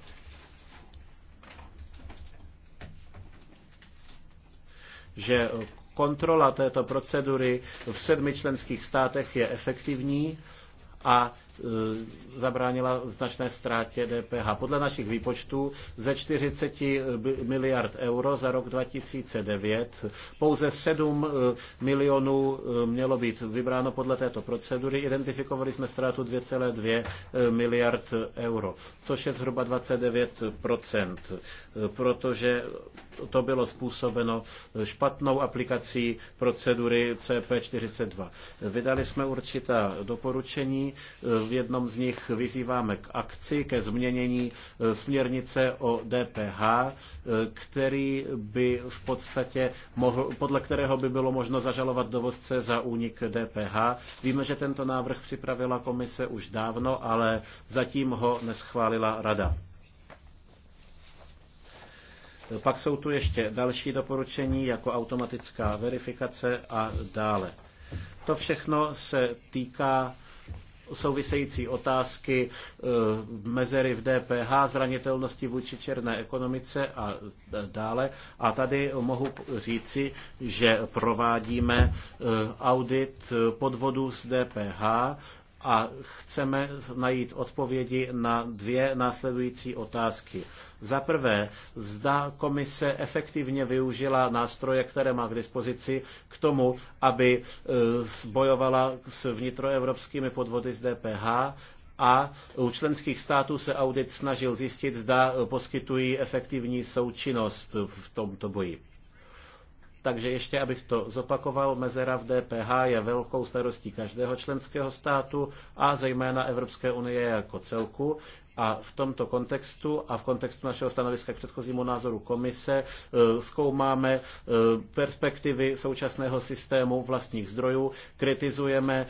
že kontrola této procedury v sedmi členských státech je efektivní a Eh, zabránila značné ztrátě DPH. Podle našich výpočtů ze 40 miliard euro za rok 2009 pouze 7 eh, milionů eh, mělo být vybráno podle této procedury. Identifikovali jsme ztrátu 2,2 miliard euro, což je zhruba 29 protože to bylo způsobeno špatnou aplikací procedury CP42. Vydali jsme určitá doporučení v jednom z nich vyzýváme k akci, ke změnění e, směrnice o DPH, e, který by v podstatě mohl, podle kterého by bylo možno zažalovat dovozce za únik DPH. Víme, že tento návrh připravila komise už dávno, ale zatím ho neschválila rada. Pak jsou tu ještě další doporučení, jako automatická verifikace a dále. To všechno se týká související otázky eh, mezery v DPH, zranitelnosti vůči černé ekonomice a dále. A tady mohu říci, že provádíme eh, audit podvodu z DPH a chceme najít odpovědi na dvě následující otázky. Za prvé, zda komise efektivně využila nástroje, které má k dispozici k tomu, aby e, bojovala s vnitroevropskými podvody z DPH a u členských států se audit snažil zjistit, zda poskytují efektivní součinnost v tomto boji. Takže ještě abych to zopakoval, mezera v DPH je velkou starostí každého členského státu a zejména Evropské unie jako celku. A v tomto kontextu a v kontextu našeho stanoviska k předchozímu názoru komise e, zkoumáme e, perspektivy současného systému vlastních zdrojů, kritizujeme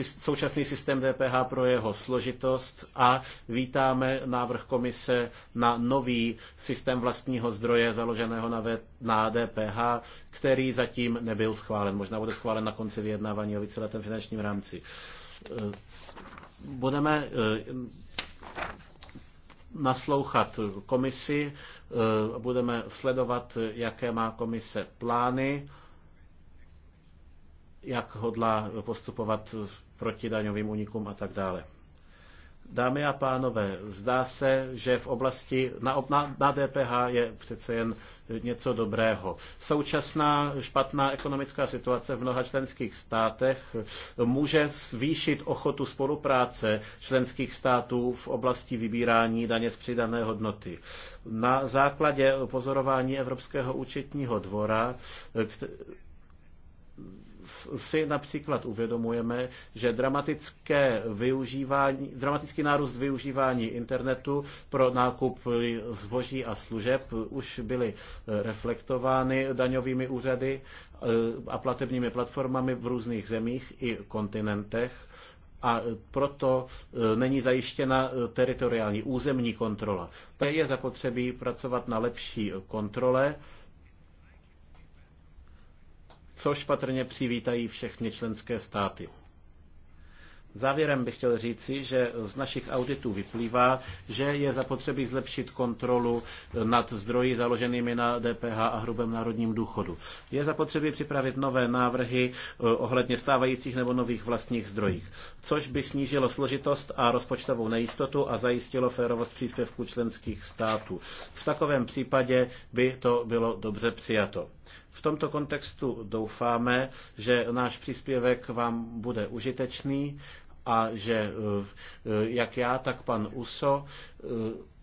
e, současný systém DPH pro jeho složitost a vítáme návrh komise na nový systém vlastního zdroje založeného na, DPH, který zatím nebyl schválen. Možná bude schválen na konci vyjednávání o víceletém finančním rámci budeme naslouchat komisi, e, budeme sledovat, jaké má komise plány, jak hodla postupovat proti daňovým unikům a tak dále. Dámy a pánové, zdá se, že v oblasti na, na, na DPH je přece jen něco dobrého. Současná špatná ekonomická situace v mnoha členských státech může zvýšit ochotu spolupráce členských států v oblasti vybírání daně z přidané hodnoty. Na základě pozorování Evropského účetního dvora, si například uvědomujeme, že dramatické využívání, dramatický nárůst využívání internetu pro nákup zboží a služeb už byly eh, reflektovány daňovými úřady eh, a platebními platformami v různých zemích i kontinentech a proto eh, není zajištěna teritoriální územní kontrola. To je zapotřebí pracovat na lepší kontrole což patrně přivítají všechny členské státy. Závěrem bych chtěl říci, že z našich auditů vyplývá, že je zapotřebí zlepšit kontrolu nad zdroji založenými na DPH a hrubém národním důchodu. Je zapotřebí připravit nové návrhy eh, ohledně stávajících nebo nových vlastních zdrojích, což by snížilo složitost a rozpočtovou nejistotu a zajistilo férovost příspěvků členských států. V takovém případě by to bylo dobře přijato. V tomto kontextu doufáme, že náš příspěvek vám bude užitečný a že eh, eh, jak já, tak pan Uso eh,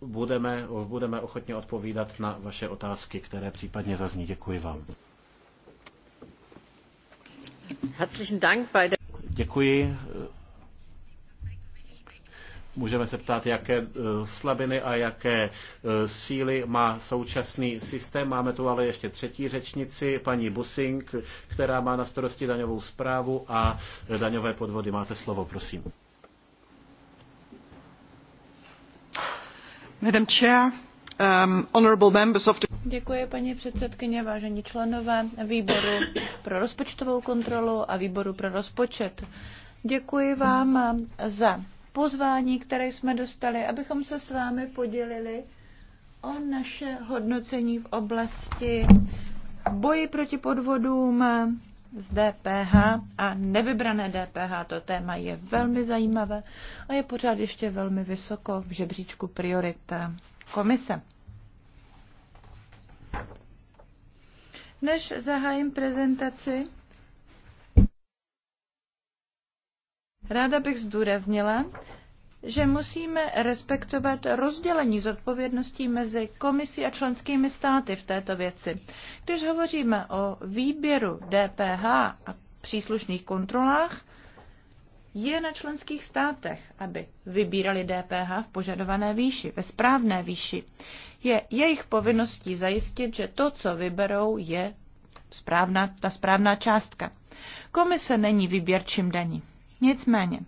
budeme, budeme ochotně odpovídat na vaše otázky, které případně zazní. Děkuji vám. Děkuji Můžeme se ptát, jaké eh, slabiny a jaké eh, síly má současný systém. Máme tu ale ještě třetí řečnici, paní Busing, která má na starosti daňovou zprávu a eh, daňové podvody. Máte slovo, prosím. Madam Chair, um, honorable members of the... Děkuji, paní předsedkyně, vážení členové výboru pro rozpočtovou kontrolu a výboru pro rozpočet. Děkuji vám za pozvání, které jsme dostali, abychom se s vámi podělili o naše hodnocení v oblasti boji proti podvodům z DPH a nevybrané DPH. To téma je velmi zajímavé a je pořád ještě velmi vysoko v žebříčku priorit komise. Než zahájím prezentaci, Ráda bych zdůraznila, že musíme respektovat rozdělení zodpovědností mezi komisí a členskými státy v této věci. Když hovoříme o výběru DPH a příslušných kontrolách, je na členských státech, aby vybírali DPH v požadované výši, ve správné výši. Je jejich povinností zajistit, že to, co vyberou, je správná, ta správná částka. Komise není výběrčím daní. Nicméně,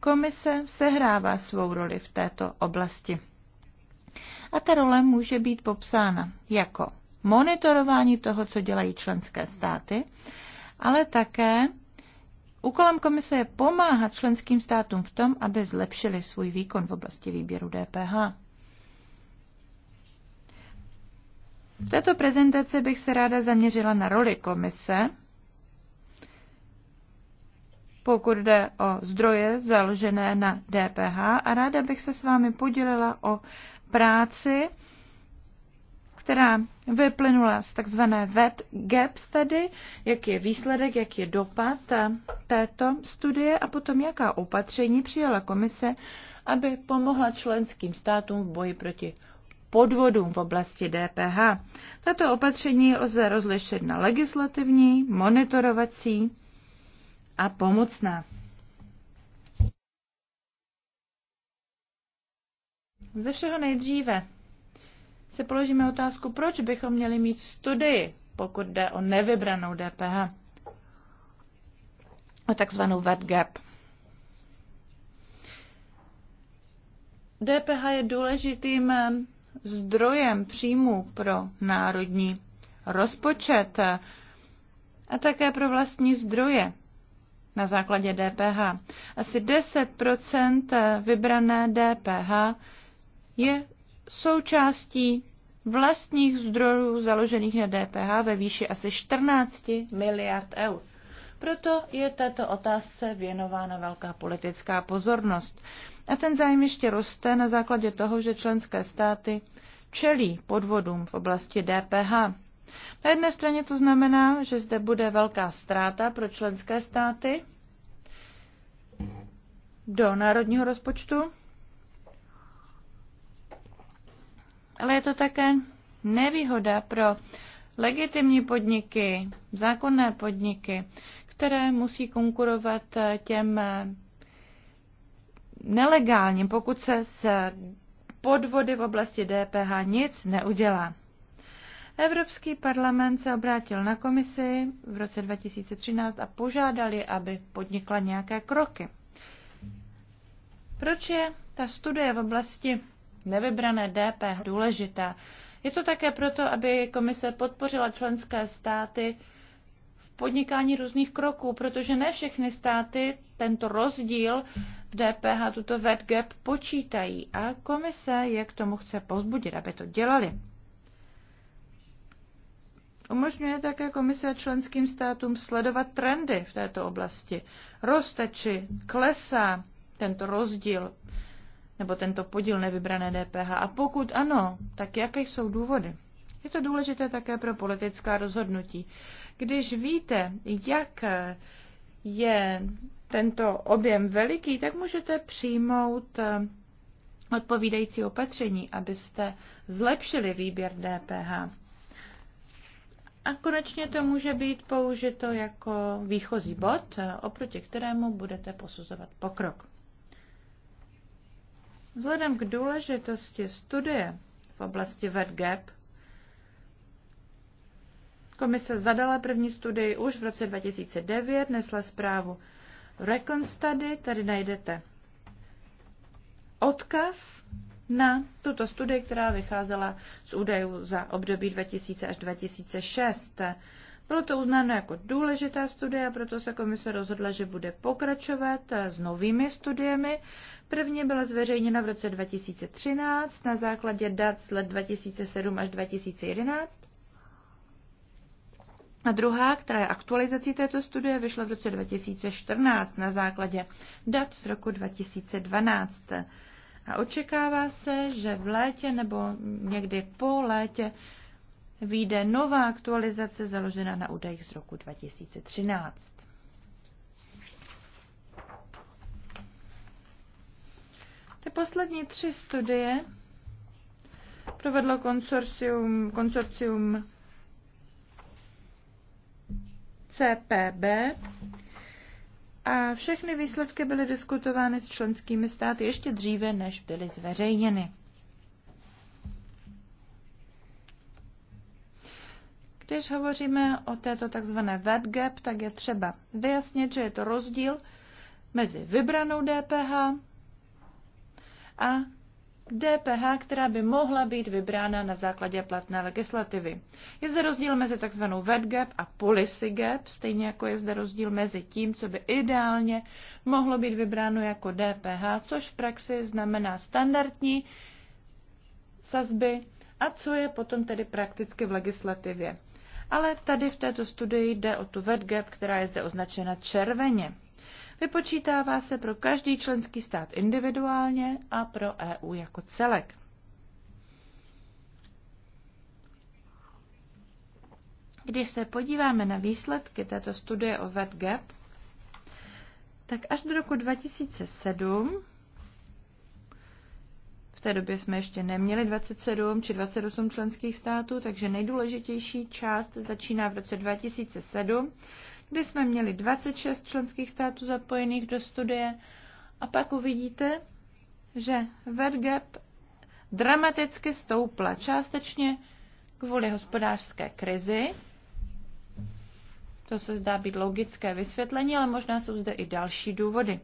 komise sehrává svou roli v této oblasti. A ta role může být popsána jako monitorování toho, co dělají členské státy, ale také úkolem komise je pomáhat členským státům v tom, aby zlepšili svůj výkon v oblasti výběru DPH. V této prezentaci bych se ráda zaměřila na roli komise pokud jde o zdroje založené na DPH a ráda bych se s vámi podělila o práci, která vyplynula z takzvané VET GAP study, jak je výsledek, jak je dopad této studie a potom jaká opatření přijala komise, aby pomohla členským státům v boji proti podvodům v oblasti DPH. Tato opatření lze rozlišit na legislativní, monitorovací a pomocná. Ze všeho nejdříve si položíme otázku, proč bychom měli mít studii, pokud jde o nevybranou DPH, o takzvanou VAT gap. DPH je důležitým eh, zdrojem příjmu pro národní rozpočet eh, a také pro vlastní zdroje na základě DPH. Asi 10 vybrané DPH je součástí vlastních zdrojů založených na DPH ve výši asi 14 miliard eur. Proto je této otázce věnována velká politická pozornost. A ten zájem ještě roste na základě toho, že členské státy čelí podvodům v oblasti DPH. Na jedné straně to znamená, že zde bude velká ztráta pro členské státy do národního rozpočtu, ale je to také nevýhoda pro legitimní podniky, zákonné podniky, které musí konkurovat těm nelegálním, pokud se s podvody v oblasti DPH nic neudělá. Evropský parlament se obrátil na komisi v roce 2013 a požádali, aby podnikla nějaké kroky. Proč je ta studie v oblasti nevybrané DP důležitá? Je to také proto, aby komise podpořila členské státy v podnikání různých kroků, protože ne všechny státy tento rozdíl v DPH, tuto VAT gap počítají a komise je k tomu chce pozbudit, aby to dělali. Umožňuje také komise členským státům sledovat trendy v této oblasti. Roste či klesá tento rozdíl nebo tento podíl nevybrané DPH? A pokud ano, tak jaké jsou důvody? Je to důležité také pro politická rozhodnutí. Když víte, jak je tento objem veliký, tak můžete přijmout eh, odpovídající opatření, abyste zlepšili výběr DPH. A konečně to může být použito jako výchozí bod, oproti kterému budete posuzovat pokrok. Vzhledem k důležitosti studie v oblasti VEDGAP, komise zadala první studii už v roce 2009, nesla zprávu Recon Study, tady najdete odkaz na tuto studii, která vycházela z údajů za období 2000 až 2006. Bylo to uznáno jako důležitá studie a proto se komise rozhodla, že bude pokračovat s novými studiemi. První byla zveřejněna v roce 2013 na základě dat z let 2007 až 2011. A druhá, která je aktualizací této studie, vyšla v roce 2014 na základě dat z roku 2012. A očekává se, že v létě nebo někdy po létě vyjde nová aktualizace založená na údajích z roku 2013. Ty poslední tři studie provedlo konsorcium, konsorcium CPB a všechny výsledky byly diskutovány s členskými státy ještě dříve, než byly zveřejněny. Když hovoříme o této takzvané VAT gap, tak je třeba vyjasnit, že je to rozdíl mezi vybranou DPH a DPH, která by mohla být vybrána na základě platné legislativy. Je zde rozdíl mezi tzv. wet gap a policy gap, stejně jako je zde rozdíl mezi tím, co by ideálně mohlo být vybráno jako DPH, což v praxi znamená standardní sazby a co je potom tedy prakticky v legislativě. Ale tady v této studii jde o tu wet gap, která je zde označena červeně. Vypočítává se pro každý členský stát individuálně a pro EU jako celek. Když se podíváme na výsledky této studie o VEDGAP, tak až do roku 2007, v té době jsme ještě neměli 27 či 28 členských států, takže nejdůležitější část začíná v roce 2007, kdy jsme měli 26 členských států zapojených do studie. A pak uvidíte, že VERGAP dramaticky stoupla, částečně kvůli hospodářské krizi. To se zdá být logické vysvětlení, ale možná jsou zde i další důvody.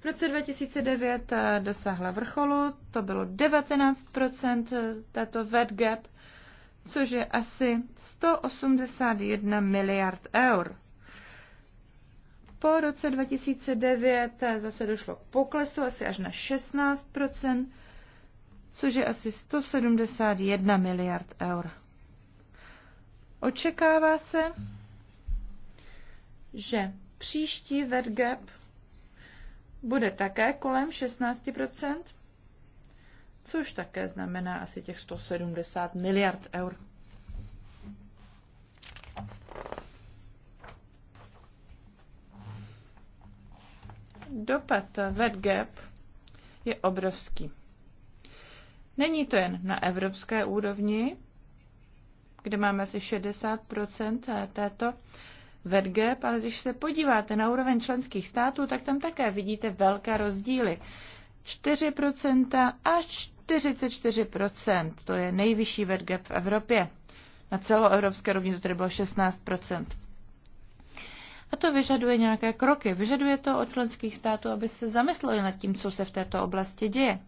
V roce 2009 eh, dosáhla vrcholu, to bylo 19 eh, tato gap což je asi 181 miliard eur. Po roce 2009 zase došlo k poklesu asi až na 16 což je asi 171 miliard eur. Očekává se, že příští VERGAP bude také kolem 16 což také znamená asi těch 170 miliard eur. Dopad wet gap je obrovský. Není to jen na evropské úrovni, kde máme asi 60 této Gap, ale když se podíváte na úroveň členských států, tak tam také vidíte velké rozdíly. 4% až 44%. To je nejvyšší vedgap v Evropě. Na celoevropské rovině to tedy bylo 16%. A to vyžaduje nějaké kroky. Vyžaduje to od členských států, aby se zamysleli nad tím, co se v této oblasti děje.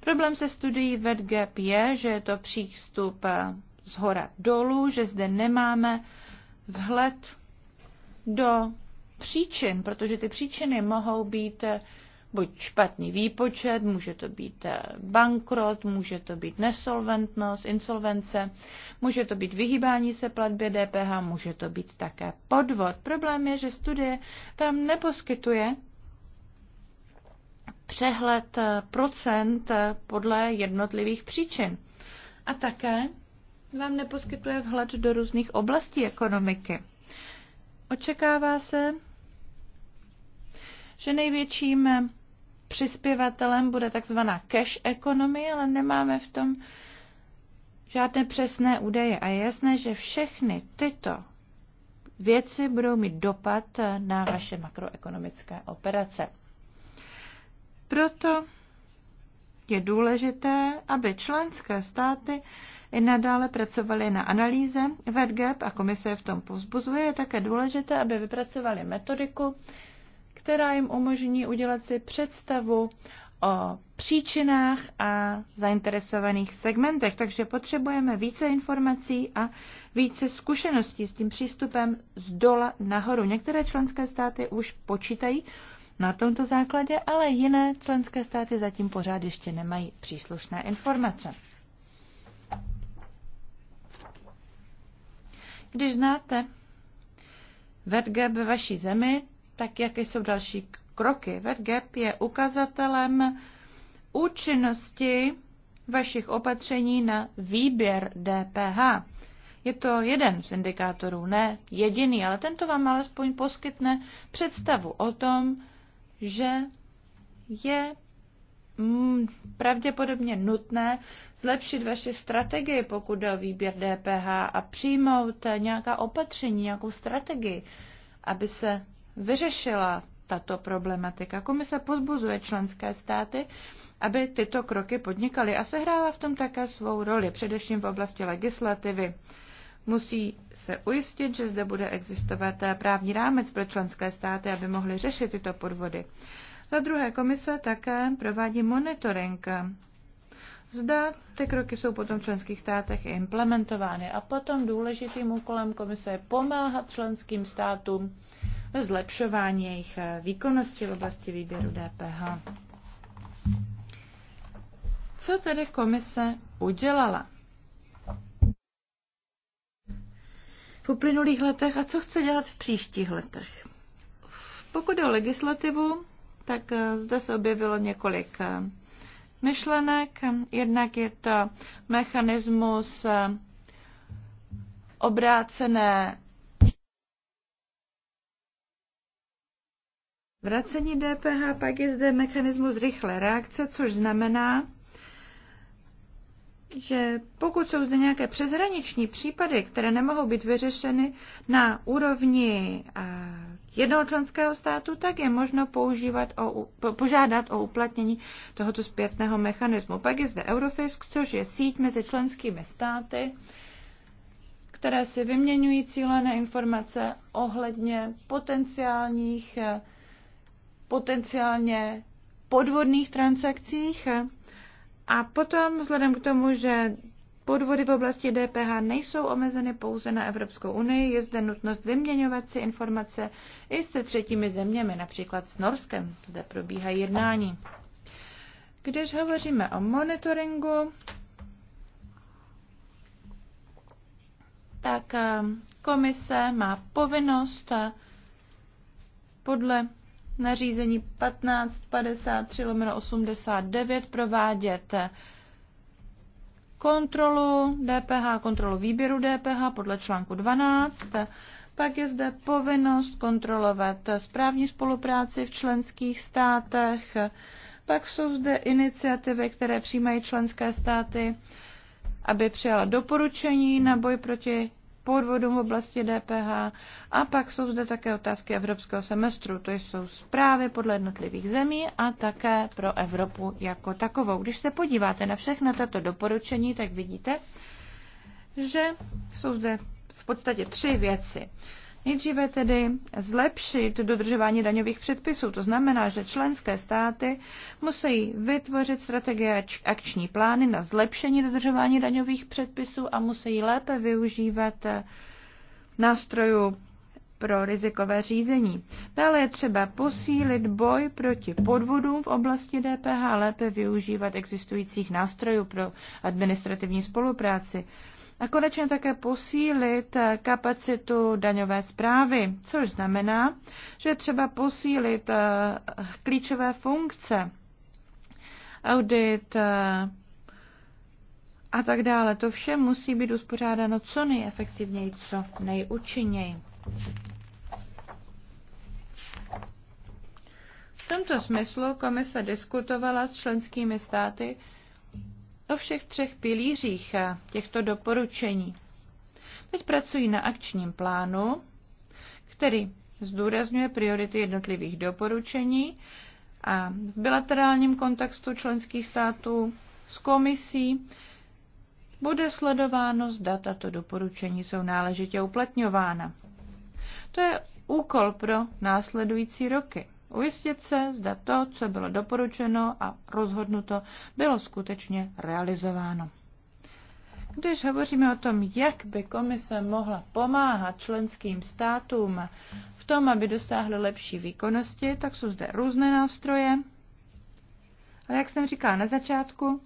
Problém se studií VEDGAP je, že je to přístup eh, z hora dolů, že zde nemáme vhled do příčin, protože ty příčiny mohou být eh, buď špatný výpočet, může to být eh, bankrot, může to být nesolventnost, insolvence, může to být vyhýbání se platbě DPH, může to být také podvod. Problém je, že studie vám neposkytuje přehled eh, procent eh, podle jednotlivých příčin. A také vám neposkytuje vhled do různých oblastí ekonomiky. Očekává se, že největším přispěvatelem bude takzvaná cash economy, ale nemáme v tom žádné přesné údaje. A je jasné, že všechny tyto věci budou mít dopad na vaše makroekonomické operace. Proto je důležité, aby členské státy i nadále pracovali na analýze VEDGAP a komise je v tom povzbuzuje. Je také důležité, aby vypracovali metodiku, která jim umožní udělat si představu o příčinách a zainteresovaných segmentech. Takže potřebujeme více informací a více zkušeností s tím přístupem z dola nahoru. Některé členské státy už počítají na tomto základě, ale jiné členské státy zatím pořád ještě nemají příslušné informace. Když znáte VEDG ve vaší zemi, tak jaké jsou další kroky. VEDGEP je ukazatelem účinnosti vašich opatření na výběr DPH. Je to jeden z indikátorů, ne jediný, ale tento vám alespoň poskytne představu o tom, že je mm, pravděpodobně nutné zlepšit vaši strategii, pokud jde o výběr DPH a přijmout nějaká opatření, nějakou strategii, aby se vyřešila tato problematika. Komise pozbuzuje členské státy, aby tyto kroky podnikaly a sehrává v tom také svou roli, především v oblasti legislativy. Musí se ujistit, že zde bude existovat právní rámec pro členské státy, aby mohly řešit tyto podvody. Za druhé, komise také provádí monitoring. Zda ty kroky jsou potom v členských státech implementovány. A potom důležitým úkolem komise je pomáhat členským státům zlepšování jejich eh, výkonnosti v oblasti výběru DPH. Co tedy komise udělala? V uplynulých letech a co chce dělat v příštích letech? Pokud jde o legislativu, tak eh, zde se objevilo několik eh, myšlenek. Jednak je to mechanismus obrácené vracení DPH, pak je zde mechanismus rychlé reakce, což znamená, že pokud jsou zde nějaké přeshraniční případy, které nemohou být vyřešeny na úrovni jednoho členského státu, tak je možno používat o, požádat o uplatnění tohoto zpětného mechanismu. Pak je zde Eurofisk, což je síť mezi členskými státy, které si vyměňují cílené informace ohledně potenciálních potenciálně podvodných transakcích. A potom, vzhledem k tomu, že podvody v oblasti DPH nejsou omezeny pouze na Evropskou unii, je zde nutnost vyměňovat si informace i se třetími zeměmi, například s Norskem. Zde probíhají jednání. Když hovoříme o monitoringu, tak eh, komise má povinnost eh, podle nařízení 1553 lomeno 89 provádět kontrolu DPH, kontrolu výběru DPH podle článku 12. Pak je zde povinnost kontrolovat správní spolupráci v členských státech. Pak jsou zde iniciativy, které přijímají členské státy, aby přijala doporučení na boj proti podvodům v oblasti DPH a pak jsou zde také otázky evropského semestru. To jsou zprávy podle jednotlivých zemí a také pro Evropu jako takovou. Když se podíváte na všechna tato doporučení, tak vidíte, že jsou zde v podstatě tři věci. Nejdříve tedy zlepšit dodržování daňových předpisů. To znamená, že členské státy musí vytvořit strategie akční plány na zlepšení dodržování daňových předpisů a musí lépe využívat eh, nástrojů pro rizikové řízení. Dále je třeba posílit boj proti podvodům v oblasti DPH, lépe využívat existujících nástrojů pro administrativní spolupráci. A konečně také posílit kapacitu daňové zprávy, což znamená, že třeba posílit eh, klíčové funkce, audit eh, a tak dále. To vše musí být uspořádáno co nejefektivněji, co nejúčinněji. V tomto smyslu komise diskutovala s členskými státy o všech třech pilířích těchto doporučení. Teď pracují na akčním plánu, který zdůrazňuje priority jednotlivých doporučení a v bilaterálním kontextu členských států s komisí bude sledováno, zda tato doporučení jsou náležitě uplatňována. To je úkol pro následující roky ujistit se, zda to, co bylo doporučeno a rozhodnuto, bylo skutečně realizováno. Když hovoříme o tom, jak by komise mohla pomáhat členským státům v tom, aby dosáhly lepší výkonnosti, tak jsou zde různé nástroje. Ale jak jsem říkala na začátku,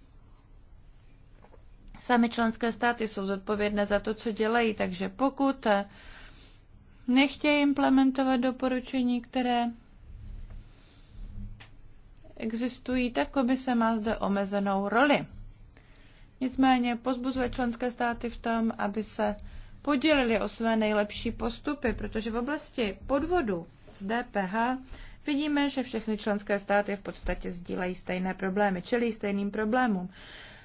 sami členské státy jsou zodpovědné za to, co dělají, takže pokud nechtějí implementovat doporučení, které existují, tak komise má zde omezenou roli. Nicméně pozbuzuje členské státy v tom, aby se podělili o své nejlepší postupy, protože v oblasti podvodu z DPH vidíme, že všechny členské státy v podstatě sdílejí stejné problémy, čelí stejným problémům.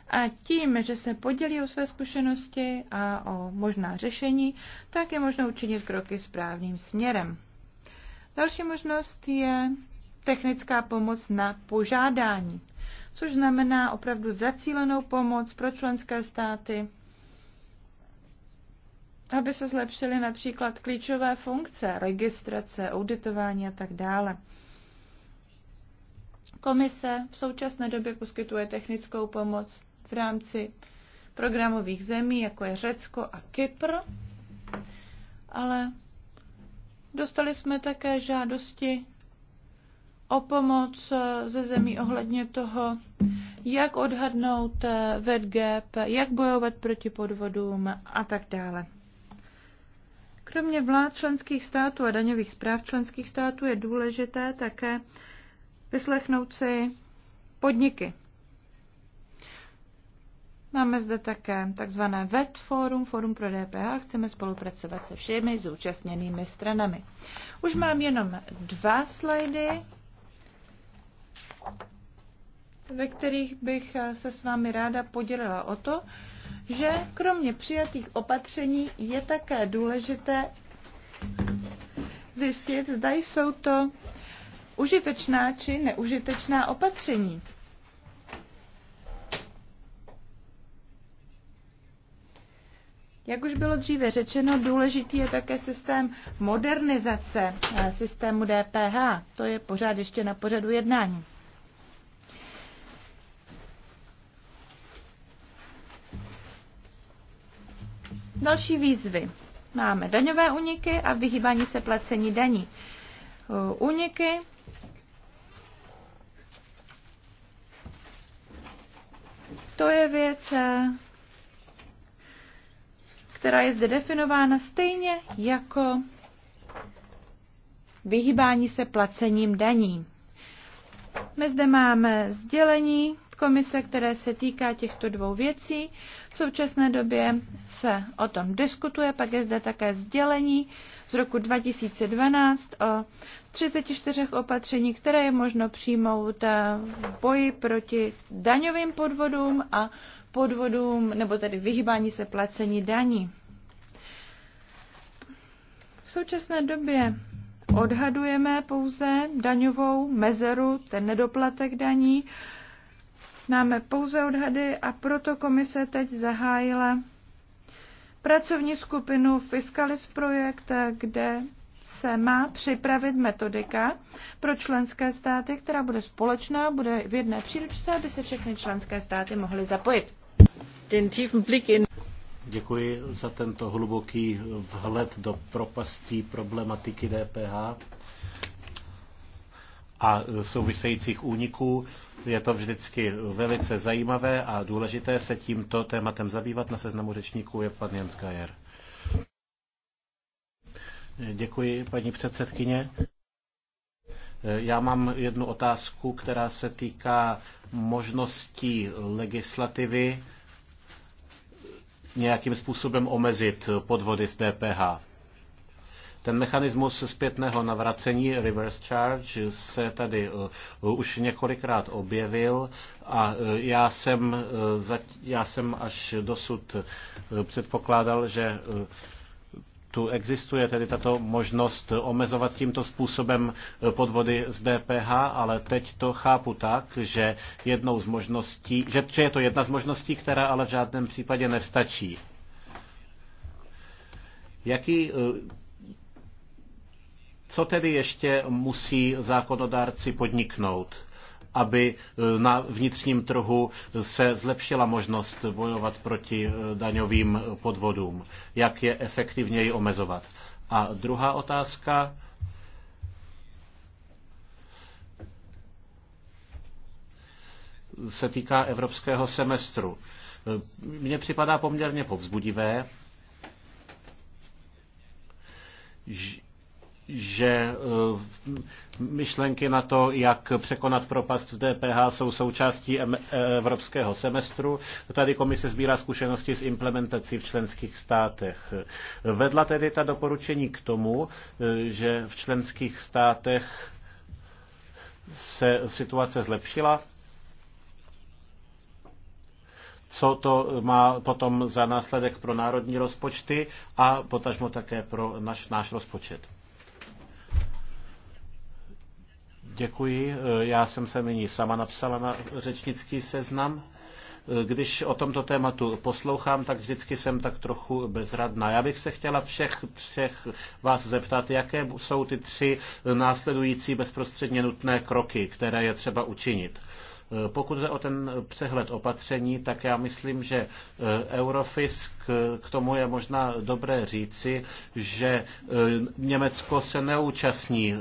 A tím, že se podělí o své zkušenosti a o možná řešení, tak je možno učinit kroky správným směrem. Další možnost je technická pomoc na požádání, což znamená opravdu zacílenou pomoc pro členské státy, aby se zlepšily například klíčové funkce, registrace, auditování a tak dále. Komise v současné době poskytuje technickou pomoc v rámci programových zemí, jako je Řecko a Kypr, ale dostali jsme také žádosti o pomoc ze zemí ohledně toho, jak odhadnout eh, VEDGAP, jak bojovat proti podvodům a tak dále. Kromě vlád členských států a daňových zpráv členských států je důležité také vyslechnout si podniky. Máme zde také takzvané VET Forum, Forum pro DPH. Chceme spolupracovat se všemi zúčastněnými stranami. Už mám jenom dva slajdy ve kterých bych eh, se s vámi ráda podělila o to, že kromě přijatých opatření je také důležité zjistit, zda jsou to užitečná či neužitečná opatření. Jak už bylo dříve řečeno, důležitý je také systém modernizace eh, systému DPH. To je pořád ještě na pořadu jednání. Další výzvy. Máme daňové úniky a vyhýbání se placení daní. Uh, úniky to je věc, eh, která je zde definována stejně jako vyhýbání se placením daní. My zde máme sdělení komise, které se týká těchto dvou věcí. V současné době se o tom diskutuje, pak je zde také sdělení z roku 2012 o 34 opatření, které je možno přijmout eh, v boji proti daňovým podvodům a podvodům, nebo tedy vyhýbání se placení daní. V současné době odhadujeme pouze daňovou mezeru, ten nedoplatek daní Máme pouze odhady a proto komise teď zahájila pracovní skupinu Fiscalis Projekt, kde se má připravit metodika pro členské státy, která bude společná, bude v jedné příručce, aby se všechny členské státy mohly zapojit. Děkuji za tento hluboký vhled do propastí problematiky DPH a souvisejících úniků. Je to vždycky velice zajímavé a důležité se tímto tématem zabývat. Na seznamu řečníků je pan Jens Gajer. Děkuji, paní předsedkyně. Já mám jednu otázku, která se týká možností legislativy nějakým způsobem omezit podvody z DPH. Ten mechanismus zpětného navracení, reverse charge, se tady eh, už několikrát objevil a eh, já jsem, eh, já jsem až dosud předpokládal, že tu existuje tedy tato možnost omezovat tímto způsobem podvody z DPH, ale teď to chápu tak, že, jednou z možností, že, že je to jedna z možností, která ale v žádném případě nestačí. Jaký co tedy ještě musí zákonodárci podniknout, aby e, na vnitřním trhu se zlepšila možnost bojovat proti e, daňovým podvodům? Jak je efektivněji omezovat? A druhá otázka. se týká evropského semestru. E, mně připadá poměrně povzbudivé, že e, myšlenky na to, jak překonat propast v DPH, jsou součástí e, evropského semestru. Tady komise sbírá zkušenosti s implementací v členských státech. Vedla tedy ta doporučení k tomu, e, že v členských státech se situace zlepšila? co to má potom za následek pro národní rozpočty a potažmo také pro naš, náš rozpočet. Děkuji. Já jsem se nyní sama napsala na řečnický seznam. Když o tomto tématu poslouchám, tak vždycky jsem tak trochu bezradná. Já bych se chtěla všech, všech vás zeptat, jaké jsou ty tři následující bezprostředně nutné kroky, které je třeba učinit. Pokud jde o ten přehled opatření, tak já myslím, že e, Eurofisk e, k tomu je možná dobré říci, že e, Německo se neúčastní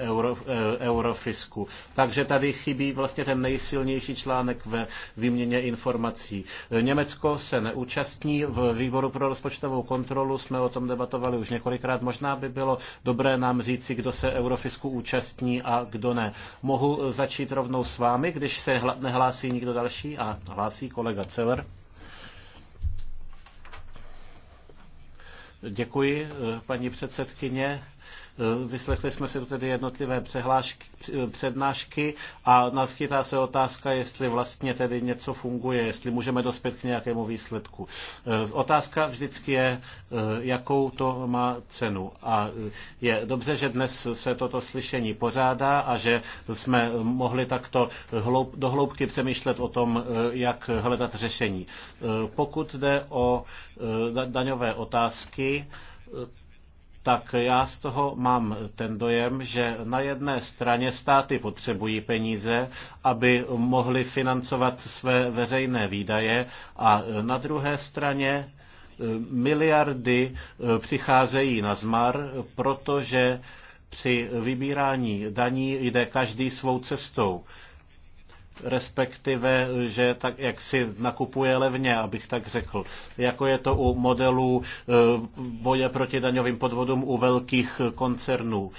Euro, Eurofisku. Takže tady chybí vlastně ten nejsilnější článek ve výměně informací. Německo se neúčastní. V výboru pro rozpočtovou kontrolu jsme o tom debatovali už několikrát. Možná by bylo dobré nám říci, kdo se Eurofisku účastní a kdo ne. Mohu začít rovnou s vámi, když se nehlásí nikdo další? A hlásí kolega Celer. Děkuji, eh, paní předsedkyně. Eh, vyslechli jsme si tedy jednotlivé eh, přednášky a naskytá se otázka, jestli vlastně tedy něco funguje, jestli můžeme dospět k nějakému výsledku. Eh, otázka vždycky je, jakou to má cenu. A je dobře, že dnes se toto slyšení pořádá a že jsme mohli takto hloub, dohloubky přemýšlet o tom, jak hledat řešení. Pokud jde o daňové otázky, tak já z toho mám ten dojem, že na jedné straně státy potřebují peníze, aby mohly financovat své veřejné výdaje a na druhé straně eh, miliardy eh, přicházejí na zmar, protože při vybírání daní jde každý svou cestou respektive, že tak, jak si nakupuje levně, abych tak řekl. Jako je to u modelů eh, boje proti daňovým podvodům u velkých koncernů,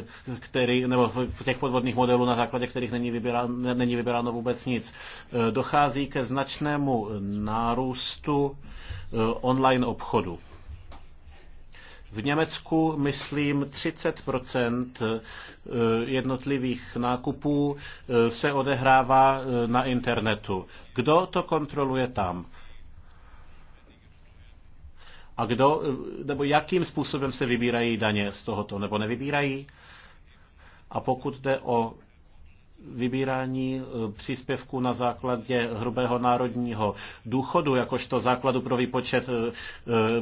eh, který, nebo těch podvodných modelů, na základě kterých není vybíráno, není vybíráno vůbec nic. Eh, dochází ke značnému nárůstu online obchodu. V Německu, myslím, 30 eh, jednotlivých nákupů eh, se odehrává eh, na internetu. Kdo to kontroluje tam? A kdo, nebo jakým způsobem se vybírají daně z tohoto, nebo nevybírají? A pokud jde o vybírání e, příspěvků na základě hrubého národního důchodu, jakožto základu pro výpočet e, e,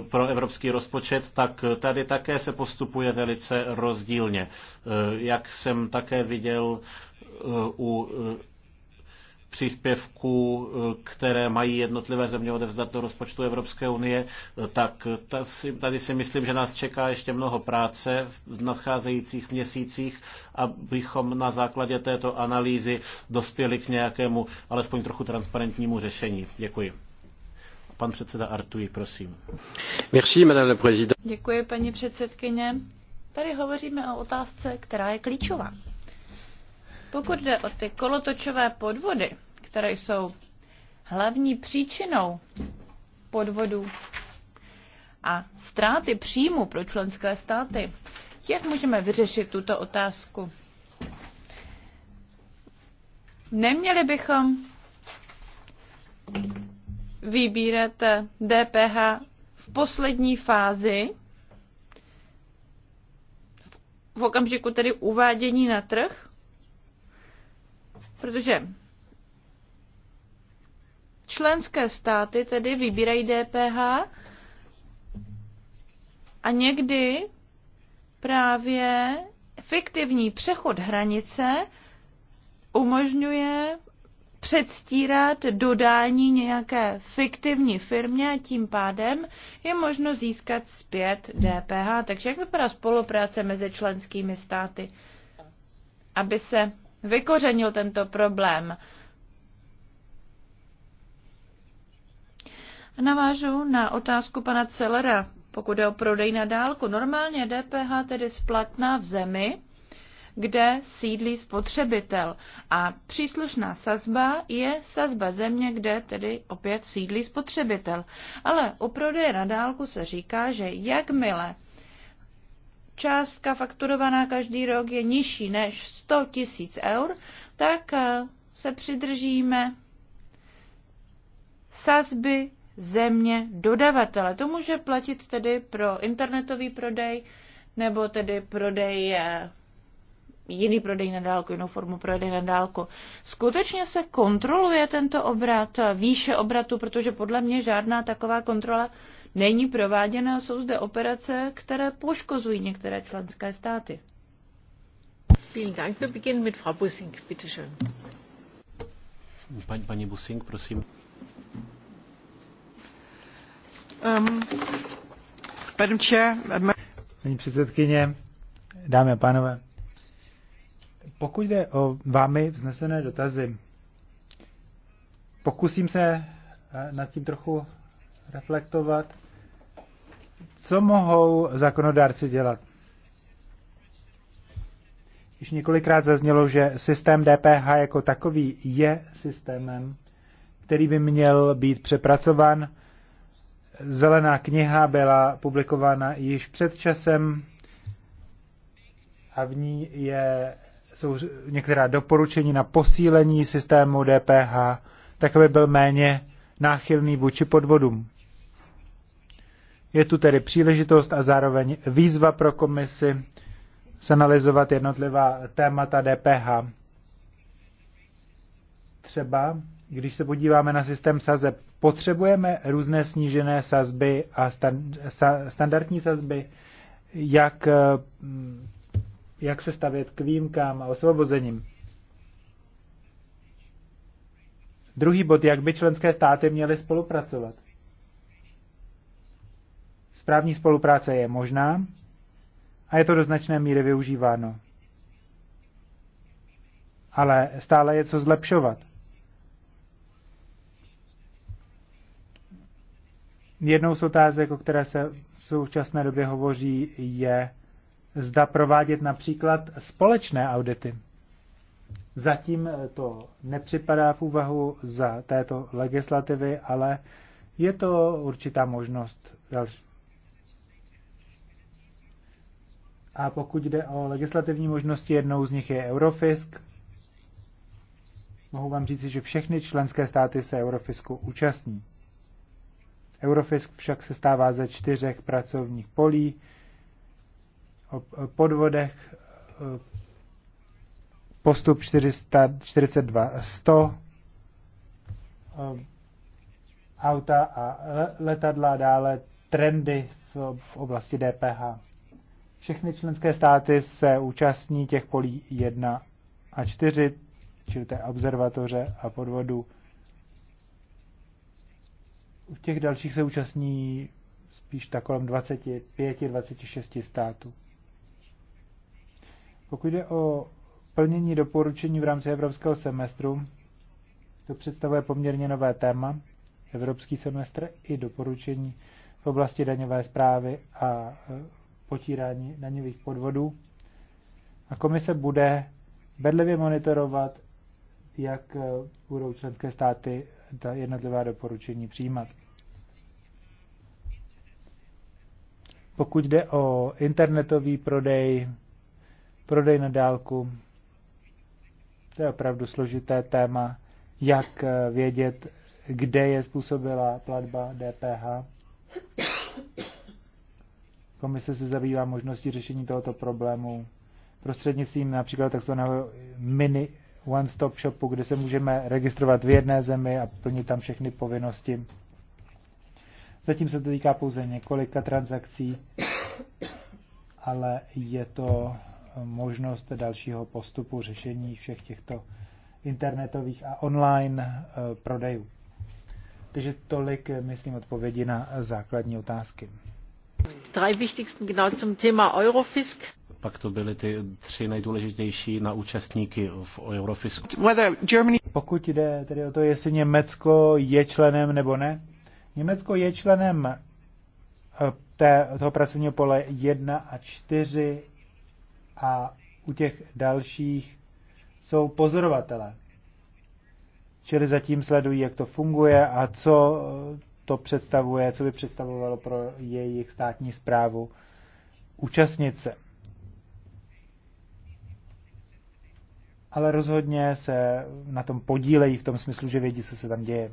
pro evropský rozpočet, tak tady také se postupuje velice rozdílně. Jak jsem také viděl u příspěvků, eh, které mají jednotlivé země odevzdat do rozpočtu Evropské unie, eh, tak tady si myslím, že nás čeká ještě mnoho práce v nadcházejících měsících, abychom na základě této analýzy dospěli k nějakému alespoň trochu transparentnímu řešení. Děkuji. Pan předseda Artuji, prosím. Merci, madame président. Děkuji, paní předsedkyně. Tady hovoříme o otázce, která je klíčová. Pokud jde o ty kolotočové podvody, které jsou hlavní příčinou podvodů a ztráty příjmu pro členské státy. Jak můžeme vyřešit tuto otázku? Neměli bychom vybírat DPH v poslední fázi, v okamžiku tedy uvádění na trh, protože Členské státy tedy vybírají DPH a někdy právě fiktivní přechod hranice umožňuje předstírat dodání nějaké fiktivní firmě a tím pádem je možno získat zpět DPH. Takže jak vypadá spolupráce mezi členskými státy, aby se vykořenil tento problém? Navážu na otázku pana Celera, pokud je o prodej na dálku. Normálně DPH tedy splatná v zemi, kde sídlí spotřebitel. A příslušná sazba je sazba země, kde tedy opět sídlí spotřebitel. Ale u prodeje na dálku se říká, že jakmile částka fakturovaná každý rok je nižší než 100 tisíc eur, tak eh, se přidržíme sazby země dodavatele. To může platit tedy pro internetový prodej nebo tedy prodej eh, jiný prodej na dálku, jinou formu prodej na dálku. Skutečně se kontroluje tento obrat, eh, výše obratu, protože podle mě žádná taková kontrola není prováděna. Jsou zde operace, které poškozují některé členské státy. Vielen Dank. Wir beginnen mit Frau Busing. Bitte schön. Paní, paní Busing, prosím. Um, Paní předsedkyně, dámy a pánové, pokud jde o vámi vznesené dotazy, pokusím se eh, nad tím trochu reflektovat, co mohou zákonodárci dělat. Již několikrát zaznělo, že systém DPH jako takový je systémem, který by měl být přepracován. Zelená kniha byla publikována již před časem a v ní je, jsou některá doporučení na posílení systému DPH, tak aby byl méně náchylný vůči podvodům. Je tu tedy příležitost a zároveň výzva pro komisi sanalizovat jednotlivá témata DPH. Třeba, když se podíváme na systém sazeb potřebujeme různé snížené sazby a sa, standardní sazby, jak, eh, jak se stavět k výjimkám a osvobozením. Druhý bod, jak by členské státy měly spolupracovat. Správní spolupráce je možná a je to do značné míry využíváno. Ale stále je co zlepšovat. Jednou z otázek, o které se v současné době hovoří, je, zda provádět například společné audity. Zatím to nepřipadá v úvahu za této legislativy, ale je to určitá možnost další. A pokud jde o legislativní možnosti, jednou z nich je Eurofisk. Mohu vám říci, že všechny členské státy se Eurofisku účastní. Eurofisk však se stává ze čtyřech pracovních polí, o podvodech eh, postup 442-100, eh, auta a letadla, dále trendy v oblasti DPH. Všechny členské státy se účastní těch polí 1 a 4, čili té observatoře a podvodu v těch dalších se účastní spíš tak kolem 25-26 států. Pokud jde o plnění doporučení v rámci evropského semestru, to představuje poměrně nové téma, evropský semestr i doporučení v oblasti daňové zprávy a e, potírání daňových podvodů. A komise bude bedlivě monitorovat, jak e, budou členské státy ta jednotlivá doporučení přijímat. Pokud jde o internetový prodej, prodej na dálku, to je opravdu složité téma, jak vědět, kde je způsobila platba DPH. Komise se zabývá možností řešení tohoto problému prostřednictvím například takzvaného mini one-stop shopu, kde se můžeme registrovat v jedné zemi a plnit tam všechny povinnosti. Zatím se to týká pouze několika transakcí, ale je to možnost dalšího postupu řešení všech těchto internetových a online eh, prodejů. Takže tolik, eh, myslím, odpovědi na základní otázky. Drei wichtigsten genau zum Thema Eurofisk pak to byly ty tři nejdůležitější na účastníky v Eurofisku. Pokud jde tedy o to, jestli Německo je členem nebo ne, Německo je členem eh, té, toho pracovního pole 1 a 4 a u těch dalších jsou pozorovatele. Čili zatím sledují, jak to funguje a co eh, to představuje, co by představovalo pro jejich státní zprávu účastnit se. ale rozhodně se na tom podílejí v tom smyslu, že vědí, co se tam děje.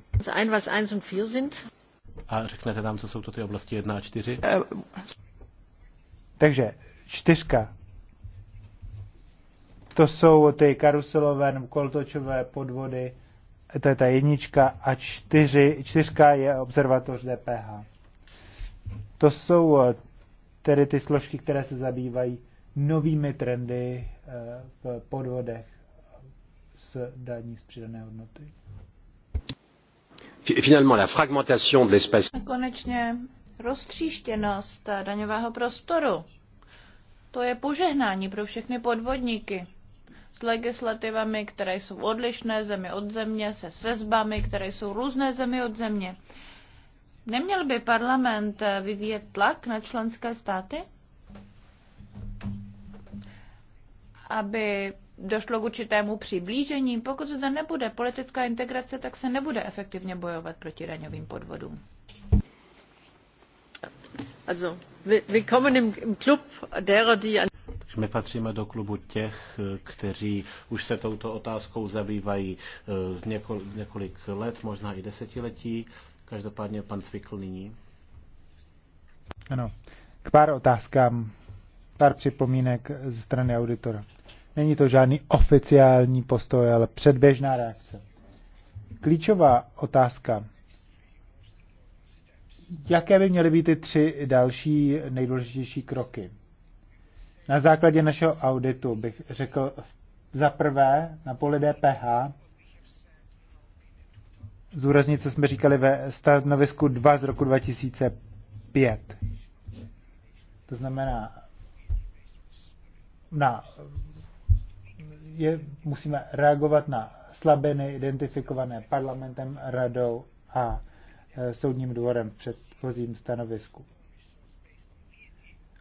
A řeknete nám, co jsou to ty oblasti 1 a 4? Eh, Takže čtyřka. To jsou ty karuselové nebo koltočové podvody. To je ta jednička a čtyři, čtyřka je observatoř DPH. To jsou eh, tedy ty složky, které se zabývají novými trendy eh, v podvodech s daní z přidané hodnoty. Finalement, la fragmentation de l'espace. Konečně roztříštěnost daňového prostoru. To je požehnání pro všechny podvodníky. S legislativami, které jsou odlišné zemi od země, se sezbami, které jsou různé zemi od země. Neměl by parlament vyvíjet tlak na členské státy, aby došlo k určitému přiblížení. Pokud zde nebude politická integrace, tak se nebude efektivně bojovat proti daňovým podvodům. Also, willkommen im Club derer, die an my patříme do klubu těch, kteří už se touto otázkou zabývají eh, několik let, možná i desetiletí. Každopádně pan Cvikl nyní. Ano, k pár otázkám, pár připomínek ze strany auditora. Není to žádný oficiální postoj, ale předběžná reakce. Klíčová otázka. Jaké by měly být ty tři další nejdůležitější kroky? Na základě našeho auditu bych řekl za prvé na poli DPH zúraznit, co jsme říkali ve stanovisku 2 z roku 2005. To znamená na je, musíme reagovat na slabiny identifikované parlamentem, radou a e, soudním dvorem v předchozím stanovisku.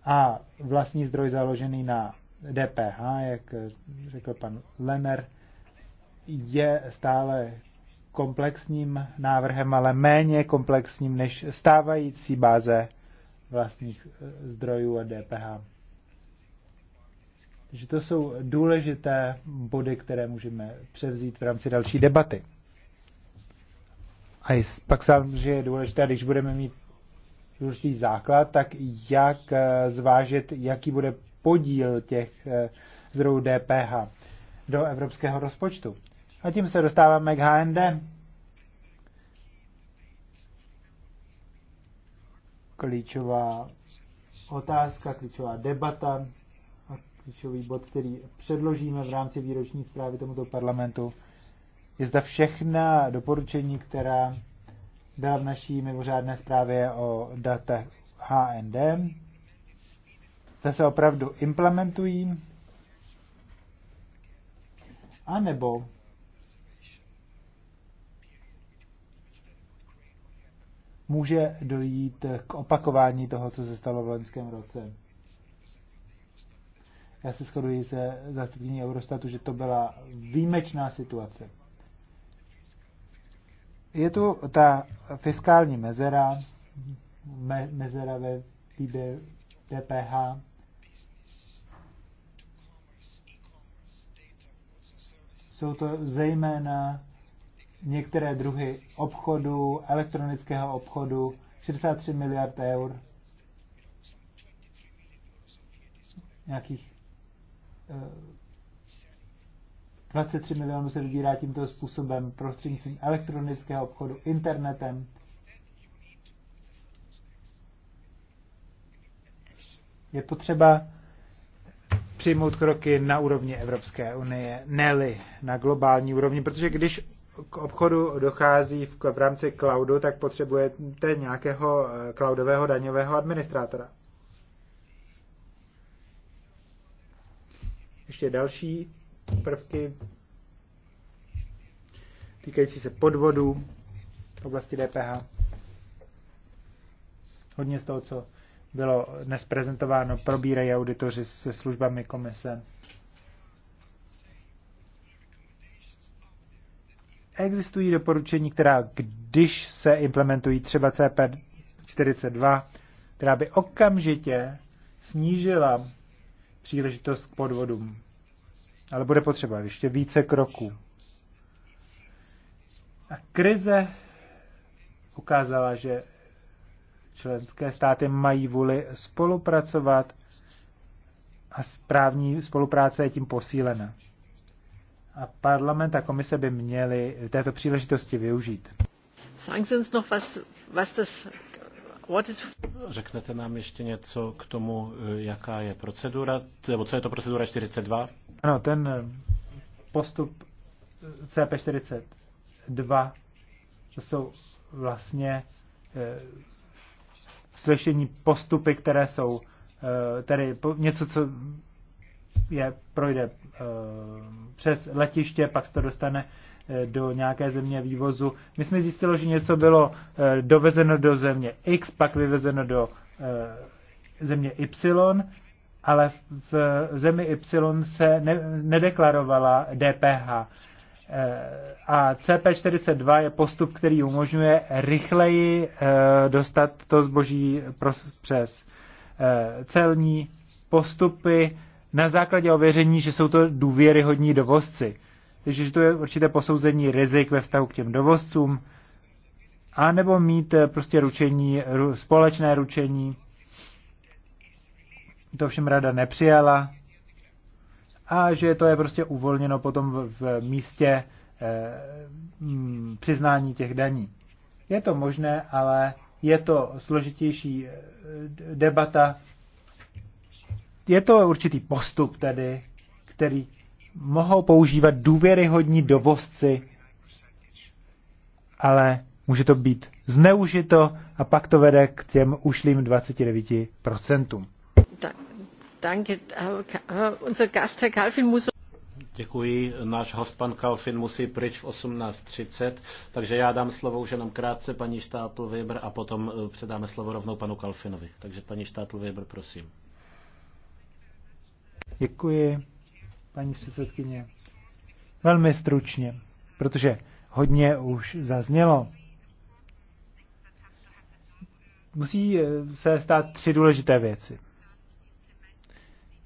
A vlastní zdroj založený na DPH, jak e, řekl pan Lenner, je stále komplexním návrhem, ale méně komplexním než stávající báze vlastních e, zdrojů a DPH. Takže to jsou důležité body, které můžeme převzít v rámci další debaty. A pak samozřejmě je důležité, když budeme mít důležitý základ, tak jak eh, zvážit, jaký bude podíl těch eh, zdrojů DPH do evropského rozpočtu. A tím se dostáváme k HND. Klíčová otázka, klíčová debata klíčový bod, který předložíme v rámci výroční zprávy tomuto parlamentu, je zda všechna doporučení, která byla v naší mimořádné zprávě o data HND, zda se opravdu implementují, anebo může dojít k opakování toho, co se stalo v loňském roce. Já se shoduji se zástupkyní Eurostatu, že to byla výjimečná situace. Je tu ta fiskální mezera, me, mezera ve výbě DPH. Jsou to zejména některé druhy obchodu, elektronického obchodu, 63 miliard eur, nějakých 23 eh, milionů se vybírá tímto způsobem prostřednictvím elektronického obchodu, internetem. Je potřeba přijmout kroky na úrovni Evropské unie, ne na globální úrovni, protože když k obchodu dochází v, v rámci cloudu, tak potřebujete nějakého eh, cloudového daňového administrátora. ještě další prvky týkající se podvodu v oblasti DPH. Hodně z toho, co bylo dnes prezentováno, probírají auditoři se službami komise. Existují doporučení, která, když se implementují třeba CP42, která by okamžitě snížila příležitost k podvodům. Ale bude potřeba ještě více kroků. A krize ukázala, že členské státy mají vůli spolupracovat a správní spolupráce je tím posílena. A parlament a komise by měly této příležitosti využít. Sagen Sie uns noch, was, was das Řeknete nám ještě něco k tomu, eh, jaká je procedura, nebo co je to procedura 42? Ano, ten eh, postup eh, CP42, to jsou vlastně e, slyšení postupy, které jsou e, tedy něco, co je, projde e, přes letiště, pak se to dostane Eh, do nějaké země vývozu. My jsme zjistili, že něco bylo eh, dovezeno do země X, pak vyvezeno do eh, země Y, ale v zemi Y se ne, nedeklarovala DPH. A CP42 je postup, který umožňuje rychleji dostat to zboží přes celní postupy na základě ověření, že jsou to důvěryhodní dovozci že to je určité posouzení rizik ve vztahu k těm dovozcům, a nebo mít eh, prostě ručení, společné ručení. To všem rada nepřijala. A že to je prostě uvolněno potom v místě eh, mm, přiznání těch daní. Je to možné, ale je to složitější eh, debata. Je to určitý postup tedy, který mohou používat důvěryhodní dovozci, ale může to být zneužito a pak to vede k těm ušlým 29%. Děkuji. Náš host pan Kalfin musí pryč v 18.30, takže já dám slovo už jenom krátce paní Štátl Weber a potom eh, předáme slovo rovnou panu Kalfinovi. Takže paní Štátl Weber, prosím. Děkuji paní předsedkyně. Velmi stručně, protože hodně už zaznělo. Musí eh, se stát tři důležité věci.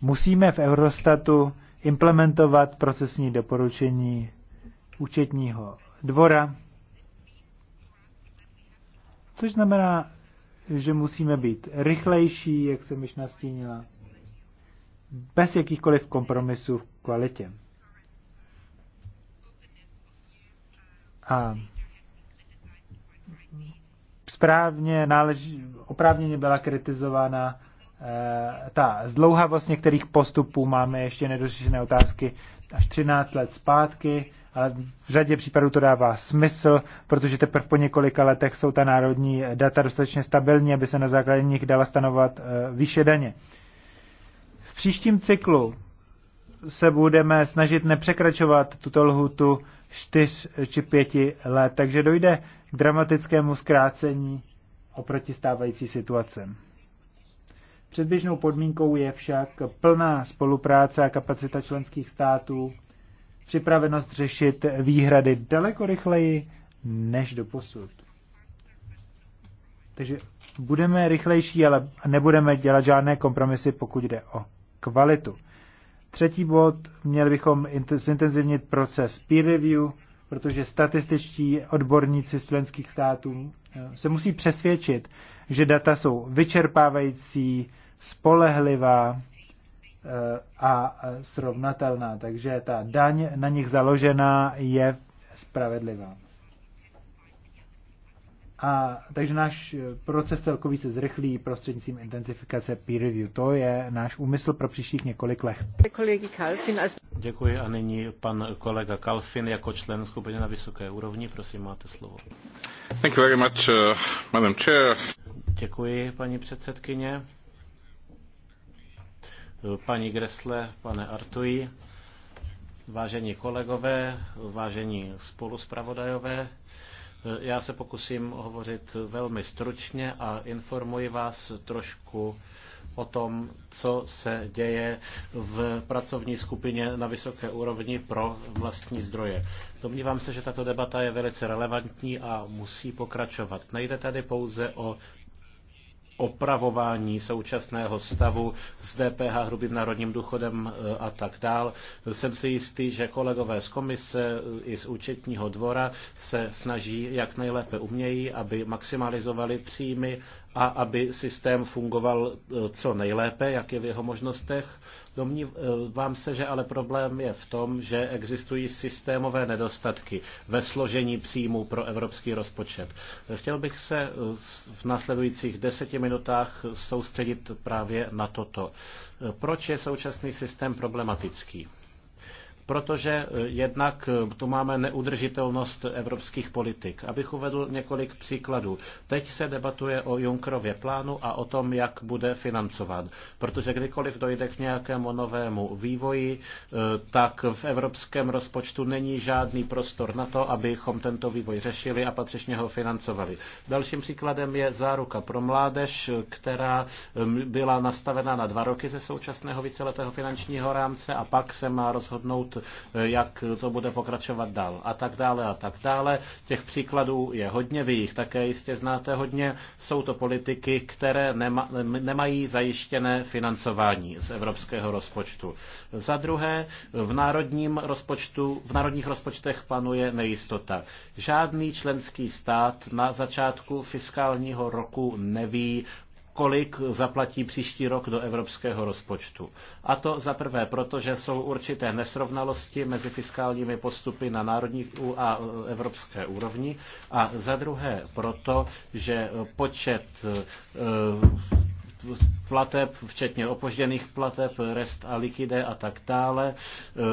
Musíme v Eurostatu implementovat procesní doporučení účetního dvora, což znamená, že musíme být rychlejší, jak jsem již nastínila, bez jakýchkoliv kompromisů v kvalitě. A správně náleží, oprávněně byla kritizována e, ta zdlouhavost některých postupů, máme ještě nedořešené otázky až 13 let zpátky, ale v řadě případů to dává smysl, protože teprve po několika letech jsou ta národní data dostatečně stabilní, aby se na základě nich dala stanovat e, výše daně. V příštím cyklu se budeme snažit nepřekračovat tuto lhutu čtyř či pěti let, takže dojde k dramatickému zkrácení oproti stávající situace. Předběžnou podmínkou je však plná spolupráce a kapacita členských států, připravenost řešit výhrady daleko rychleji než do posud. Takže budeme rychlejší, ale nebudeme dělat žádné kompromisy, pokud jde o kvalitu. Třetí bod, měli bychom zintenzivnit proces peer review, protože statističtí odborníci z členských států eh, se musí přesvědčit, že data jsou vyčerpávající, spolehlivá eh, a eh, srovnatelná. Takže ta daň na nich založená je spravedlivá. A, takže náš eh, proces celkový se zrychlí prostřednictvím intenzifikace peer review. To je náš úmysl pro příštích několik let. Děkuji a nyní pan kolega Kalfin jako člen skupiny na vysoké úrovni. Prosím, máte slovo. Thank you very much, uh, Madam Chair. Děkuji, paní předsedkyně. Paní Gresle, pane Artuji, vážení kolegové, vážení spoluspravodajové, já se pokusím hovořit velmi stručně a informuji vás trošku o tom, co se děje v pracovní skupině na vysoké úrovni pro vlastní zdroje. Domnívám se, že tato debata je velice relevantní a musí pokračovat. Nejde tady pouze o opravování současného stavu s DPH hrubým národním důchodem eh, a tak dál. Jsem si jistý, že kolegové z komise eh, i z účetního dvora se snaží, jak nejlépe umějí, aby maximalizovali příjmy a aby systém fungoval e, co nejlépe, jak je v jeho možnostech. Domnívám e, se, že ale problém je v tom, že existují systémové nedostatky ve složení příjmů pro evropský rozpočet. Chtěl bych se e, v následujících deseti minutách soustředit právě na toto. Proč je současný systém problematický? protože eh, jednak eh, tu máme neudržitelnost evropských politik. Abych uvedl několik příkladů. Teď se debatuje o Junkrově plánu a o tom, jak bude financovat. protože kdykoliv dojde k nějakému novému vývoji, eh, tak v evropském rozpočtu není žádný prostor na to, abychom tento vývoj řešili a patřičně ho financovali. Dalším příkladem je záruka pro mládež, která byla nastavena na dva roky ze současného víceletého finančního rámce a pak se má rozhodnout Eh, jak to bude pokračovat dál a tak dále a tak dále. Těch příkladů je hodně, vy jich také jistě znáte hodně. Jsou to politiky, které nema, eh, nemají zajištěné financování z evropského rozpočtu. Za druhé, v, národním rozpočtu, v národních rozpočtech panuje nejistota. Žádný členský stát na začátku fiskálního roku neví, kolik zaplatí příští rok do evropského rozpočtu. A to za prvé, protože jsou určité nesrovnalosti mezi fiskálními postupy na národní a evropské úrovni. A za druhé, proto, že počet eh, plateb, včetně opožděných plateb, rest a likide a tak dále, e,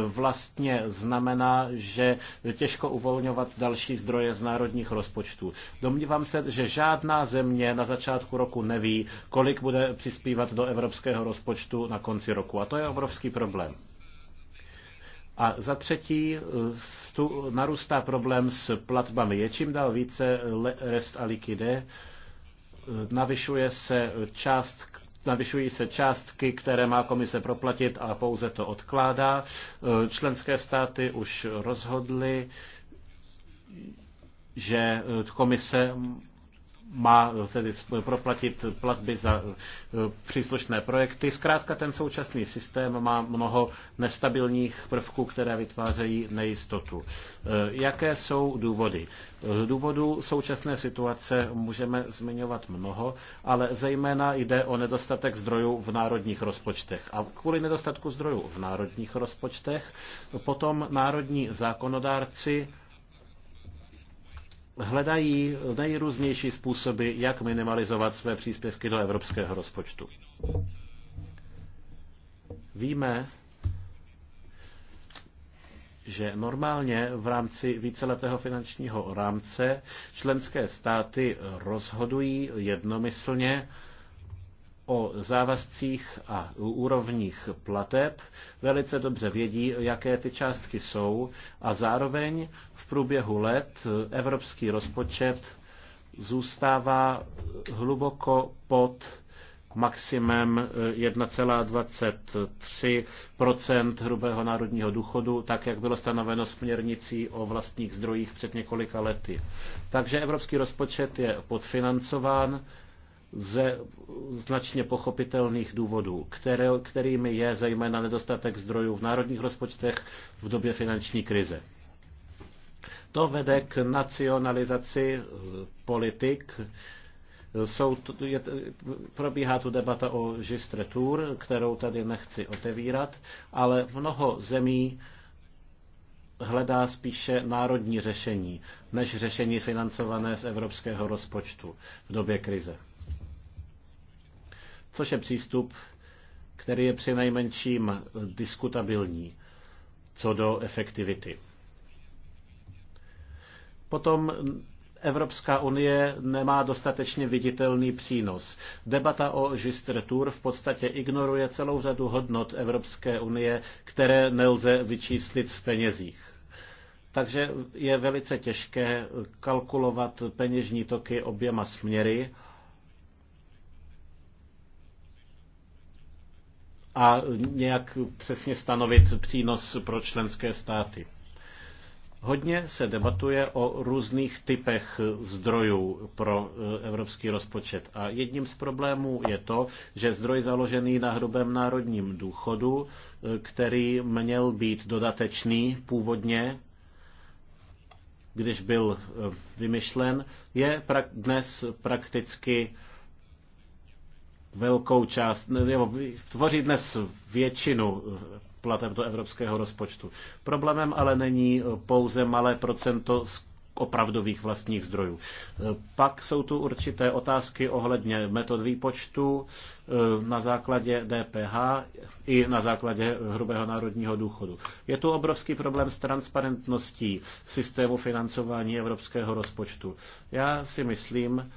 vlastně znamená, že těžko uvolňovat další zdroje z národních rozpočtů. Domnívám se, že žádná země na začátku roku neví, kolik bude přispívat do evropského rozpočtu na konci roku. A to je obrovský problém. A za třetí e, narůstá problém s platbami. Je čím dál více rest a likide navyšuje se část, navyšují se částky, které má komise proplatit a pouze to odkládá. Členské státy už rozhodly, že komise má eh, tedy proplatit platby za eh, příslušné projekty. Zkrátka ten současný systém má mnoho nestabilních prvků, které vytvářejí nejistotu. Eh, jaké jsou důvody? Důvodů současné situace můžeme zmiňovat mnoho, ale zejména jde o nedostatek zdrojů v národních rozpočtech. A kvůli nedostatku zdrojů v národních rozpočtech potom národní zákonodárci hledají nejrůznější způsoby, jak minimalizovat své příspěvky do evropského rozpočtu. Víme, že normálně v rámci víceletého finančního rámce členské státy rozhodují jednomyslně o závazcích a úrovních plateb, velice dobře vědí, jaké ty částky jsou a zároveň v průběhu let evropský rozpočet zůstává hluboko pod maximem 1,23 hrubého národního důchodu, tak jak bylo stanoveno směrnicí o vlastních zdrojích před několika lety. Takže evropský rozpočet je podfinancován ze značně pochopitelných důvodů, které, kterými je zejména nedostatek zdrojů v národních rozpočtech v době finanční krize. To vede k nacionalizaci eh, politik. Jsou, je, probíhá tu debata o žistre tour, kterou tady nechci otevírat, ale mnoho zemí hledá spíše národní řešení, než řešení financované z evropského rozpočtu v době krize což je přístup, který je nejmenším diskutabilní co do efektivity. Potom Evropská unie nemá dostatečně viditelný přínos. Debata o Gistertur v podstatě ignoruje celou řadu hodnot Evropské unie, které nelze vyčíslit v penězích. Takže je velice těžké kalkulovat peněžní toky oběma směry a nějak přesně stanovit přínos pro členské státy. Hodně se debatuje o různých typech zdrojů pro eh, evropský rozpočet. A jedním z problémů je to, že zdroj založený na hrubém národním důchodu, eh, který měl být dodatečný původně, když byl eh, vymyšlen, je dnes prakticky velkou část, nebo tvoří dnes většinu plateb do evropského rozpočtu. Problémem ale není pouze malé procento z opravdových vlastních zdrojů. Pak jsou tu určité otázky ohledně metod výpočtu eh, na základě DPH i na základě hrubého národního důchodu. Je tu obrovský problém s transparentností systému financování evropského rozpočtu. Já si myslím,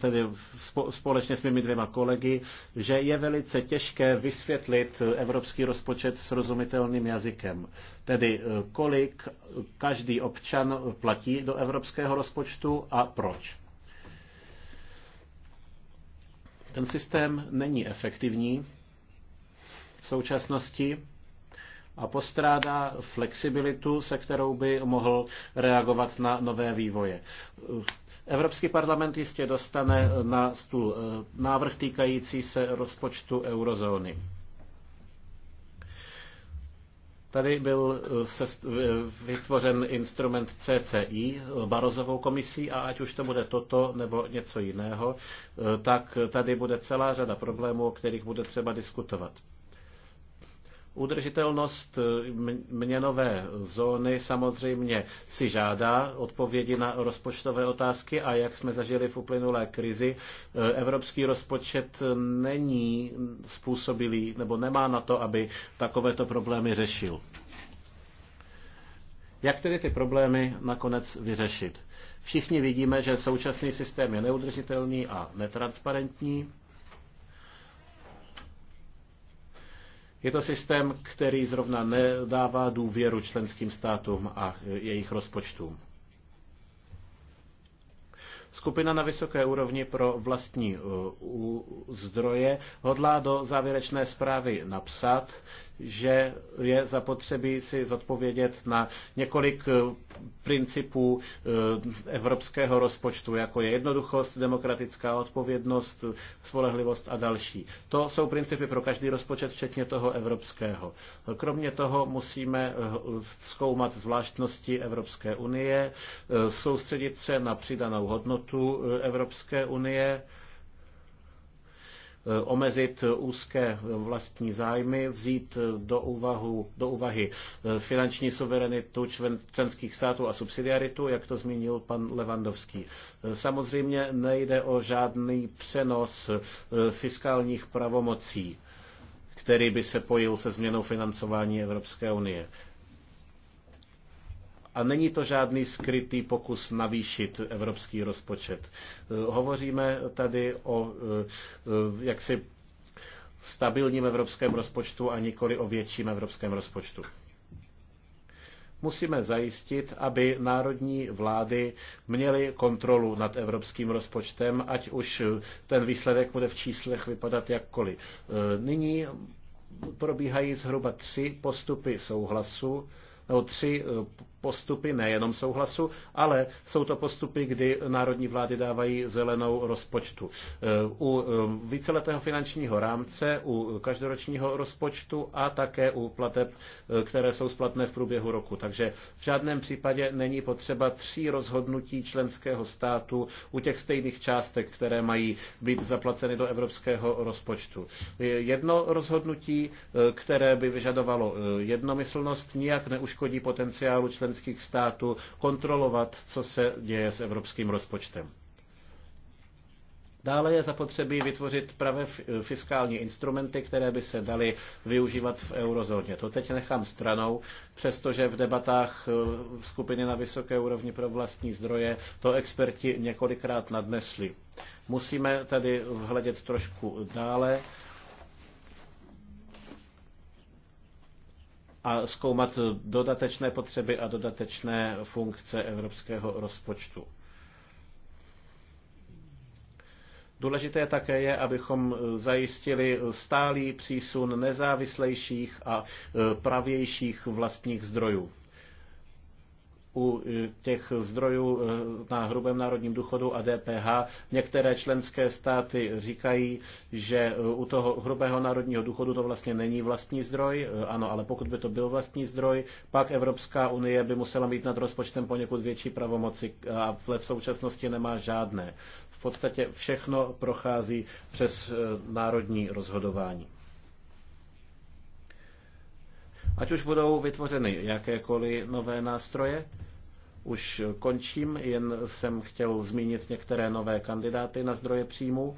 tedy společně s mými dvěma kolegy, že je velice těžké vysvětlit evropský rozpočet srozumitelným jazykem. Tedy eh, kolik každý občan platí do evropského rozpočtu a proč. Ten systém není efektivní v současnosti a postrádá flexibilitu, se kterou by mohl reagovat na nové vývoje. Evropský parlament jistě dostane na stůl eh, návrh týkající se rozpočtu eurozóny. Tady byl eh, eh, vytvořen instrument CCI, Barozovou komisí, a ať už to bude toto nebo něco jiného, tak tady bude celá řada problémů, o kterých bude třeba diskutovat. Udržitelnost eh, měnové zóny samozřejmě si žádá odpovědi na rozpočtové otázky a jak jsme zažili v uplynulé krizi, eh, evropský rozpočet není způsobilý nebo nemá na to, aby takovéto problémy řešil. Jak tedy ty problémy nakonec vyřešit? Všichni vidíme, že současný systém je neudržitelný a netransparentní. Je to systém, který zrovna nedává důvěru členským státům a jejich rozpočtům. Skupina na vysoké úrovni pro vlastní uh, zdroje hodlá do závěrečné zprávy napsat, že je zapotřebí si zodpovědět na několik eh, principů eh, evropského rozpočtu, jako je jednoduchost, demokratická odpovědnost, spolehlivost a další. To jsou principy pro každý rozpočet, včetně toho evropského. Kromě toho musíme eh, zkoumat zvláštnosti Evropské unie, soustředit se na přidanou hodnotu Evropské unie, Eh, omezit úzké vlastní zájmy, vzít eh, do, úvahu, do úvahy eh, finanční suverenitu členských států a subsidiaritu, jak to zmínil pan Levandovský. Samozřejmě nejde o žádný přenos fiskálních pravomocí který by se pojil se změnou financování Evropské unie. A není to žádný skrytý pokus navýšit evropský rozpočet. Eh, hovoříme tady o eh, jaksi stabilním evropském rozpočtu a nikoli o větším evropském rozpočtu musíme zajistit, aby národní vlády měly kontrolu nad evropským rozpočtem, ať už ten výsledek bude v číslech vypadat jakkoliv. Eh, nyní probíhají zhruba tři postupy souhlasu, nebo tři postupy, nejenom souhlasu, ale jsou to postupy, kdy národní vlády dávají zelenou rozpočtu. U eh, víceletého finančního rámce, u každoročního rozpočtu a také u plateb, eh, které jsou splatné v průběhu roku. Takže v žádném případě není potřeba tří rozhodnutí členského státu u těch stejných částek, které mají být zaplaceny do evropského rozpočtu. Jedno rozhodnutí, eh, které by vyžadovalo jednomyslnost, nijak neuškodí potenciálu členských členských států kontrolovat, co se děje s evropským rozpočtem. Dále je zapotřebí vytvořit právě fiskální instrumenty, které by se daly využívat v eurozóně. To teď nechám stranou, přestože v debatách eh, skupiny na vysoké úrovni pro vlastní zdroje to experti několikrát nadnesli. Musíme tady hledět trošku dále a zkoumat dodatečné potřeby a dodatečné funkce evropského rozpočtu. Důležité také je, abychom zajistili stálý přísun nezávislejších a e, pravějších vlastních zdrojů u e, těch zdrojů e, na hrubém národním důchodu a DPH. Některé členské státy říkají, že e, u toho hrubého národního důchodu to vlastně není vlastní zdroj. Ano, ale pokud by to byl vlastní zdroj, pak Evropská unie by musela mít nad rozpočtem poněkud větší pravomoci a v současnosti nemá žádné. V podstatě všechno prochází přes národní rozhodování. Ať už budou vytvořeny jakékoliv nové nástroje, už končím, jen jsem chtěl zmínit některé nové kandidáty na zdroje příjmů,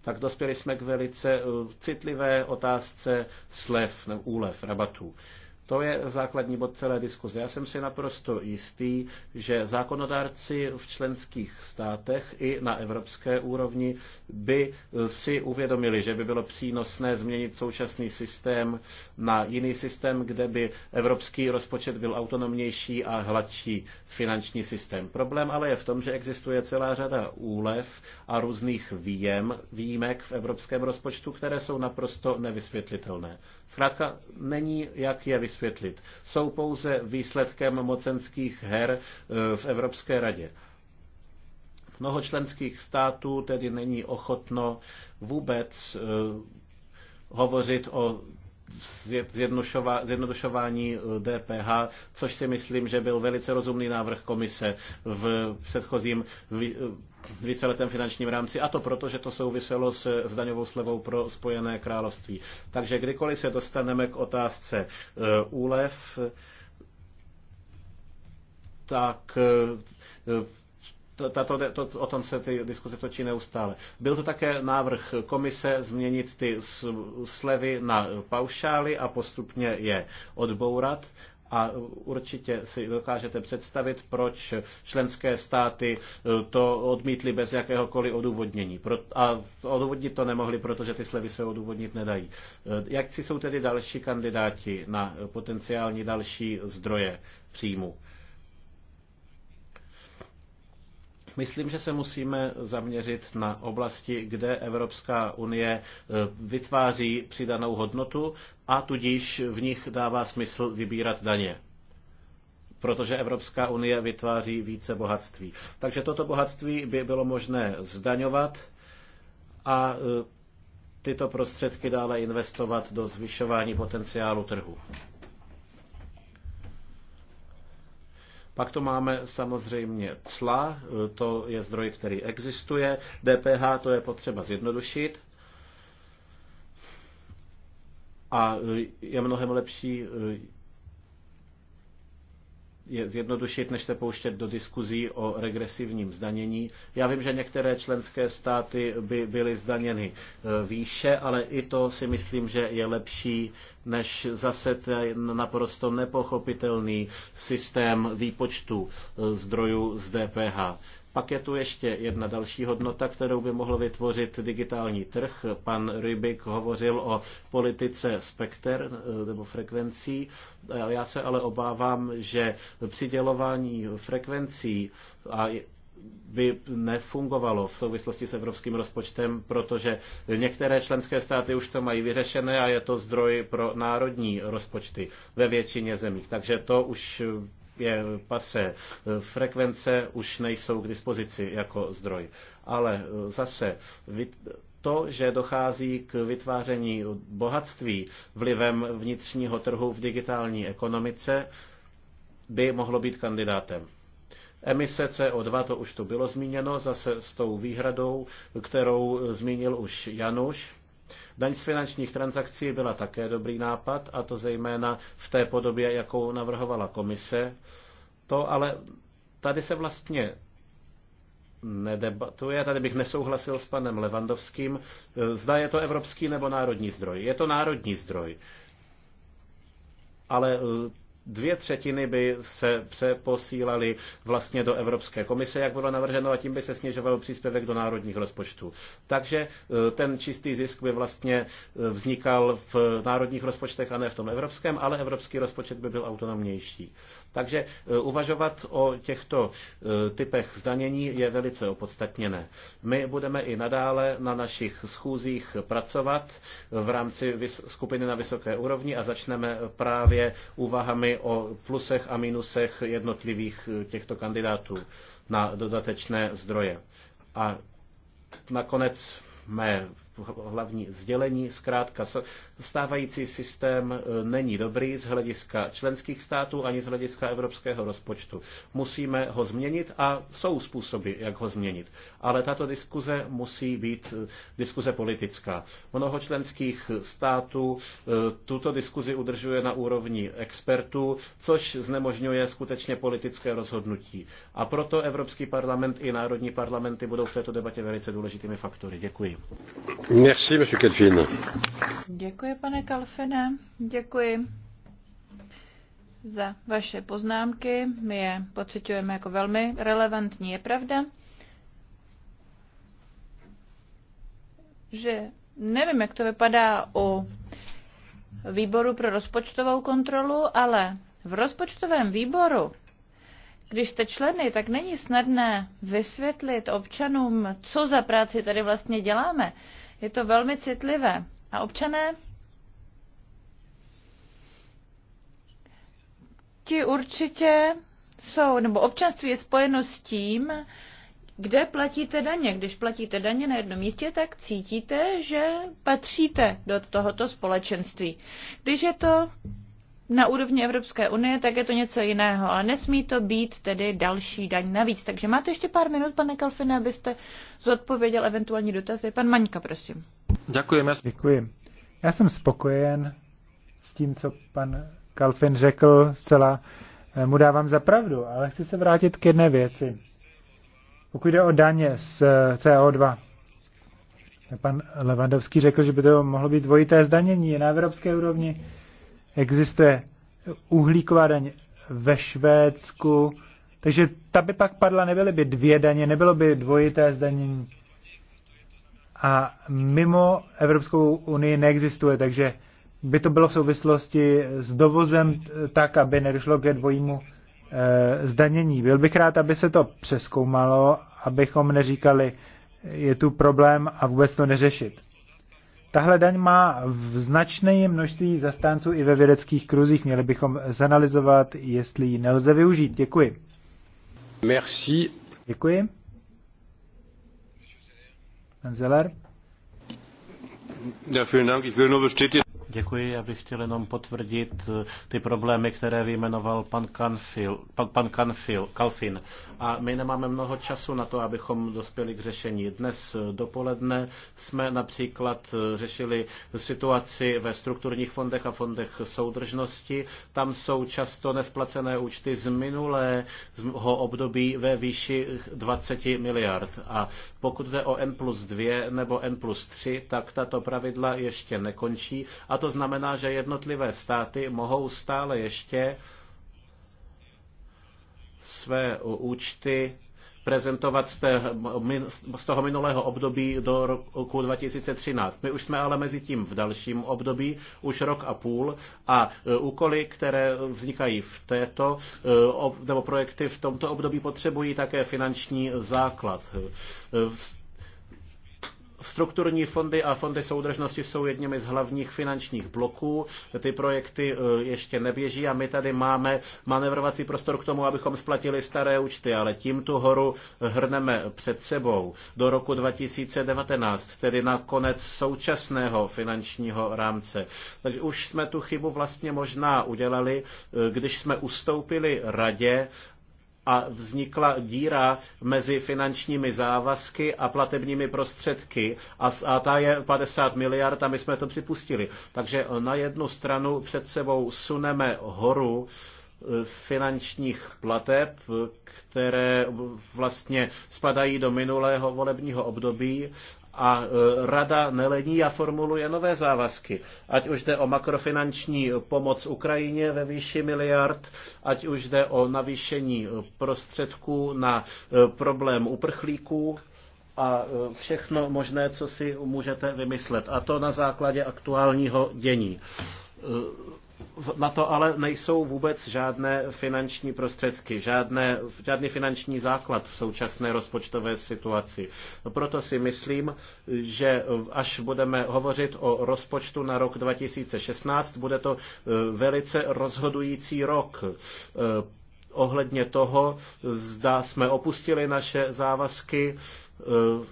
tak dospěli jsme k velice eh, citlivé otázce slev, úlev, rabatů. To je základní bod celé diskuze. Já jsem si naprosto jistý, že zákonodárci v členských státech i na evropské úrovni by si uvědomili, že by bylo přínosné změnit současný systém na jiný systém, kde by evropský rozpočet byl autonomnější a hladší finanční systém. Problém ale je v tom, že existuje celá řada úlev a různých výjem, výjimek v evropském rozpočtu, které jsou naprosto nevysvětlitelné. Zkrátka není, jak je vysvětlitelné vysvětlit. Jsou pouze výsledkem mocenských her e, v Evropské radě. Mnoho členských států tedy není ochotno vůbec e, hovořit o zjednodušování DPH, eh, což si myslím, že byl velice rozumný návrh komise v předchozím eh, víceletém finančním rámci, a to proto, že to souviselo s, s daňovou slevou pro Spojené království. Takže kdykoliv se dostaneme k otázce eh, úlev, tak tato, to, o tom se ty diskuze točí neustále. Byl to také návrh komise změnit ty slevy na paušály a postupně je odbourat. A určitě si dokážete představit, proč členské státy to odmítly bez jakéhokoliv odůvodnění. A odůvodnit to nemohli, protože ty slevy se odůvodnit nedají. Jak si jsou tedy další kandidáti na potenciální další zdroje příjmu? Myslím, že se musíme zaměřit na oblasti, kde Evropská unie e, vytváří přidanou hodnotu a tudíž v nich dává smysl vybírat daně protože Evropská unie vytváří více bohatství. Takže toto bohatství by bylo možné zdaňovat a e, tyto prostředky dále investovat do zvyšování potenciálu trhu. Pak to máme samozřejmě cla, to je zdroj, který existuje. DPH to je potřeba zjednodušit. A je mnohem lepší je zjednodušit, než se pouštět do diskuzí o regresivním zdanění. Já vím, že některé členské státy by byly zdaněny e, výše, ale i to si myslím, že je lepší, než zase ten naprosto nepochopitelný systém výpočtu e, zdrojů z DPH. Pak je tu ještě jedna další hodnota, kterou by mohl vytvořit digitální trh. Pan Rybik hovořil o politice spekter eh, nebo frekvencí. Já se ale obávám, že přidělování frekvencí a by nefungovalo v souvislosti s evropským rozpočtem, protože některé členské státy už to mají vyřešené a je to zdroj pro národní rozpočty ve většině zemí. Takže to už je pase. Eh, frekvence už nejsou k dispozici jako zdroj. Ale eh, zase to, že dochází k vytváření bohatství vlivem vnitřního trhu v digitální ekonomice, by mohlo být kandidátem. Emise CO2, to už tu bylo zmíněno, zase s tou výhradou, kterou eh, zmínil už Januš, Daň z finančních transakcí byla také dobrý nápad, a to zejména v té podobě, jakou navrhovala komise. To ale tady se vlastně nedebatuje, tady bych nesouhlasil s panem Levandovským, zda je to evropský nebo národní zdroj. Je to národní zdroj. Ale dvě třetiny by se přeposílaly vlastně do Evropské komise, jak bylo navrženo, a tím by se snižoval příspěvek do národních rozpočtů. Takže e, ten čistý zisk by vlastně e, vznikal v národních rozpočtech a ne v tom evropském, ale evropský rozpočet by byl autonomnější. Takže eh, uvažovat o těchto eh, typech zdanění je velice opodstatněné. My budeme i nadále na našich schůzích pracovat v rámci skupiny na vysoké úrovni a začneme právě úvahami o plusech a minusech jednotlivých eh, těchto kandidátů na dodatečné zdroje. A nakonec mé hlavní sdělení, zkrátka Stávající systém e, není dobrý z hlediska členských států ani z hlediska evropského rozpočtu. Musíme ho změnit a jsou způsoby, jak ho změnit. Ale tato diskuze musí být e, diskuze politická. Mnoho členských států e, tuto diskuzi udržuje na úrovni expertů, což znemožňuje skutečně politické rozhodnutí. A proto Evropský parlament i národní parlamenty budou v této debatě velice důležitými faktory. Děkuji. Merci, Děkuji. Děkuji, pane Kalfine. Děkuji za vaše poznámky. My je pocitujeme jako velmi relevantní. Je pravda, že nevím, jak to vypadá u výboru pro rozpočtovou kontrolu, ale v rozpočtovém výboru, když jste členy, tak není snadné vysvětlit občanům, co za práci tady vlastně děláme. Je to velmi citlivé. A občané povinnosti určitě jsou, nebo občanství je spojeno s tím, kde platíte daně. Když platíte daně na jednom místě, tak cítíte, že patříte do tohoto společenství. Když je to na úrovni Evropské unie, tak je to něco jiného, ale nesmí to být tedy další daň navíc. Takže máte ještě pár minut, pane Kalfine, abyste zodpověděl eventuální dotazy. Pan Maňka, prosím. Děkujeme. Děkuji. Já jsem spokojen s tím, co pan Kalfin řekl zcela, eh, mu dávám za pravdu, ale chci se vrátit k jedné věci. Pokud jde o daně z eh, CO2, pan Levandovský řekl, že by to mohlo být dvojité zdanění. Na evropské úrovni existuje uhlíková daň ve Švédsku, takže ta by pak padla, nebyly by dvě daně, nebylo by dvojité zdanění. A mimo Evropskou unii neexistuje, takže by to bylo v souvislosti s dovozem tak, aby nedošlo ke dvojímu e, zdanění. Byl bych rád, aby se to přeskoumalo, abychom neříkali, je tu problém a vůbec to neřešit. Tahle daň má v značné množství zastánců i ve vědeckých kruzích. Měli bychom zanalizovat, jestli ji nelze využít. Děkuji. Merci. Děkuji. Pan Zeller. Ja, vielen Dank. Ich will nur bestätigen, Děkuji, já bych chtěl jenom potvrdit eh, ty problémy, které vyjmenoval pan, Canfil, pan, pan Canfil, Kalfin. A my nemáme mnoho času na to, abychom dospěli k řešení. Dnes eh, dopoledne jsme například eh, řešili situaci ve strukturních fondech a fondech soudržnosti. Tam jsou často nesplacené účty z minulého období ve výši 20 miliard. A pokud jde o N plus 2 nebo N plus 3, tak tato pravidla ještě nekončí a to znamená, že jednotlivé státy mohou stále ještě své účty prezentovat z, té, z toho minulého období do roku 2013. My už jsme ale mezi tím v dalším období, už rok a půl a e, úkoly, které vznikají v této, e, nebo projekty v tomto období potřebují také finanční základ. E, Strukturní fondy a fondy soudržnosti jsou jedněmi z hlavních finančních bloků. Ty projekty e, ještě neběží a my tady máme manevrovací prostor k tomu, abychom splatili staré účty, ale tím tu horu hrneme před sebou do roku 2019, tedy na konec současného finančního rámce. Takže už jsme tu chybu vlastně možná udělali, e, když jsme ustoupili radě a vznikla díra mezi finančními závazky a platebními prostředky a, a ta je 50 miliard a my jsme to připustili. Takže na jednu stranu před sebou suneme horu eh, finančních plateb, eh, které vlastně spadají do minulého volebního období a e, rada nelení a formuluje nové závazky. Ať už jde o makrofinanční pomoc Ukrajině ve výši miliard, ať už jde o navýšení e, prostředků na e, problém uprchlíků a všechno možné, co si můžete vymyslet. A to na základě aktuálního dění na to ale nejsou vůbec žádné finanční prostředky, žádné, žádný finanční základ v současné rozpočtové situaci. Proto si myslím, že až budeme hovořit o rozpočtu na rok 2016, bude to eh, velice rozhodující rok eh, ohledně toho, zda jsme opustili naše závazky, eh,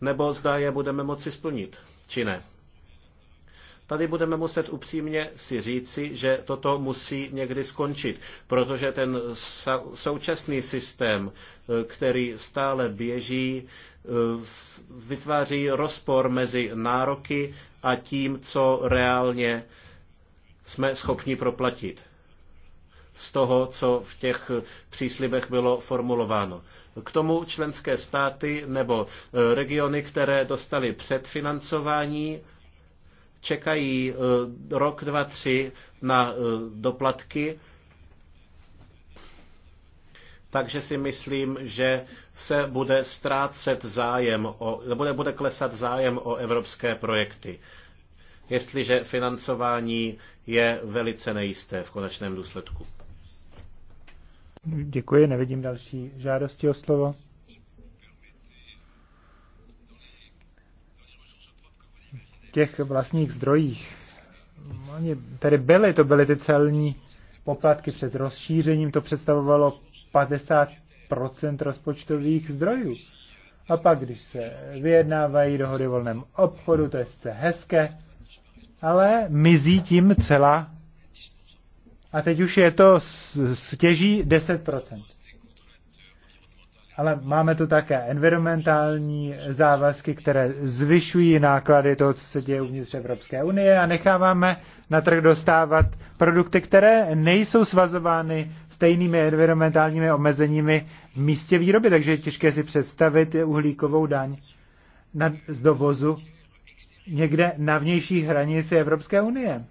nebo zda je budeme moci splnit, či ne. Tady budeme muset upřímně si říci, že toto musí někdy skončit, protože ten současný systém, eh, který stále běží, eh, vytváří rozpor mezi nároky a tím, co reálně jsme schopni proplatit z toho, co v těch příslibech bylo formulováno. K tomu členské státy nebo eh, regiony, které dostaly předfinancování, čekají eh, rok, dva, tři na eh, doplatky, takže si myslím, že se bude ztrácet zájem o, bude, bude klesat zájem o evropské projekty, jestliže financování je velice nejisté v konečném důsledku. Děkuji, nevidím další žádosti o slovo. těch vlastních zdrojích. Oni tady byly, to byly ty celní poplatky před rozšířením, to představovalo 50% rozpočtových zdrojů. A pak, když se vyjednávají dohody o volném obchodu, to je sice hezké, ale mizí tím celá. A teď už je to stěží 10% ale máme tu také environmentální závazky, které zvyšují náklady toho, co se děje uvnitř Evropské unie a necháváme na trh dostávat produkty, které nejsou svazovány stejnými environmentálními omezeními v místě výroby, takže je těžké si představit uhlíkovou daň na, z dovozu někde na vnější hranici Evropské unie.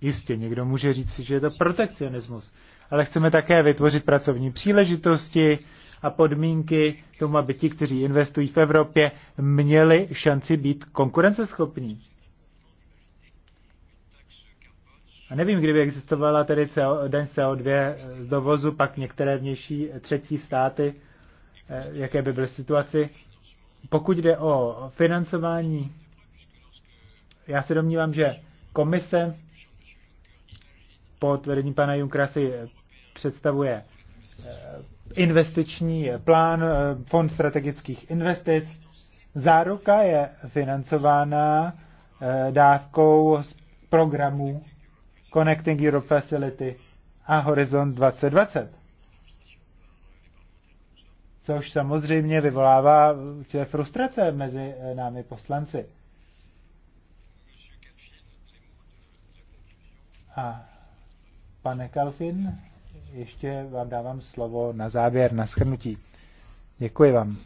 Jistě, někdo může říct, že je to protekcionismus ale chceme také vytvořit pracovní příležitosti a podmínky tomu, aby ti, kteří investují v Evropě, měli šanci být konkurenceschopní. A nevím, kdyby existovala tedy CO, daň CO2 z dovozu, pak některé vnější třetí státy, eh, jaké by byly situaci. Pokud jde o financování, já se domnívám, že komise pod vedením pana Junkera si eh, představuje eh, investiční eh, plán, fond strategických investic. Záruka je financována dávkou z programu Connecting Europe Facility a Horizon 2020. Což samozřejmě vyvolává určité frustrace mezi námi poslanci. A Pane Kalfin, ještě vám dávám slovo na závěr, na schrnutí. Děkuji vám,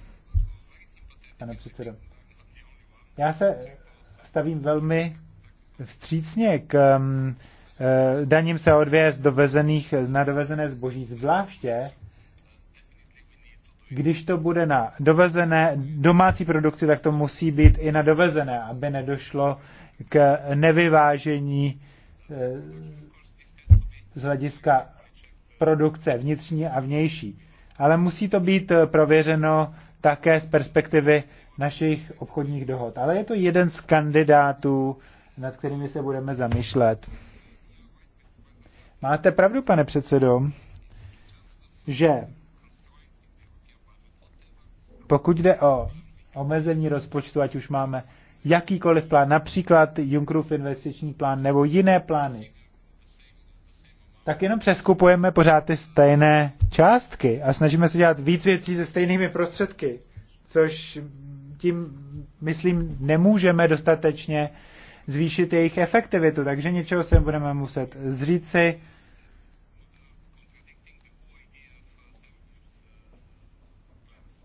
pane předsedo. Já se stavím velmi vstřícně k um, eh, daním se odvěz dovezených, na dovezené zboží, zvláště když to bude na dovezené domácí produkci, tak to musí být i na dovezené, aby nedošlo k nevyvážení eh, z hlediska produkce vnitřní a vnější. Ale musí to být eh, prověřeno také z perspektivy našich obchodních dohod. Ale je to jeden z kandidátů, nad kterými se budeme zamýšlet. Máte pravdu, pane předsedo, že pokud jde o omezení rozpočtu, ať už máme jakýkoliv plán, například Junckerův investiční plán nebo jiné plány, tak jenom přeskupujeme pořád ty stejné částky a snažíme se dělat víc věcí se stejnými prostředky, což tím, myslím, nemůžeme dostatečně zvýšit jejich efektivitu, takže něčeho se budeme muset zříci.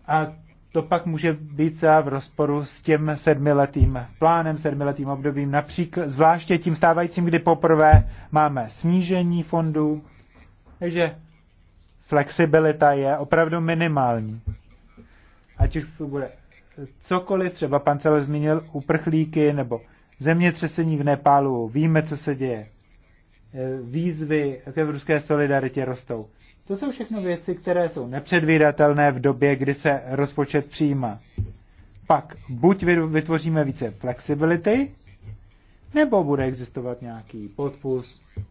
A to pak může být v rozporu s tím sedmiletým plánem, sedmiletým obdobím, například zvláště tím stávajícím, kdy poprvé máme snížení fondů, takže flexibilita je opravdu minimální. Ať už to bude cokoliv, třeba pan Cele zmínil uprchlíky nebo zemětřesení v Nepálu, víme, co se děje. E, výzvy v ruské solidaritě rostou. To jsou všechno věci, které jsou nepředvídatelné v době, kdy se rozpočet přijímá. Pak buď vytvoříme více flexibility, nebo bude existovat nějaký podpus, eh,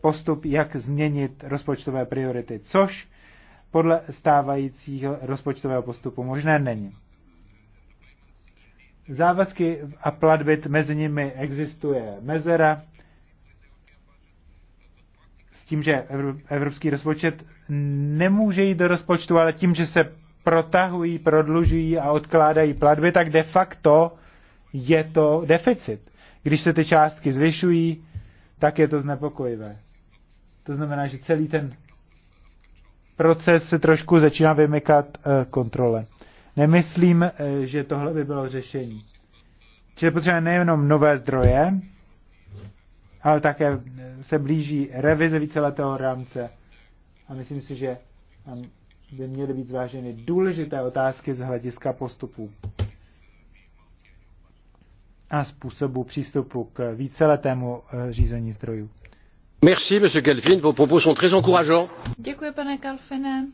postup, jak změnit rozpočtové priority, což podle stávajícího rozpočtového postupu možné není. Závazky a platby mezi nimi existuje mezera, tím, že evropský rozpočet nemůže jít do rozpočtu, ale tím, že se protahují, prodlužují a odkládají platby, tak de facto je to deficit. Když se ty částky zvyšují, tak je to znepokojivé. To znamená, že celý ten proces se trošku začíná vymykat eh, kontrole. Nemyslím, eh, že tohle by bylo řešení. Čili potřebujeme nejenom nové zdroje, ale také se blíží revize víceletého rámce a myslím si, že tam by měly být zváženy důležité otázky z hlediska postupu a způsobu přístupu k víceletému eh, řízení zdrojů. Merci, monsieur Calvin, vos propos sont très encourageants. Děkuji, pane Kalfine.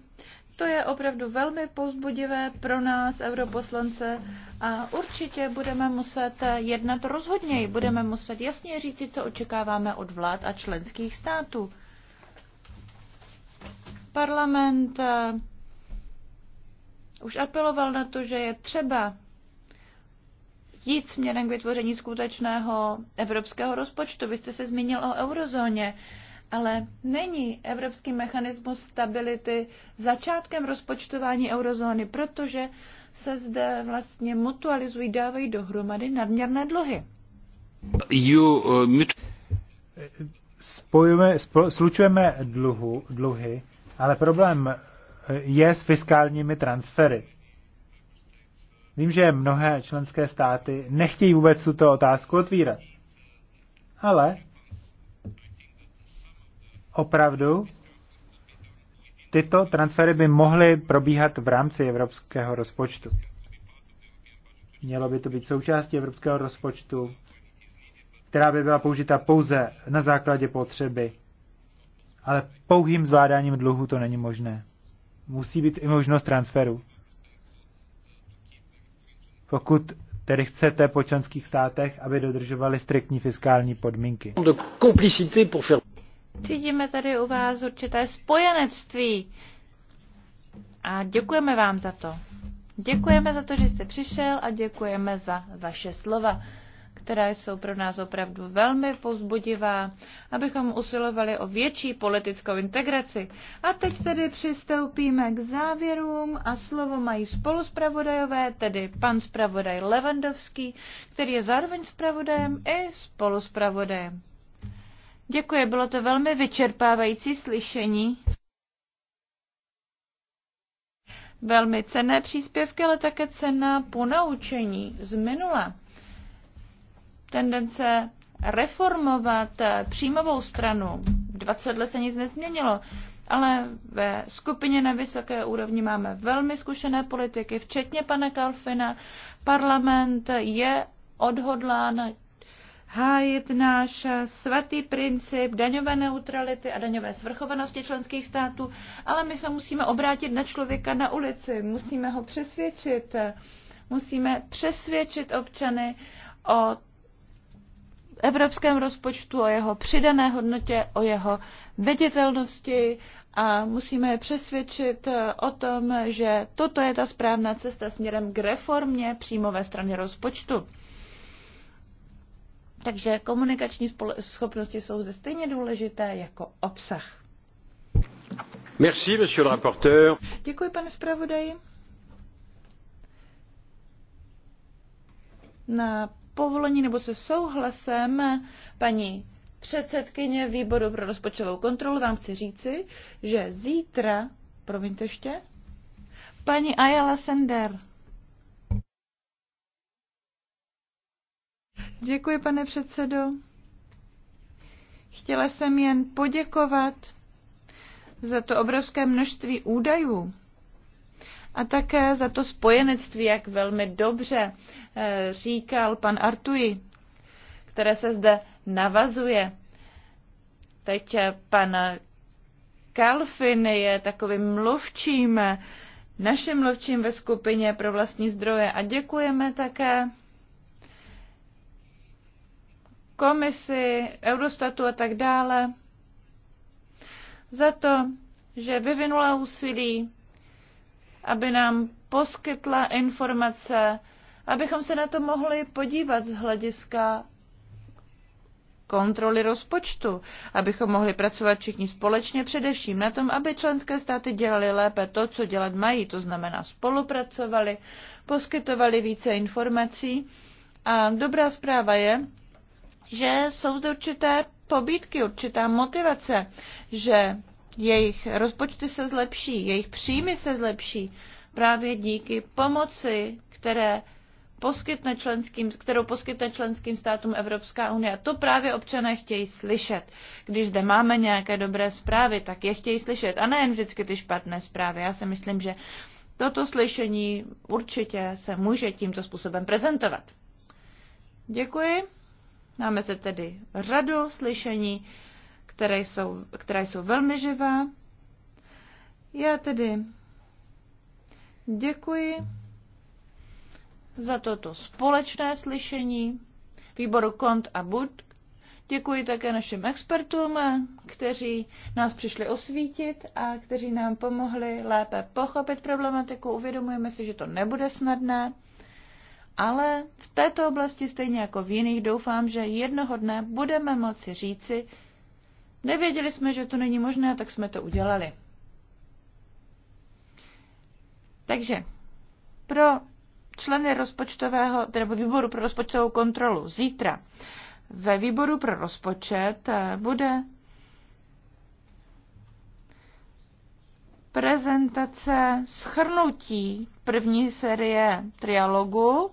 To je opravdu velmi pozbudivé pro nás, europoslance, a určitě budeme muset jednat rozhodněji. Budeme muset jasně říci, co očekáváme od vlád a členských států. Parlament eh, už apeloval na to, že je třeba jít směrem k vytvoření skutečného evropského rozpočtu. Vy jste se zmínil o eurozóně ale není evropský mechanismus stability začátkem rozpočtování eurozóny, protože se zde vlastně mutualizují, dávají dohromady nadměrné dluhy. You, uh, Spojujeme, spo, slučujeme dluhu, dluhy, ale problém uh, je s fiskálními transfery. Vím, že mnohé členské státy nechtějí vůbec tuto otázku otvírat. Ale opravdu tyto transfery by mohly probíhat v rámci evropského rozpočtu. Mělo by to být součástí evropského rozpočtu, která by byla použita pouze na základě potřeby. Ale pouhým zvládáním dluhu to není možné. Musí být i možnost transferu. Pokud tedy chcete po členských státech, aby dodržovali striktní fiskální podmínky. Cítíme tady u vás určité spojenectví a děkujeme vám za to. Děkujeme za to, že jste přišel a děkujeme za vaše slova, která jsou pro nás opravdu velmi pozbudivá, abychom usilovali o větší politickou integraci. A teď tedy přistoupíme k závěrům a slovo mají spoluspravodajové, tedy pan spravodaj Levandovský, který je zároveň spravodajem i spoluspravodajem. Děkuji, bylo to velmi vyčerpávající slyšení. Velmi cenné příspěvky, ale také cenná ponaučení z minula. Tendence reformovat příjmovou stranu. 20 let se nic nezměnilo, ale ve skupině na vysoké úrovni máme velmi zkušené politiky, včetně pana Kalfina. Parlament je odhodlán hájit náš svatý princip daňové neutrality a daňové svrchovanosti členských států, ale my se musíme obrátit na člověka na ulici, musíme ho přesvědčit, musíme přesvědčit občany o evropském rozpočtu, o jeho přidané hodnotě, o jeho viditelnosti a musíme je přesvědčit o tom, že toto je ta správná cesta směrem k reformě příjmové strany rozpočtu. Takže komunikační schopnosti jsou zde stejně důležité jako obsah. Merci, monsieur le rapporteur. Děkuji, pane zpravodaji. Na povolení nebo se souhlasem paní předsedkyně výboru pro rozpočtovou kontrolu vám chci říci, že zítra, promiňte ještě, paní Ayala Sender Děkuji, pane předsedo. Chtěla jsem jen poděkovat za to obrovské množství údajů a také za to spojenectví, jak velmi dobře eh, říkal pan Artui, které se zde navazuje. Teď eh, pan Kalfin je takovým mluvčím, eh, naším mluvčím ve skupině pro vlastní zdroje a děkujeme také komisi, Eurostatu a tak dále za to, že vyvinula úsilí, aby nám poskytla informace, abychom se na to mohli podívat z hlediska kontroly rozpočtu, abychom mohli pracovat všichni společně, především na tom, aby členské státy dělali lépe to, co dělat mají, to znamená spolupracovali, poskytovali více informací. A dobrá zpráva je, že jsou zde určité pobídky, určitá motivace, že jejich rozpočty se zlepší, jejich příjmy se zlepší právě díky pomoci, které poskytne členským, kterou poskytne členským státům Evropská unie. A to právě občané chtějí slyšet. Když zde máme nějaké dobré zprávy, tak je chtějí slyšet. A nejen vždycky ty špatné zprávy. Já si myslím, že toto slyšení určitě se může tímto způsobem prezentovat. Děkuji. Máme se tedy řadu slyšení, které jsou, která jsou velmi živá. Já tedy děkuji za toto společné slyšení výboru Kont a Bud. Děkuji také našim expertům, kteří nás přišli osvítit a kteří nám pomohli lépe pochopit problematiku. Uvědomujeme si, že to nebude snadné. Ale v této oblasti, stejně jako v jiných, doufám, že jednoho dne budeme moci říci, nevěděli jsme, že to není možné, tak jsme to udělali. Takže pro členy rozpočtového, nebo výboru pro rozpočtovou kontrolu zítra ve výboru pro rozpočet eh, bude prezentace schrnutí první série trialogu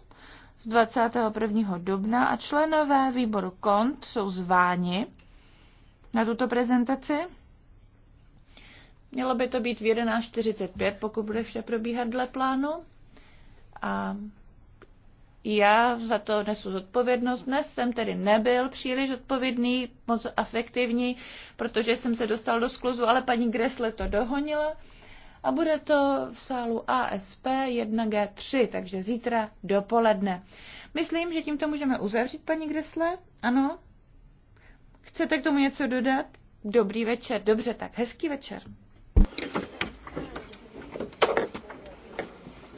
z 21. dubna a členové výboru KONT jsou zváni na tuto prezentaci. Mělo by to být v 11.45, pokud bude vše probíhat dle plánu. A já za to nesu zodpovědnost. Dnes jsem tedy nebyl příliš odpovědný, moc afektivní, protože jsem se dostal do skluzu, ale paní Gresle to dohonila a bude to v sálu ASP 1G3, takže zítra dopoledne. Myslím, že tímto můžeme uzavřít, paní Gresle? Ano? Chcete k tomu něco dodat? Dobrý večer, dobře, tak hezký večer.